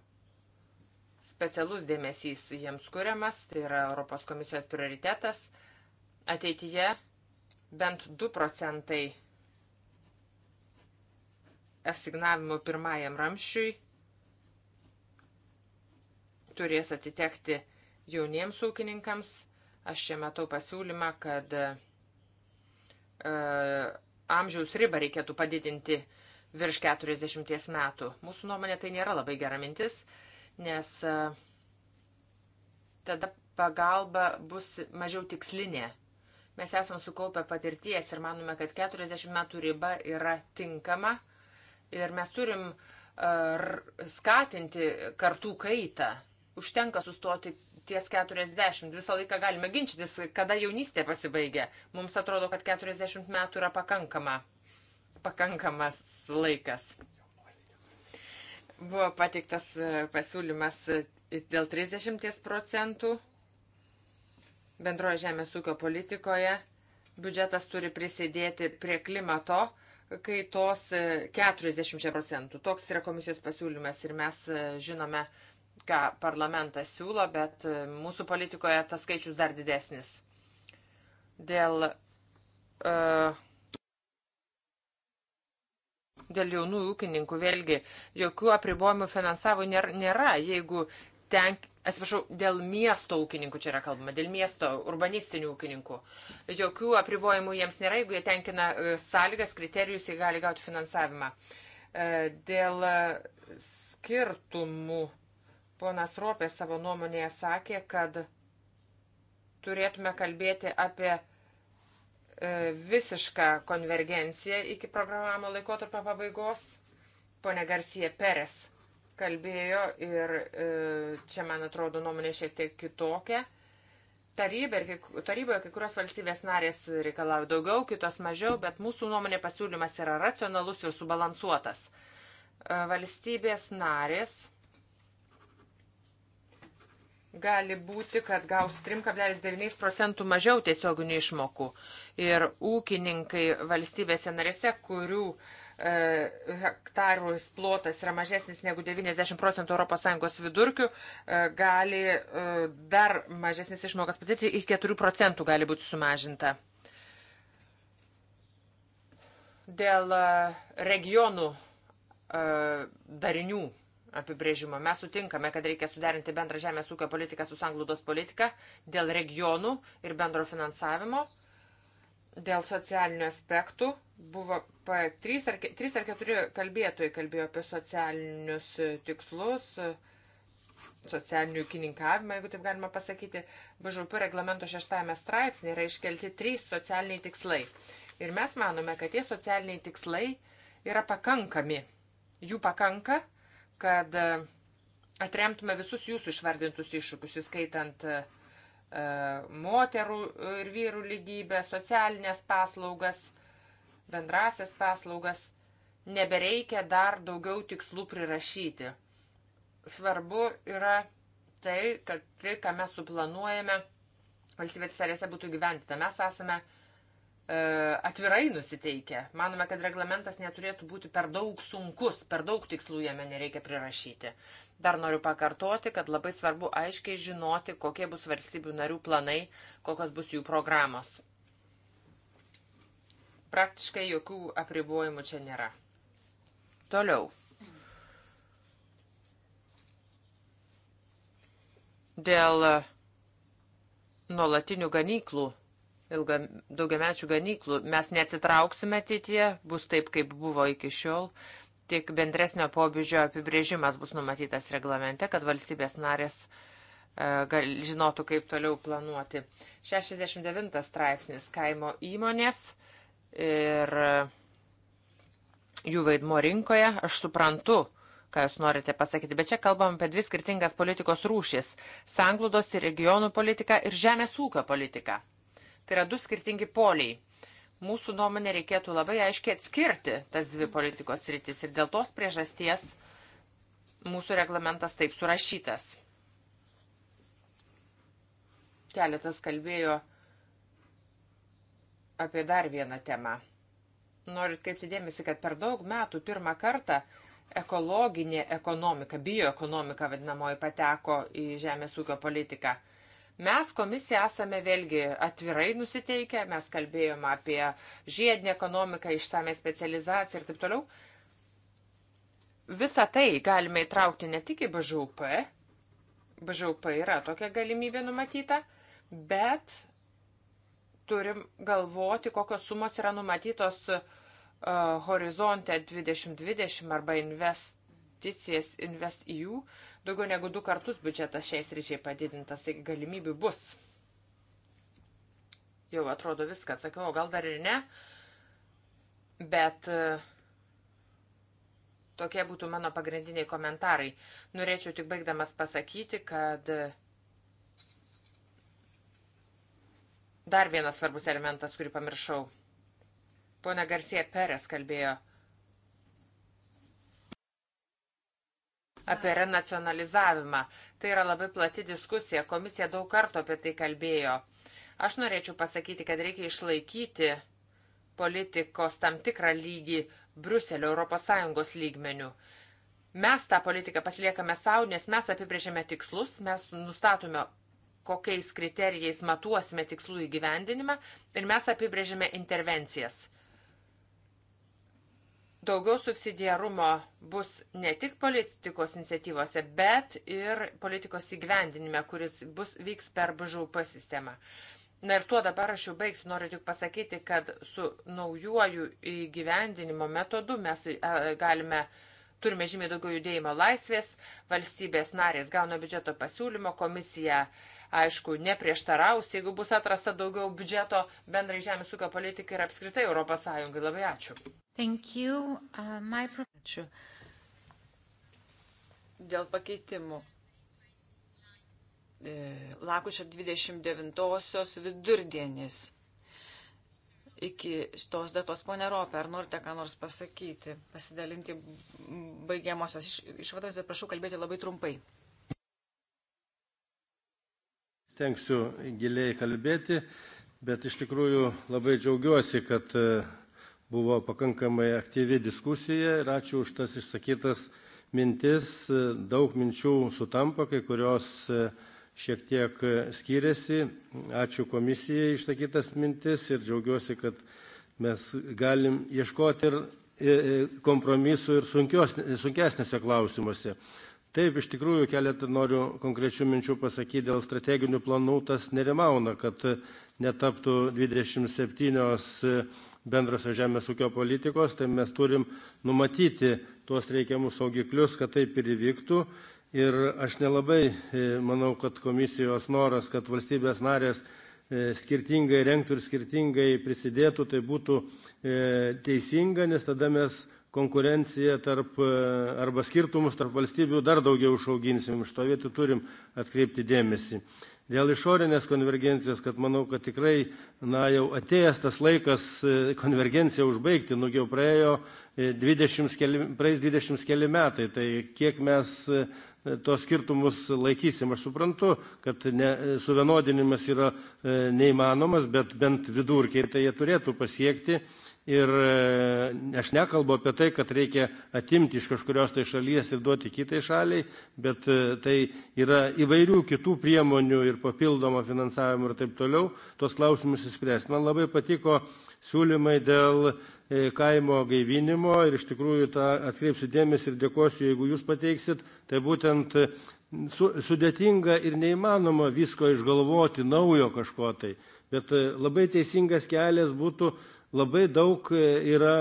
Specialus dėmesys jiems kuriamas, tai yra Europos komisijos prioritetas. Ateityje bent 2 procentai asignavimo pirmajam ramščiui turės atitekti jauniems ūkininkams. Aš čia matau pasiūlymą, kad e, amžiaus ribą reikėtų padidinti virš 40 metų. Mūsų nuomonė tai nėra labai gera mintis, nes e, tada pagalba bus mažiau tikslinė Mes esam sukaupę patirties ir manome, kad 40 metų riba yra tinkama ir mes turim uh, skatinti kartų kaitą. Užtenka sustoti ties 40. Visą laiką galime ginčytis, kada jaunystė pasibaigia. Mums atrodo, kad 40 metų yra pakankama, pakankamas laikas. Buvo pateiktas e, pasiūlymas e, dėl 30 procentų bendroje žemės ūkio politikoje biudžetas turi prisidėti prie klimato kaitos 40 e, procentų. Toks yra komisijos pasiūlymas ir mes e, žinome, ką parlamentas siūlo, bet e, mūsų politikoje tas skaičius dar didesnis. Dėl, uh, dėl jaunų ūkininkų vėlgi jokių apribojimų finansavo nėra. Jeigu ten, atsiprašau, dėl miesto ūkininkų čia yra kalbama, dėl miesto urbanistinių ūkininkų. Jokių apribojimų jiems nėra, jeigu jie tenkina e, sąlygas, kriterijus, jie gali gauti finansavimą. E, dėl e, skirtumų ponas Ropė savo nuomonėje sakė, kad turėtume kalbėti apie visišką konvergenciją iki programavimo laikotarpio pabaigos. Pone Garcija Peres kalbėjo ir e, čia, man atrodo, nuomonė šiek tiek kitokia. Taryba ir, taryboje kai kurios valstybės narės reikalauja daugiau, kitos mažiau, bet mūsų nuomonė pasiūlymas yra racionalus ir subalansuotas. E, valstybės narės gali būti, kad gaus 3,9 procentų mažiau tiesioginių išmokų. Ir ūkininkai valstybėse narėse, kurių uh, E, hektarų plotas yra mažesnis negu 90 procentų ES vidurkių, e, gali e, dar mažesnis išmokas patirti, iki 4 procentų gali būti sumažinta. Dėl regionų darinių apibrėžimo mes sutinkame, kad reikia suderinti bendrą žemės ūkio politiką su sanglaudos politika dėl regionų ir bendro finansavimo dėl socialinių aspektų. Buvo trys ar, trys ar keturi kalbėtojai kalbėjo apie socialinius e, tikslus, e, socialinių ūkininkavimą, jeigu taip galima pasakyti. BŽP reglamento šeštame straipsnė yra iškelti trys socialiniai tikslai. Ir mes manome, kad tie socialiniai tikslai yra pakankami. Jų pakanka, kad e, atremtume visus jūsų išvardintus iššūkius, įskaitant uh, E, moterų ir vyrų lygybę, socialinės paslaugas, bendrasias paslaugas, nebereikia dar daugiau tikslų prirašyti. Svarbu yra tai, kad tai, ką mes suplanuojame, valstybės sarėse būtų gyventi. Mes esame uh, E, atvirai nusiteikę. Manome, kad reglamentas neturėtų būti per daug sunkus, per daug tikslų jame nereikia prirašyti. Dar noriu pakartoti, kad labai svarbu aiškiai žinoti, kokie bus valstybių narių planai, kokios bus jų programos. Praktiškai jokių apribojimų čia nėra. Toliau. Dėl nuolatinių ganyklų ilga, daugiamečių ganyklų. Mes neatsitrauksime ateitie, bus taip, kaip buvo iki šiol. Tik bendresnio pobūdžio apibrėžimas bus numatytas reglamente, kad valstybės narės e, gal, žinotų, kaip toliau planuoti. 69 straipsnis kaimo įmonės ir e, jų vaidmo rinkoje. Aš suprantu, ką jūs norite pasakyti, bet čia kalbam apie dvi skirtingas politikos rūšis - sanglūdos ir regionų politiką ir žemės ūkio politiką. Tai yra du skirtingi poliai. Mūsų nuomonė reikėtų labai aiškiai atskirti tas dvi politikos rytis ir dėl tos priežasties mūsų reglamentas taip surašytas. Keletas kalbėjo apie dar vieną temą. Noriu atkreipti dėmesį, kad per daug metų pirmą kartą ekologinė ekonomika, bioekonomika vadinamoji, pateko į žemės ūkio politiką. Mes komisija esame vėlgi atvirai nusiteikę, mes kalbėjome apie žiedinę ekonomiką, išsame specializaciją ir taip toliau. Visą tai galime įtraukti ne tik į BŽUP, BŽUP yra tokia galimybė numatyta, bet turim galvoti, kokios sumos yra numatytos uh, horizonte 2020 arba investicijas InvestEU. Uh, Daugiau negu du kartus biudžetas šiais ryčiai padidintas, taigi galimybių bus. Jau atrodo viską atsakiau, gal dar ir ne, bet e, tokie būtų mano pagrindiniai komentarai. Norėčiau tik baigdamas pasakyti, kad e, dar vienas svarbus elementas, kurį pamiršau. Pone Garsie Peres kalbėjo apie renacionalizavimą. Tai yra labai plati diskusija, komisija daug kartų apie tai kalbėjo. Aš norėčiau pasakyti, kad reikia išlaikyti politikos tam tikrą lygį Bruselio ES lygmenių. Mes tą politiką pasiliekame savo, nes mes apibrėžiame tikslus, mes nustatome kokiais kriterijais matuosime tikslų įgyvendinimą ir mes apibrėžime intervencijas daugiau subsidiarumo bus ne tik politikos iniciatyvose, bet ir politikos įgyvendinime, kuris bus, vyks per BŽUP sistemą. Na ir tuo dabar aš jau baigsiu, noriu tik pasakyti, kad su naujuoju įgyvendinimo metodu mes e, galime, turime žymiai daugiau judėjimo laisvės, valstybės narės gauna biudžeto pasiūlymo, komisija uh, aišku, neprieštaraus, jeigu bus atrasta daugiau biudžeto bendrai žemės ūkio politikai ir apskritai ES. Labai ačiū. Uh, my... Ačiū. Dėl pakeitimų. E, lakučio 29-osios vidurdienis. Iki tos datos, ponė Ropė, ar norite ką nors pasakyti, pasidalinti baigiamosios išvados, bet prašau kalbėti labai trumpai nesistengsiu giliai kalbėti, bet iš tikrųjų labai džiaugiuosi, kad e, buvo pakankamai aktyvi diskusija ir ačiū už tas išsakytas mintis. E, daug minčių sutampa, kai kurios e, šiek tiek skiriasi. Ačiū komisijai išsakytas mintis ir džiaugiuosi, kad mes galim ieškoti ir kompromisų ir sunkios, sunkesnėse klausimuose. Taip, iš tikrųjų, keletą noriu konkrečių minčių pasakyti dėl strateginių planų, tas nerimauna, kad netaptų 27 bendrosios žemės ūkio politikos, tai mes turim numatyti tuos reikiamus saugiklius, kad taip ir įvyktų. Ir aš nelabai e, manau, kad komisijos noras, kad valstybės narės e, skirtingai renktų ir skirtingai prisidėtų, tai būtų e, teisinga, nes tada mes konkurenciją tarp e, arba skirtumus tarp valstybių dar daugiau išauginsim. Šito vietu turim atkreipti dėmesį. Dėl išorinės konvergencijos, kad manau, kad tikrai, na, jau atėjęs tas laikas e, konvergenciją užbaigti, nu jau praėjo 20 e, keli, praeis 20 keli metai, tai kiek mes tos skirtumus laikysim. Aš suprantu, kad ne, suvienodinimas yra neįmanomas, bet bent vidurkiai tai jie turėtų pasiekti Ir e, aš nekalbu apie tai, kad reikia atimti iš kažkurios tai šalies ir duoti kitai šaliai, bet e, tai yra įvairių kitų priemonių ir papildomo finansavimo ir taip toliau, tuos klausimus įspręsti. Man labai patiko siūlymai dėl e, kaimo gaivinimo ir iš tikrųjų tą atkreipsiu dėmesį ir dėkosiu, jeigu jūs pateiksit, tai būtent su, sudėtinga ir neįmanoma visko išgalvoti naujo kažko tai, bet labai teisingas kelias būtų labai daug e, yra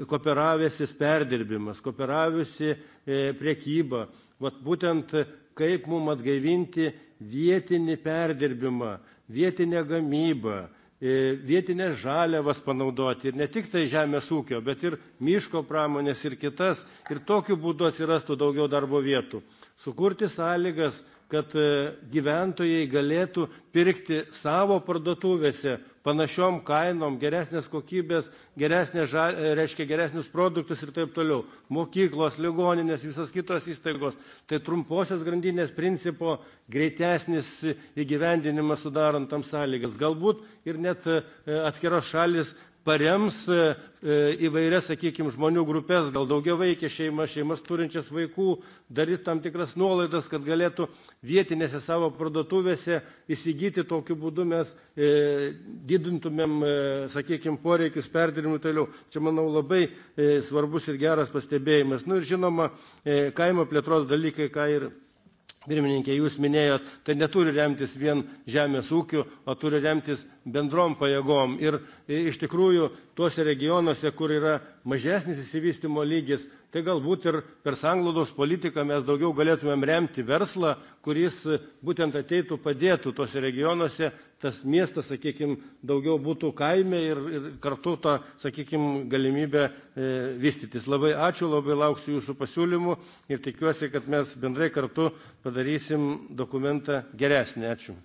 e, kooperavęsis perdirbimas, kooperavusi e, priekyba. Vat būtent kaip mums atgaivinti vietinį perdirbimą, vietinę gamybą, vietinės žaliavas panaudoti ir ne tik tai žemės ūkio, bet ir miško pramonės ir kitas. Ir tokiu būdu atsirastų daugiau darbo vietų. Sukurti sąlygas, kad gyventojai galėtų pirkti savo parduotuvėse panašiom kainom geresnės kokybės geresnę ža reiškia geresnius produktus ir taip toliau mokyklos ligoninės visos kitos įstaigos tai trumposios grandinės principo greitesnis įgyvendinimas sudarant tam sąlygas galbūt ir net e, atskiros šalys parems e, e, įvairias, sakykime, žmonių grupės, gal daugiau veikia šeimas, šeimas turinčias vaikų, darys tam tikras nuolaidas, kad galėtų vietinėse savo parduotuvėse įsigyti, tokiu būdu mes e, didintumėm, sakykime, poreikius perdirbimui toliau. Čia, manau, labai svarbus ir geras pastebėjimas. Na nu, ir žinoma, kaimo plėtros dalykai, ką ir pirmininkė jūs minėjot, tai neturi remtis vien žemės ūkiu, o turi remtis bendrom pajėgom ir iš tikrųjų tuose regionuose kur yra mažesnis išsivystymo lygis tai galbūt ir per sanglaudos politiką mes daugiau galėtumėm remti verslą kuris būtent ateitų padėtų tuose regionuose tas miestas sakykim daugiau būtų kaime ir, ir kartu tą sakykim galimybę e, vystytis labai ačiū labai lauksiu jūsų pasiūlymų ir tikiuosi kad mes bendrai kartu padarysim dokumentą geresnį ačiū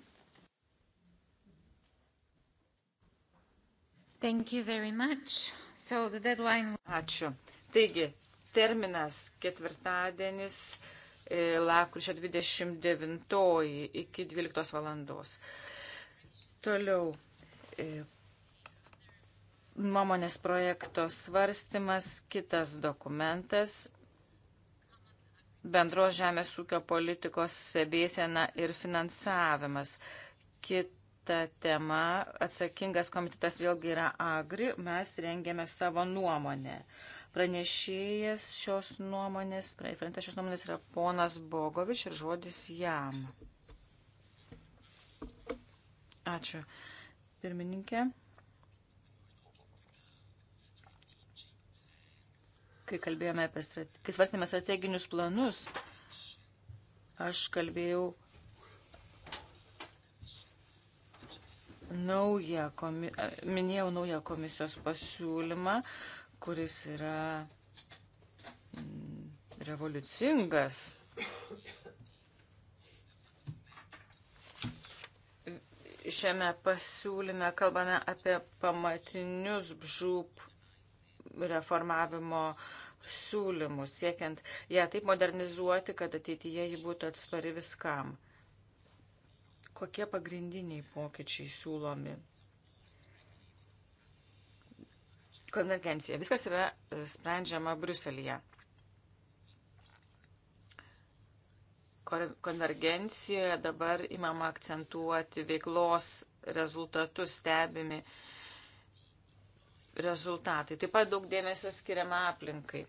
Thank you very much. So the deadline... Ačiū. Taigi, terminas ketvirtadienis e, lapkričio 29 iki 12 valandos. Toliau e, nuomonės projekto svarstymas, kitas dokumentas bendros žemės ūkio politikos sebėsena ir finansavimas. Kit ta tema. Atsakingas komitetas vėlgi yra Agri. Mes rengėme savo nuomonę. Pranešėjas šios nuomonės, praeifantas šios nuomonės yra ponas Bogovič ir žodis jam. Ačiū. Pirmininkė. Kai kalbėjome apie, strate... kai svarstėme strateginius planus, aš kalbėjau naują, komi... minėjau naują komisijos pasiūlymą, kuris yra mm, revoliucingas. Šiame pasiūlyme kalbame apie pamatinius bžūp reformavimo siūlymus, siekiant ją taip modernizuoti, kad ateityje ji būtų atspari viskam. Kokie pagrindiniai pokyčiai siūlomi? Konvergencija. Viskas yra sprendžiama Bruselėje. Konvergencijoje dabar imama akcentuoti veiklos rezultatus, stebimi rezultatai. Taip pat daug dėmesio skiriama aplinkai.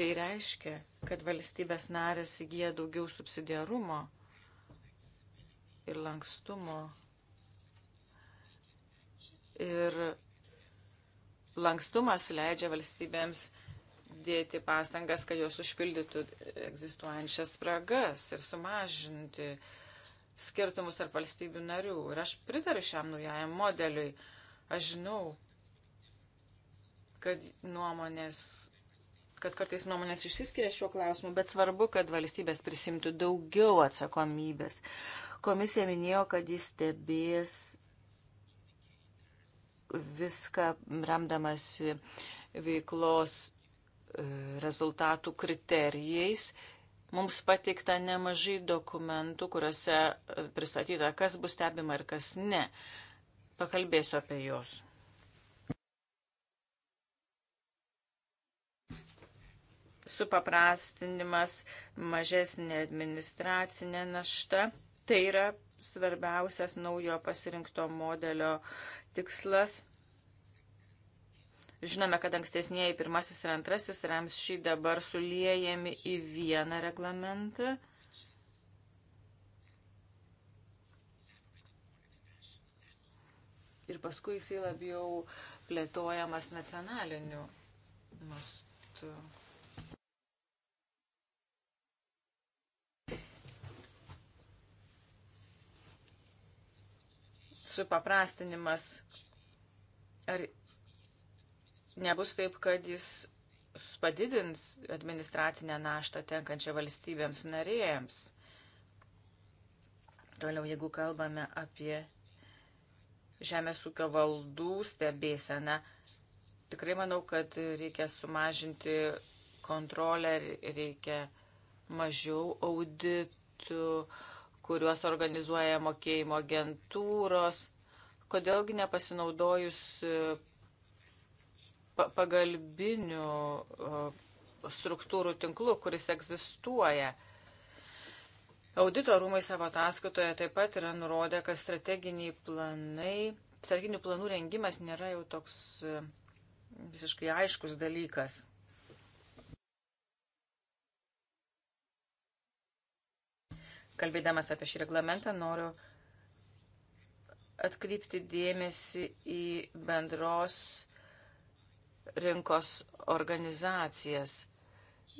Tai reiškia, kad valstybės narės įgyja daugiau subsidiarumo ir lankstumo. Ir lankstumas leidžia valstybėms dėti pastangas, kad jos užpildytų egzistuojančias spragas ir sumažinti skirtumus tarp valstybių narių. Ir aš pritariu šiam naujajam modeliui. Aš žinau, kad nuomonės kad kartais nuomonės išsiskiria šiuo klausimu, bet svarbu, kad valstybės prisimtų daugiau atsakomybės. Komisija minėjo, kad jis stebės viską remdamasi veiklos e, rezultatų kriterijais. Mums pateikta nemažai dokumentų, kuriuose e, pristatyta, kas bus stebima ir kas ne. Pakalbėsiu apie juos. Supaprastinimas, mažesnė administracinė našta Tai yra svarbiausias naujo pasirinkto modelio tikslas. Žinome, kad ankstesnėji pirmasis ir antrasis ramščiai dabar suliejami į vieną reglamentą. Ir paskui jisai labiau plėtojamas nacionaliniu mastu. supaprastinimas, ar nebus taip, kad jis padidins administracinę naštą tenkančią valstybėms narėjams. Toliau, jeigu kalbame apie žemės ūkio valdų stebėseną, tikrai manau, kad reikia sumažinti kontrolę, reikia mažiau auditų, uh, kuriuos organizuoja mokėjimo agentūros. Kodėlgi nepasinaudojus e, pagalbinių e, struktūrų tinklų, kuris egzistuoja. Audito rūmai savo ataskaitoje taip pat yra nurodę, kad strateginiai planai, strateginių planų rengimas nėra jau toks e, visiškai aiškus dalykas. kalbėdamas apie šį reglamentą, noriu atkreipti dėmesį į bendros rinkos organizacijas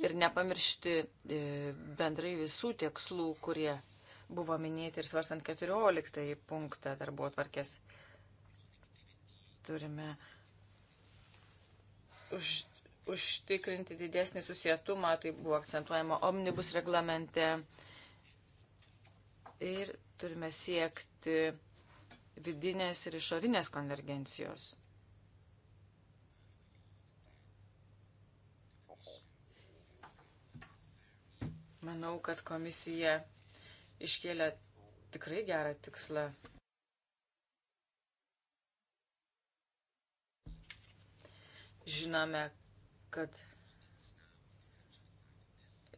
ir nepamiršti e, bendrai visų tikslų, kurie buvo minėti ir svarstant 14 punktą darbo atvarkės. Turime už, užtikrinti didesnį susietumą, tai buvo akcentuojama omnibus reglamente, ir turime siekti vidinės ir išorinės konvergencijos. Manau, kad komisija iškėlė tikrai gerą tikslą. Žinome, kad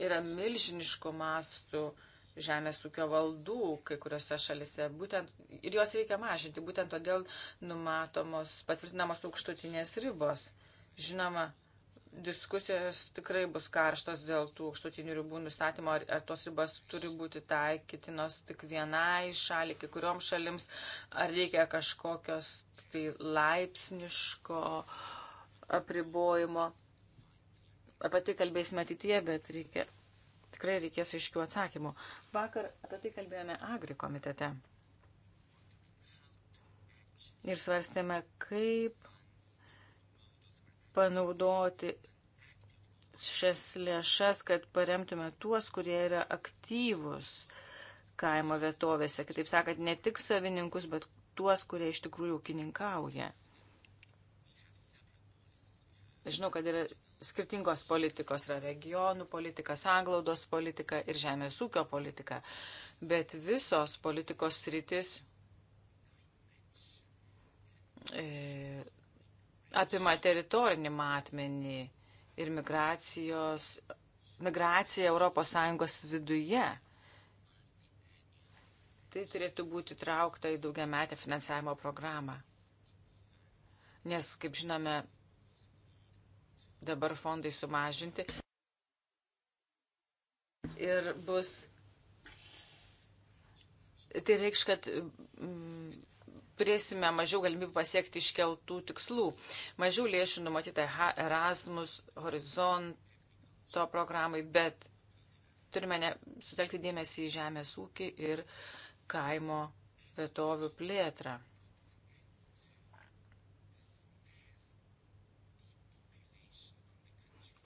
yra milžiniško mastų uh, žemės ūkio valdų kai kuriuose šalise. Būtent, ir jos reikia mažinti, būtent todėl numatomos, patvirtinamos aukštutinės ribos. Žinoma, diskusijos tikrai bus karštos dėl tų aukštutinių ribų nustatymo, ar, ar tos ribos turi būti taikytinos tik vienai šaliai, kai kuriuom šalims, ar reikia kažkokios tai laipsniško apribojimo. Apie tai kalbėsime ateityje, bet reikia Tikrai reikės aiškių atsakymų. Vakar apie tai kalbėjome Agri komitete. Ir svarstėme, kaip panaudoti šias lėšas, kad paremtume tuos, kurie yra aktyvus kaimo vietovėse. Kitaip sakant, ne tik savininkus, bet tuos, kurie iš tikrųjų ūkininkauja. Žinau, kad yra skirtingos politikos yra regionų politika, sanglaudos politika ir žemės ūkio politika. Bet visos politikos sritis e, apima teritorinį matmenį ir migracijos, migraciją ES viduje. Tai turėtų būti traukta į daugiametę finansavimo programą. Nes, kaip žinome, dabar fondai sumažinti. Ir bus. Tai reikš, kad mm, turėsime mažiau galimybių pasiekti iškeltų tikslų. Mažiau lėšų numatyta Erasmus, Horizonto programai, bet turime ne, sutelkti dėmesį į žemės ūkį ir kaimo vietovių plėtrą.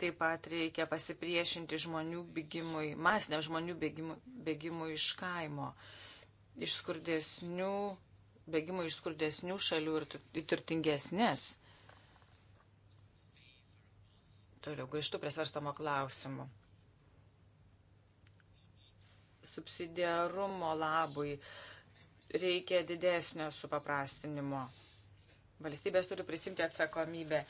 Taip pat reikia pasipriešinti žmonių bėgimui, masiniam žmonių bėgimui, bėgimui iš kaimo, iš skurdesnių, bėgimui iš skurdesnių šalių ir į turtingesnės. Toliau grįžtu prie svarstamo klausimų. Subsidiarumo labui reikia didesnio supaprastinimo. Valstybės turi prisimti atsakomybę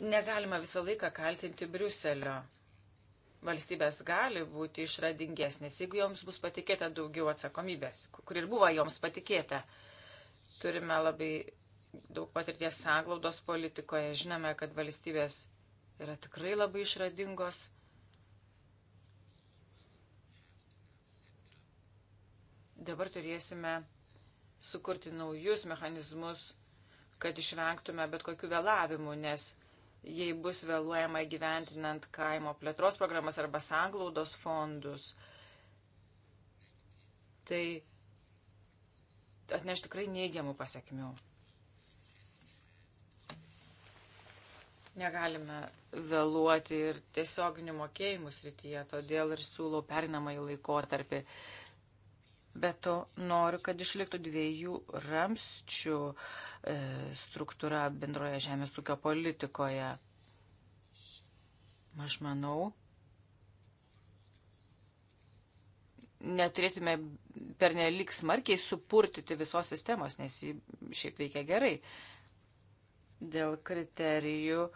Negalima visą laiką kaltinti Briuselio. Valstybės gali būti išradingesnės, jeigu joms bus patikėta daugiau atsakomybės, kur ir buvo joms patikėta. Turime labai daug patirties sanglaudos politikoje, žinome, kad valstybės yra tikrai labai išradingos. Dabar turėsime sukurti naujus mechanizmus, kad išvengtume bet kokių vėlavimų, nes jei bus vėluojama gyventinant kaimo plėtros programas arba sanglaudos fondus, tai atneš tikrai neigiamų pasiekmių. Negalime vėluoti ir tiesioginių mokėjimų srityje, todėl ir siūlau perinamąjį laikotarpį Bet to noriu, kad išliktų dviejų ramščių e, struktūra bendroje žemės ūkio politikoje. Aš manau, neturėtume pernelik smarkiai supurtyti visos sistemos, nes ji šiaip veikia gerai. Dėl kriterijų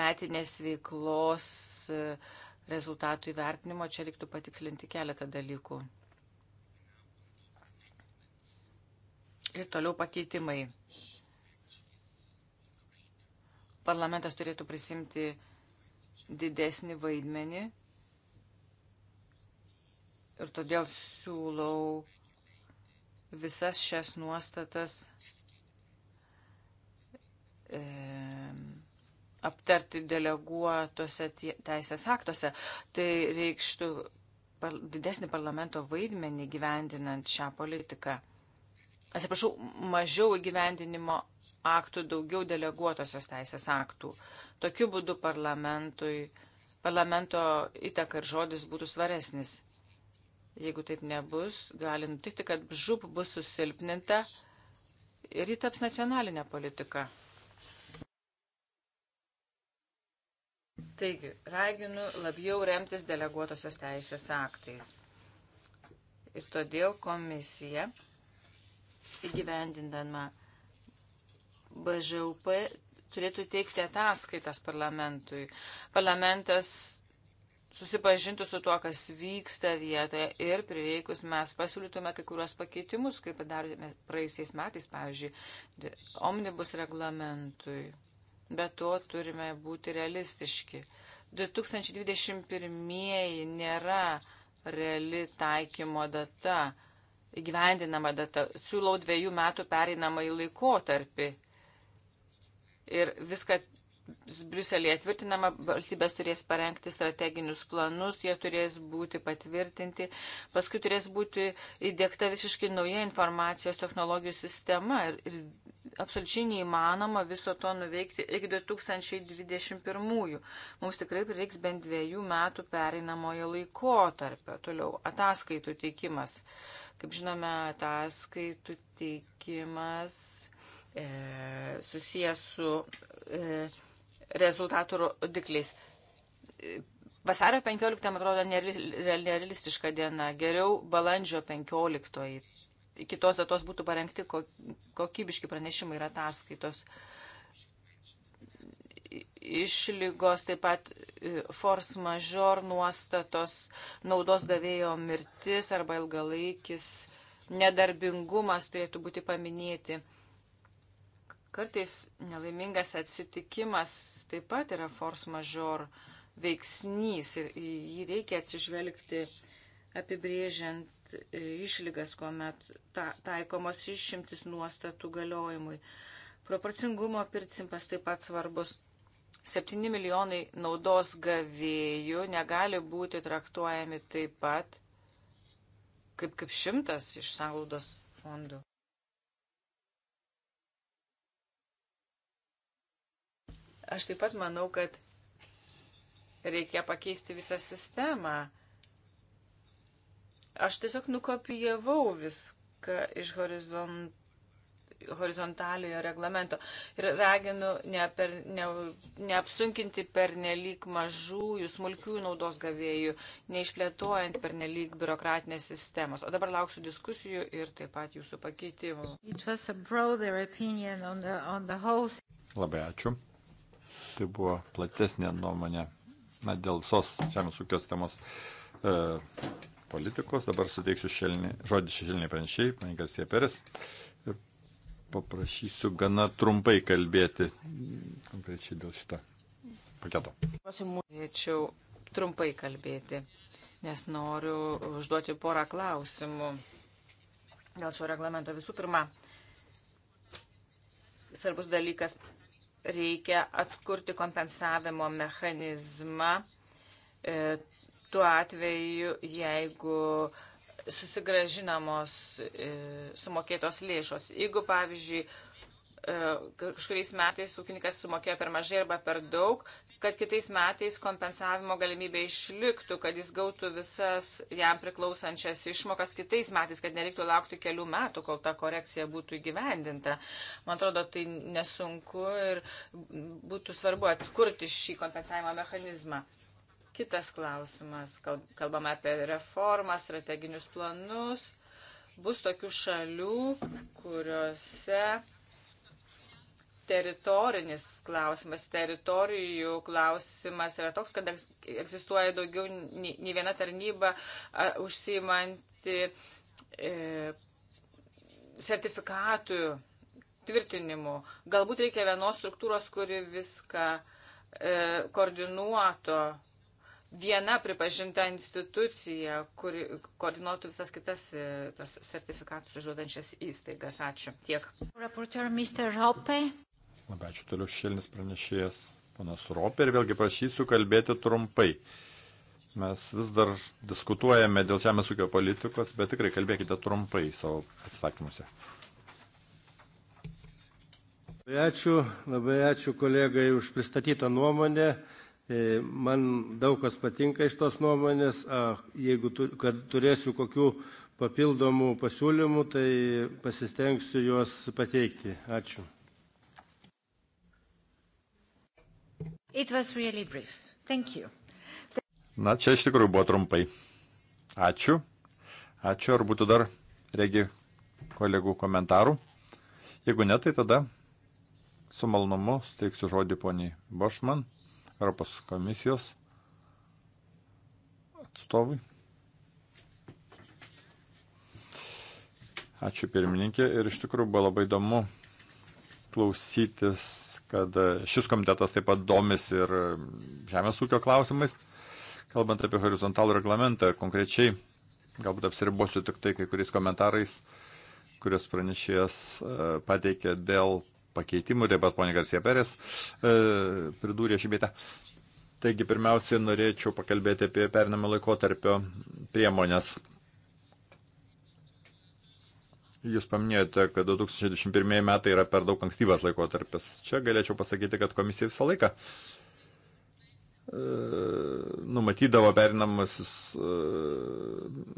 metinės veiklos e, rezultatų įvertinimo čia reiktų patikslinti keletą dalykų. Ir toliau pakeitimai. Parlamentas turėtų prisimti didesnį vaidmenį ir todėl siūlau visas šias nuostatas e, aptarti deleguotose teisės aktuose. Tai reikštų par, didesnį parlamento vaidmenį gyvendinant šią politiką atsiprašau, mažiau įgyvendinimo aktų, daugiau deleguotosios teisės aktų. Tokiu būdu parlamentui, parlamento įtaka ir žodis būtų svaresnis. Jeigu taip nebus, gali nutikti, kad žup bus susilpninta ir ji taps nacionalinė politika. Taigi, raginu labiau remtis deleguotosios teisės aktais. Ir todėl komisija įgyvendindama BŽUP turėtų teikti ataskaitas parlamentui. Parlamentas susipažintų su tuo, kas vyksta vietoje ir prireikus mes pasiūlytume kai kuriuos pakeitimus, kaip padarėme praeisiais metais, pavyzdžiui, omnibus reglamentui. Be to turime būti realistiški. 2021 nėra reali taikymo data įgyvendinama data. Siūlau dviejų metų pereinamąjį laikotarpį. Ir viską Briuselėje tvirtinama, valstybės turės parengti strateginius planus, jie turės būti patvirtinti, paskui turės būti įdėkta visiškai nauja informacijos technologijų sistema ir, ir absoliučiai neįmanoma viso to nuveikti iki 2021. Mums tikrai prireiks bent dviejų metų pereinamojo laiko tarp. Toliau ataskaitų teikimas. Kaip žinome, ataskaitų teikimas e, susijęs su. E, rezultatų rodikliais. Vasario 15, man atrodo, nerealistiška diena. Geriau balandžio 15. Iki tos datos būtų parengti kokybiški pranešimai ir ataskaitos. Išlygos taip pat e, force major nuostatos, naudos gavėjo mirtis arba ilgalaikis nedarbingumas turėtų būti paminėti Kartais nelaimingas atsitikimas taip pat yra force major veiksnys ir jį reikia atsižvelgti apibrėžiant e, išlygas, kuomet ta, taikomos išimtis nuostatų galiojimui. Proporcingumo pircimpas taip pat svarbus. 7 milijonai naudos gavėjų negali būti traktuojami taip pat kaip, kaip šimtas iš sąlaudos fondų. Aš taip pat manau, kad reikia pakeisti visą sistemą. Aš tiesiog nukopijavau viską iš horizont, horizontaliojo reglamento ir raginu ne per, ne, neapsunkinti per nelik mažųjų, smulkių naudos gavėjų, neišplėtojant per nelik biurokratinės sistemos. O dabar lauksiu diskusijų ir taip pat jūsų pakeitimų. Labai ačiū tai buvo platesnė nuomonė na, dėl sos žemės ūkio sistemos e, politikos. Dabar suteiksiu šelinį, žodį šešėlinį pranešėjai, man Garcija Peres. Ir paprašysiu gana trumpai kalbėti konkrečiai dėl šito paketo. Norėčiau trumpai kalbėti, nes noriu užduoti porą klausimų dėl šio reglamento. Visų pirma, svarbus dalykas reikia atkurti kompensavimo mechanizmą e, tuo atveju, jeigu susigražinamos e, sumokėtos lėšos. Jeigu, pavyzdžiui, E, kažkuriais metais ūkininkas sumokėjo per mažai arba per daug, kad kitais metais kompensavimo galimybė išliktų, kad jis gautų visas jam priklausančias išmokas kitais metais, kad nereiktų laukti kelių metų, kol ta korekcija būtų įgyvendinta. Man atrodo, tai nesunku ir būtų svarbu atkurti šį kompensavimo mechanizmą. Kitas klausimas, kalbame apie reformą, strateginius planus. Bus tokių šalių, kuriuose teritorinis klausimas. Teritorijų klausimas yra toks, kad egzistuoja daugiau nei viena tarnyba užsiimanti e, sertifikatų tvirtinimu. Galbūt reikia vienos struktūros, kuri viską e, koordinuoto. Viena pripažinta institucija, kuri koordinuotų visas kitas e, tas sertifikatus užduodančias įstaigas. Ačiū. Tiek. Raporteur Mr. Rope. Labai ačiū toliau šilnis pranešėjas, panas Ropė, ir vėlgi prašysiu kalbėti trumpai. Mes vis dar diskutuojame dėl žemės ūkio politikos, bet tikrai kalbėkite trumpai savo atsakymuose. Labai ačiū, labai ačiū kolegai už pristatytą nuomonę. E, man daug kas patinka iš tos nuomonės, jeigu tu, turėsiu kokių papildomų pasiūlymų, tai pasistengsiu juos pateikti. Ačiū. Really Na, čia iš tikrųjų buvo trumpai. Ačiū. Ačiū, ar būtų dar regi kolegų komentarų. Jeigu ne, tai tada su malonumu steiksiu žodį poniai Bošman, Europos komisijos atstovui. Ačiū pirmininkė ir iš tikrųjų buvo labai įdomu klausytis kad e, šis komitetas taip pat domis ir e, žemės ūkio klausimais. Kalbant apie horizontalų reglamentą, konkrečiai galbūt apsiribosiu tik tai kai kuriais komentarais, kurias pranešėjas e, pateikė dėl pakeitimų, taip pat ponė Garcia Perės pridūrė šį beitą. Taigi pirmiausiai norėčiau pakalbėti apie pernamą laikotarpio priemonės Jūs paminėjote, kad 2021 metai yra per daug ankstyvas laikotarpis. Čia galėčiau pasakyti, kad komisija visą laiką e, numatydavo perinamasis e,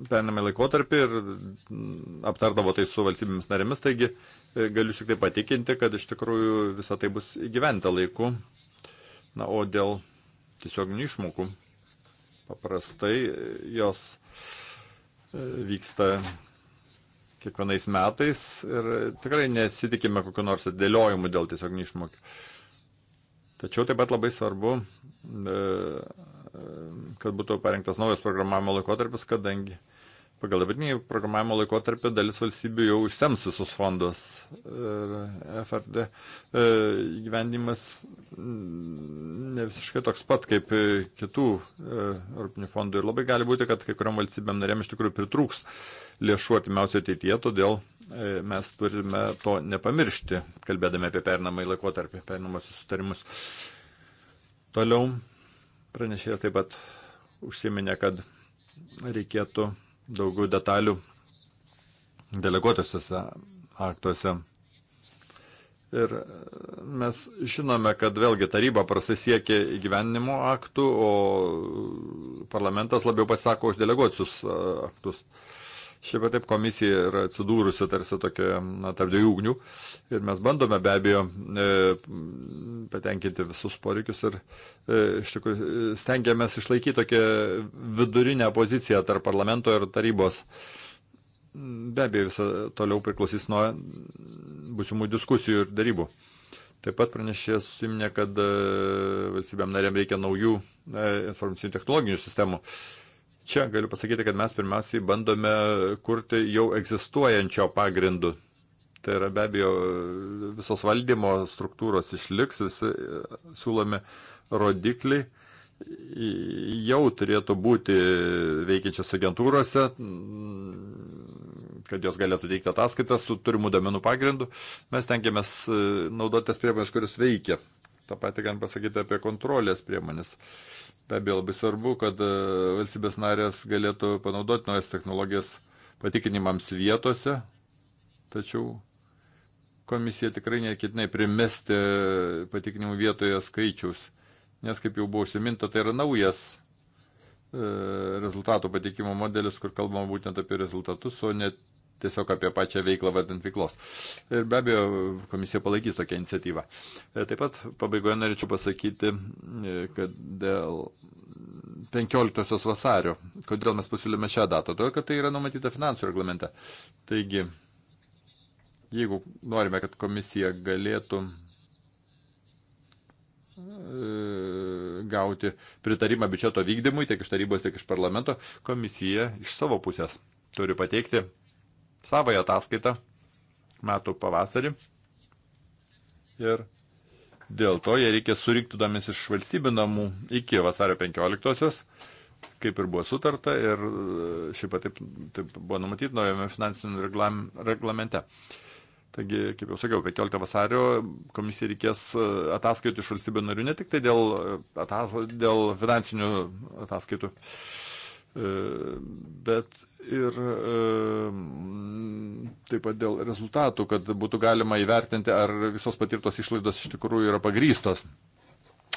perinamą laikotarpį ir aptardavo tai su valstybėmis narėmis, taigi e, galiu tik tai patikinti, kad iš tikrųjų visą tai bus įgyventa laiku. Na, o dėl tiesioginių išmokų paprastai e, jos e, vyksta kiekvienais metais ir tikrai nesitikime kokiu nors atdėliojimu dėl tiesiog neišmokių. Tačiau taip pat labai svarbu, e, e, kad būtų parengtas naujas programavimo laikotarpis, kadangi pagal dabartinį programavimo laikotarpį dalis valstybių jau užsems visus fondus. Ir FRD e, įgyvendimas ne visiškai toks pat kaip e, kitų e, Europinių fondų. Ir labai gali būti, kad kai kuriam valstybėm narėm iš tikrųjų pritrūks lėšų artimiausio ateityje, todėl mes turime to nepamiršti, kalbėdami apie pernamąjį laikotarpį, pernamosius sutarimus. Toliau pranešėjas taip pat užsiminė, kad reikėtų daugiau detalių deleguotosiuose aktuose. Ir mes žinome, kad vėlgi taryba prasai siekia įgyvenimo aktų, o parlamentas labiau pasako už deleguotus aktus. Uh, Šiaip ar taip komisija yra atsidūrusi tarsi tokia, na, tarp dviejų ugnių ir mes bandome be abejo e, patenkinti visus poreikius ir e, iš tikrųjų e, stengiamės išlaikyti tokią vidurinę poziciją tarp parlamento ir tarybos. Be abejo, visą toliau priklausys nuo būsimų diskusijų ir darybų. Taip pat pranešėjas susiminė, kad e, valstybėm narėm reikia naujų e, informacinių technologinių sistemų. E, Čia galiu pasakyti, kad mes pirmiausiai bandome kurti jau egzistuojančio pagrindu. Tai yra be abejo visos valdymo struktūros išliks, visi e, siūlomi rodikliai jau turėtų būti veikiančios agentūrose, kad jos galėtų teikti ataskaitas su turimų domenų pagrindu. Mes tengiamės e, naudotis priemonės, kuris veikia. Ta pati galim pasakyti apie kontrolės priemonės. Uh, Be abejo, labai svarbu, kad e, valstybės narės galėtų panaudoti naujas technologijas patikinimams vietose, tačiau komisija tikrai nekitinai primesti patikinimų vietoje skaičius, nes, kaip jau buvo užsiminta, tai yra naujas e, rezultatų patikimo modelis, kur kalbama būtent apie rezultatus, o net tiesiog apie pačią veiklą vardant veiklos. Ir be abejo, komisija palaikys tokią iniciatyvą. E, taip pat pabaigoje norėčiau pasakyti, e, kad dėl 15 vasario, kodėl mes pasiūlėme šią datą, todėl kad tai yra numatyta finansų reglamente. Taigi, jeigu norime, kad komisija galėtų e, gauti pritarimą biudžeto vykdymui tiek iš tarybos, tiek iš parlamento, komisija iš savo pusės turi pateikti savoją ataskaitą metų pavasarį. Ir dėl to jie reikia surinkti duomenis iš valstybių namų iki vasario 15-osios, kaip ir buvo sutarta ir e, šiaip taip, taip buvo numatyti naujame finansiniam reglam, reglamente. Taigi, kaip jau sakiau, 15 vasario komisija reikės e, ataskaitų iš valstybių narių ne tik tai dėl, e, atas, dėl finansinių ataskaitų E, bet ir e, taip pat dėl rezultatų, kad būtų galima įvertinti, ar visos patirtos išlaidos iš tikrųjų yra pagrystos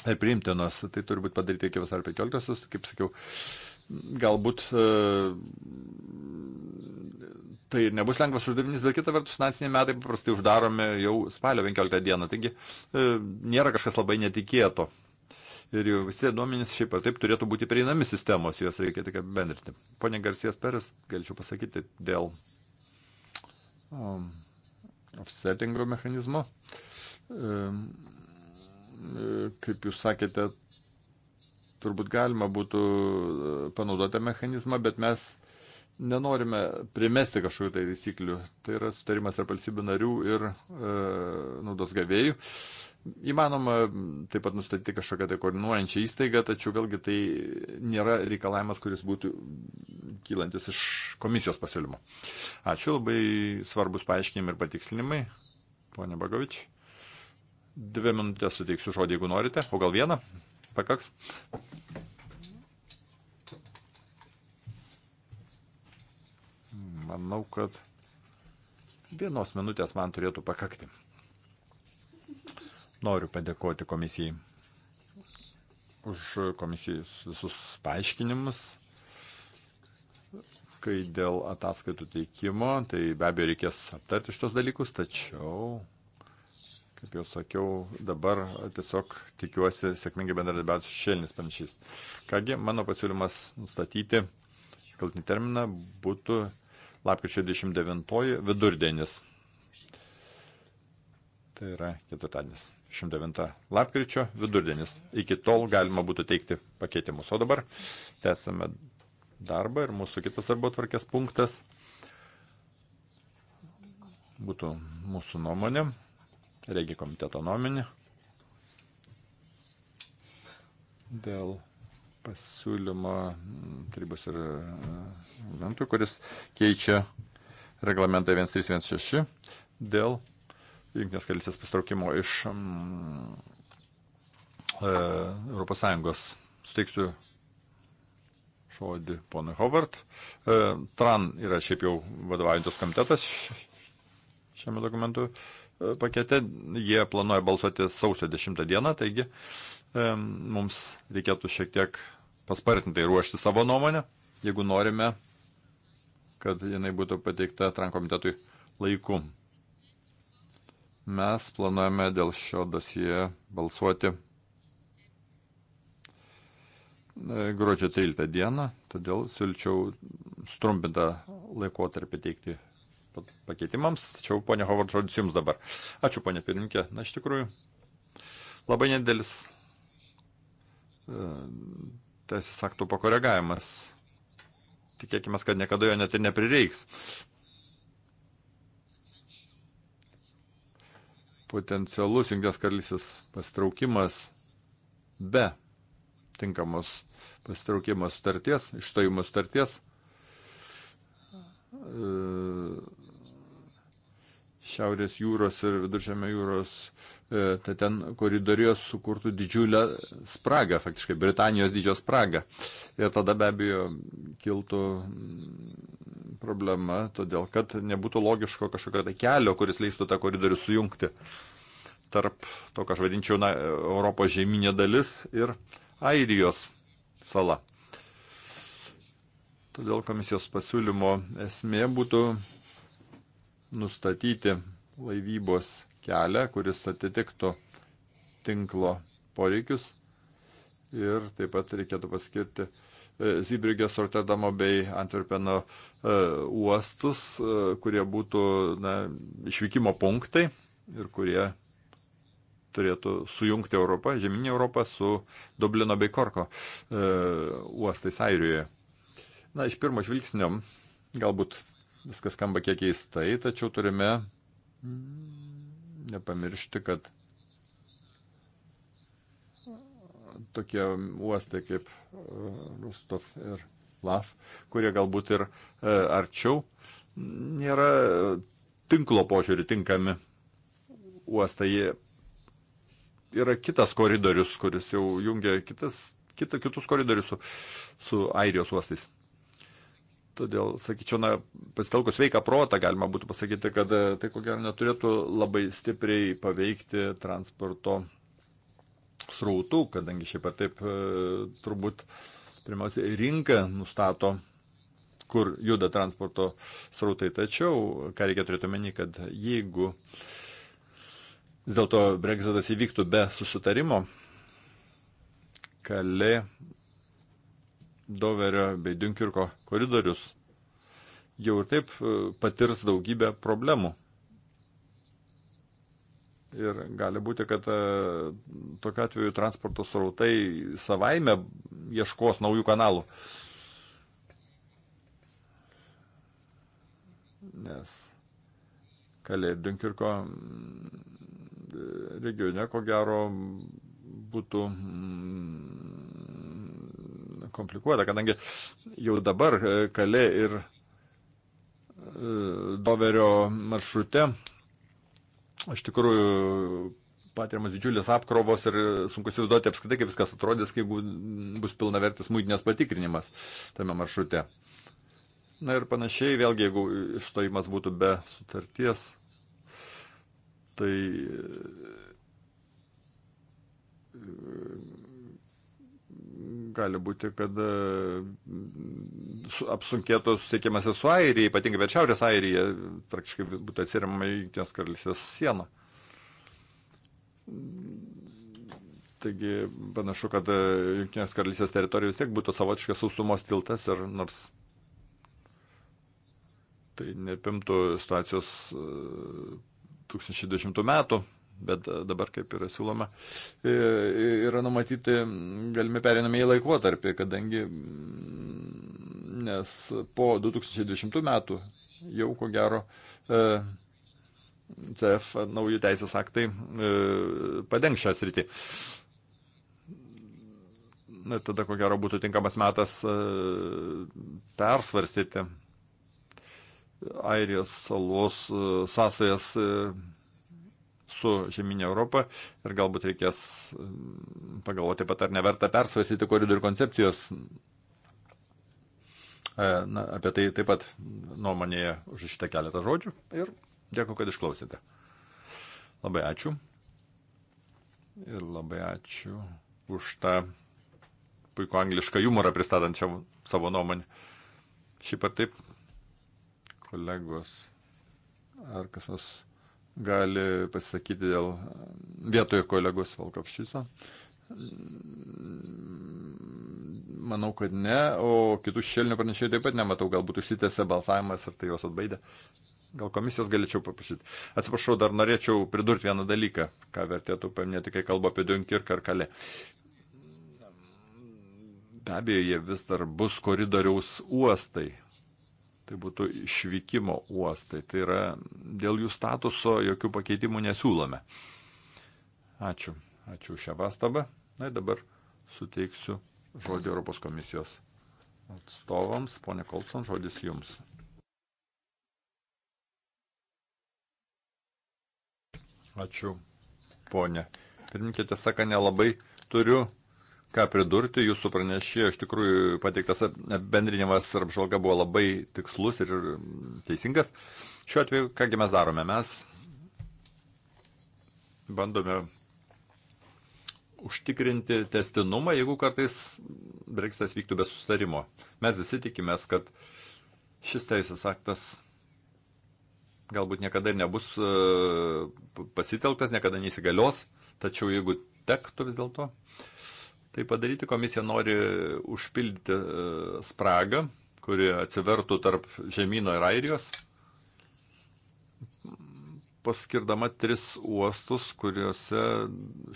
ir priimtinos. Tai turi būti padaryti iki vasario 15-osios, kaip sakiau, galbūt e, tai nebus lengvas uždavinys, bet kita vertus finansiniai metai paprastai uždaromi jau spalio 15 dieną, taigi nėra kažkas labai netikėto ir jau visi duomenys šiaip ar taip turėtų būti prieinami sistemos, juos reikia tik apibendrinti. Pone Garcijas Peres, galėčiau pasakyti dėl um, offsettingo mechanizmo. Um, kaip jūs sakėte, turbūt galima būtų uh, panaudoti mechanizmą, bet mes nenorime primesti kažkokių tai taisyklių. Tai yra sutarimas tarp valstybių narių ir e, naudos gavėjų. E, Įmanoma taip pat nustatyti kažkokią tai koordinuojančią įstaigą, tačiau vėlgi tai nėra reikalavimas, kuris būtų kylantis iš komisijos pasiūlymo. Ačiū, labai svarbus paaiškinimai ir patikslinimai. Pone Bagovič, dvi minutės suteiksiu žodį, jeigu norite, o gal vieną pakaks. Manau, kad vienos minutės man turėtų pakakti. Noriu padėkoti komisijai už komisijos visus paaiškinimus, kai dėl ataskaitų teikimo, tai be abejo reikės aptarti šitos dalykus, tačiau, kaip jau sakiau, dabar tiesiog tikiuosi sėkmingai bendradarbiauti su šėlinis panašiais. Kągi, mano pasiūlymas nustatyti kaltinį terminą būtų lapkričio 29 vidurdienis. Tai yra ketvirtadienis. 109 lapkričio vidurdienis. Iki tol galima būtų teikti pakeitimus. O dabar tęsime darbą ir mūsų kitas darbo tvarkės punktas būtų mūsų nuomonė, reikia komiteto nuomonė dėl pasiūlymo tarybos ir e, reglamentų, kuris keičia reglamentą 1316 dėl Junktinės karalystės pastraukimo iš mm, e, Europos Sąjungos. Suteiksiu žodį ponui Howard. E, TRAN yra šiaip jau vadovaujantis komitetas šiame dokumentų e, pakete. Jie planuoja balsuoti sausio 10 dieną, taigi mums reikėtų šiek tiek paspartintai ruošti savo nuomonę, jeigu norime, kad jinai būtų pateikta TRAN komitetui laiku. Mes planuojame dėl šio dosiją balsuoti e, gruodžio 13 dieną, todėl siūlyčiau strumpintą laikotarpį teikti pakeitimams. Tačiau, ponė Howard, žodis jums dabar. Ačiū, ponė pirmininkė. Na, iš tikrųjų, labai nedėlis e, teisės aktų pakoregavimas. Tikėkime, kad niekada jo net ir neprireiks. potencialus Junktinės karalystės pastraukimas be tinkamos pastraukimo sutarties, išstojimo sutarties. E, Šiaurės jūros ir viduržėmio jūros E, tai ten koridorijos sukurtų didžiulę spragą, faktiškai Britanijos didžios spragą. Ir tada be abejo kiltų mm, problema, todėl kad nebūtų logiško kažkokio tai kelio, kuris leistų tą koridorių sujungti tarp to, ką aš vadinčiau na, Europos žemynė dalis ir Airijos sala. Todėl komisijos pasiūlymo esmė būtų nustatyti laivybos kelią, kuris atitiktų tinklo poreikius. Ir taip pat reikėtų paskirti e, Zybrigės, Rotterdamo bei Antverpeno e, uostus, e, kurie būtų na, išvykimo punktai ir kurie turėtų sujungti Europą, žemynį Europą su Dublino bei Korko uostais Airijoje. Na, iš pirmo žvilgsnio galbūt viskas skamba kiek keistai, tačiau turime nepamiršti, kad tokie uostai kaip e, Rustov ir Lav, kurie galbūt ir e, arčiau, nėra tinklo požiūrių tinkami uostai. Jie yra kitas koridorius, kuris jau jungia kitas, kita, kitus koridorius su, su Airijos uostais. Todėl, sakyčiau, na, pasitelkus veiką protą galima būtų pasakyti, kad e, tai ko gero neturėtų labai stipriai paveikti transporto srautų, kadangi šiaip ar taip e, turbūt pirmiausia rinka nustato, kur juda transporto srautai. Tačiau, ką reikia turėti omeny, kad jeigu vis dėlto Brexitas įvyktų be susitarimo, kalė Doverio bei Dunkirko koridorius jau ir taip e, patirs daugybę problemų. Ir gali būti, kad e, tokiu atveju transporto srautai savaime ieškos naujų kanalų. Nes Kalė ir Dunkirko regione, ko gero, būtų komplikuota, kadangi jau dabar e, kalė ir e, Doverio maršrute iš tikrųjų patiriamas didžiulis apkrovos ir sunku įsivaizduoti apskritai, kaip viskas atrodys, jeigu bus pilnavertis mūtinės patikrinimas tame maršrute. Na ir panašiai, vėlgi, jeigu išstojimas būtų be sutarties, tai e, gali būti, kad e, apsunkėtų susiekimas su Airija, ypatingai per Šiaurės Airiją, praktiškai būtų atsiriama į Junktinės karalystės sieną. Taigi panašu, kad e, Junktinės karalystės teritorija vis tiek būtų savotiškas sausumos tiltas ir nors tai nepimtų situacijos 2010 e, metų bet e, dabar kaip yra siūloma, e, e, yra numatyti galimi perinamieji laikotarpiai, kadangi mm, nes po 2020 metų jau ko gero CF nauji teisės aktai padeng šią sritį. Na, tada ko gero būtų tinkamas metas persvarstyti Airijos salos sąsajas su žemynė Europa ir galbūt reikės mm, pagalvoti pat tai, ar neverta persvarsyti koridorių koncepcijos. E, na, apie tai taip pat nuomonėje užrašyta keletą žodžių ir dėkui, kad išklausėte. Labai ačiū. Ir labai ačiū už tą puikų anglišką humorą pristatančią savo nuomonę. Šiaip ar taip, kolegos, ar kas nors gali pasisakyti dėl vietoje kolegos Valkapšyso. Manau, kad ne, o kitų šešėlinių pranešėjų taip pat nematau, galbūt užsitęsė balsavimas ir tai juos atbaidė. Gal komisijos galėčiau paprašyti. Atsiprašau, dar norėčiau pridurti vieną dalyką, ką vertėtų paminėti, kai kalba apie Dunkirką ar Kalė. Be abejo, jie vis dar bus koridoriaus uostai tai būtų išvykimo uostai. Tai yra dėl jų statuso jokių pakeitimų nesiūlome. Ačiū. Ačiū šią pastabą. Na ir dabar suteiksiu žodį Europos komisijos atstovams. Pone Kolson, žodis jums. Ačiū, ponė. Pirminkė, tiesą sakant, nelabai turiu ką pridurti, jūsų pranešė, iš tikrųjų pateiktas bendrinimas ir apžvalga buvo labai tikslus ir mm, teisingas. Šiuo atveju, kągi mes darome? Mes bandome užtikrinti testinumą, jeigu kartais breksitas vyktų be sustarimo. Mes visi tikimės, kad šis teisės aktas galbūt niekada ir nebus e, pasitelktas, niekada neįsigalios, tačiau jeigu tektų vis dėlto, uh, tai padaryti. Komisija nori užpildyti e, spragą, kuri atsivertų tarp žemynų ir Airijos, paskirdama tris uostus, kuriuose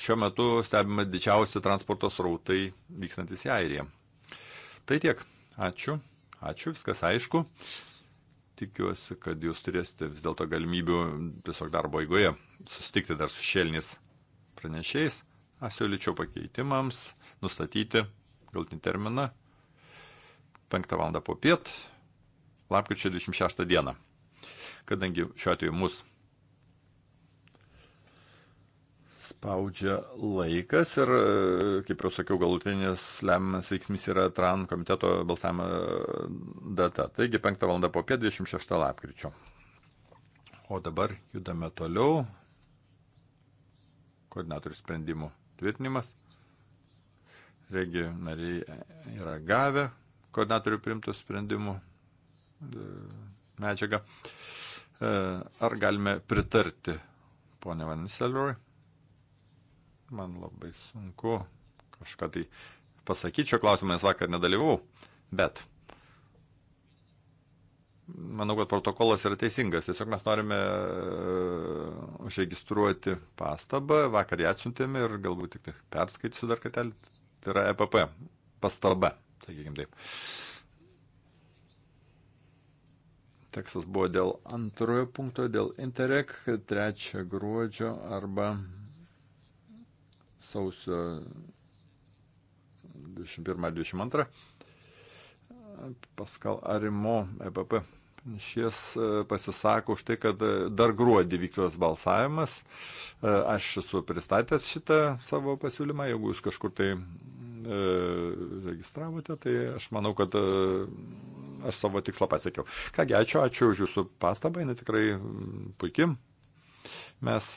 šiuo metu stebime didžiausi transporto srautai vykstantis į Airiją. Tai tiek. Ačiū. Ačiū, viskas aišku. Tikiuosi, kad jūs turėsite vis dėlto galimybių tiesiog darbo eigoje susitikti dar su šelnis pranešėjais. Aš siūlyčiau pakeitimams nustatyti galtinį terminą 5 val. po piet, lapkričio 26 dieną. Kadangi šiuo atveju mus spaudžia laikas ir, kaip jau sakiau, galutinis lemiamas veiksmys yra TRAN komiteto balsavimo data. Taigi 5 val. po piet 26 lapkričio. O dabar judame toliau. Koordinatorių sprendimų tvirtinimas regi nariai yra gavę koordinatorių primtų sprendimų e, medžiagą. E, ar galime pritarti ponė Vaniseliui? Man labai sunku kažką tai pasakyčiau, klausimą, nes vakar nedalyvau, bet manau, kad protokolas yra teisingas. Tiesiog mes norime e, užregistruoti pastabą, vakar ją atsiuntėme ir galbūt tik tai perskaitysiu dar kartelį, Tai yra EPP pastaba, sakykime taip. Tekstas buvo dėl antrojo punkto, dėl Interreg 3 gruodžio arba sausio 21-22. Paskal Arimo EPP Šies e, pasisako už tai, kad e, dar gruodį vyktos balsavimas. E, aš esu pristatęs šitą savo pasiūlymą, jeigu jūs kažkur tai E, registravote, tai aš manau, kad e, aš savo tikslą pasiekiau. Kągi, ačiū, ačiū už jūsų pastabą, jinai tikrai mm, puikiai. Mes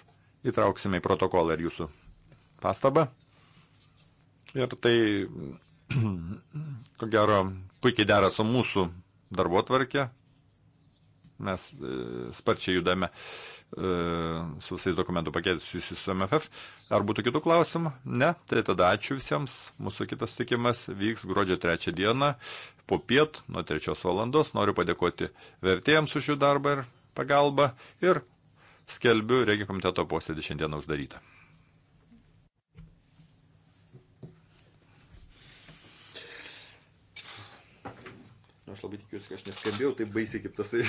įtrauksime į protokolą ir jūsų pastabą. Ir tai, ko gero, puikiai dera su mūsų darbo tvarkė. Mes e, sparčiai judame. E, su visais dokumentų paketais susijusiu su MFF. Ar būtų kitų klausimų? Ne. Tai tada ačiū visiems. Mūsų kitas tikimas vyks gruodžio trečią dieną po piet nuo trečios valandos. Noriu padėkoti vertėjams už jų darbą ir pagalbą ir skelbiu Regio komiteto posėdį šiandieną uždarytą. Aš labai tikiuosi, kad aš neskambėjau taip baisiai kaip tasai.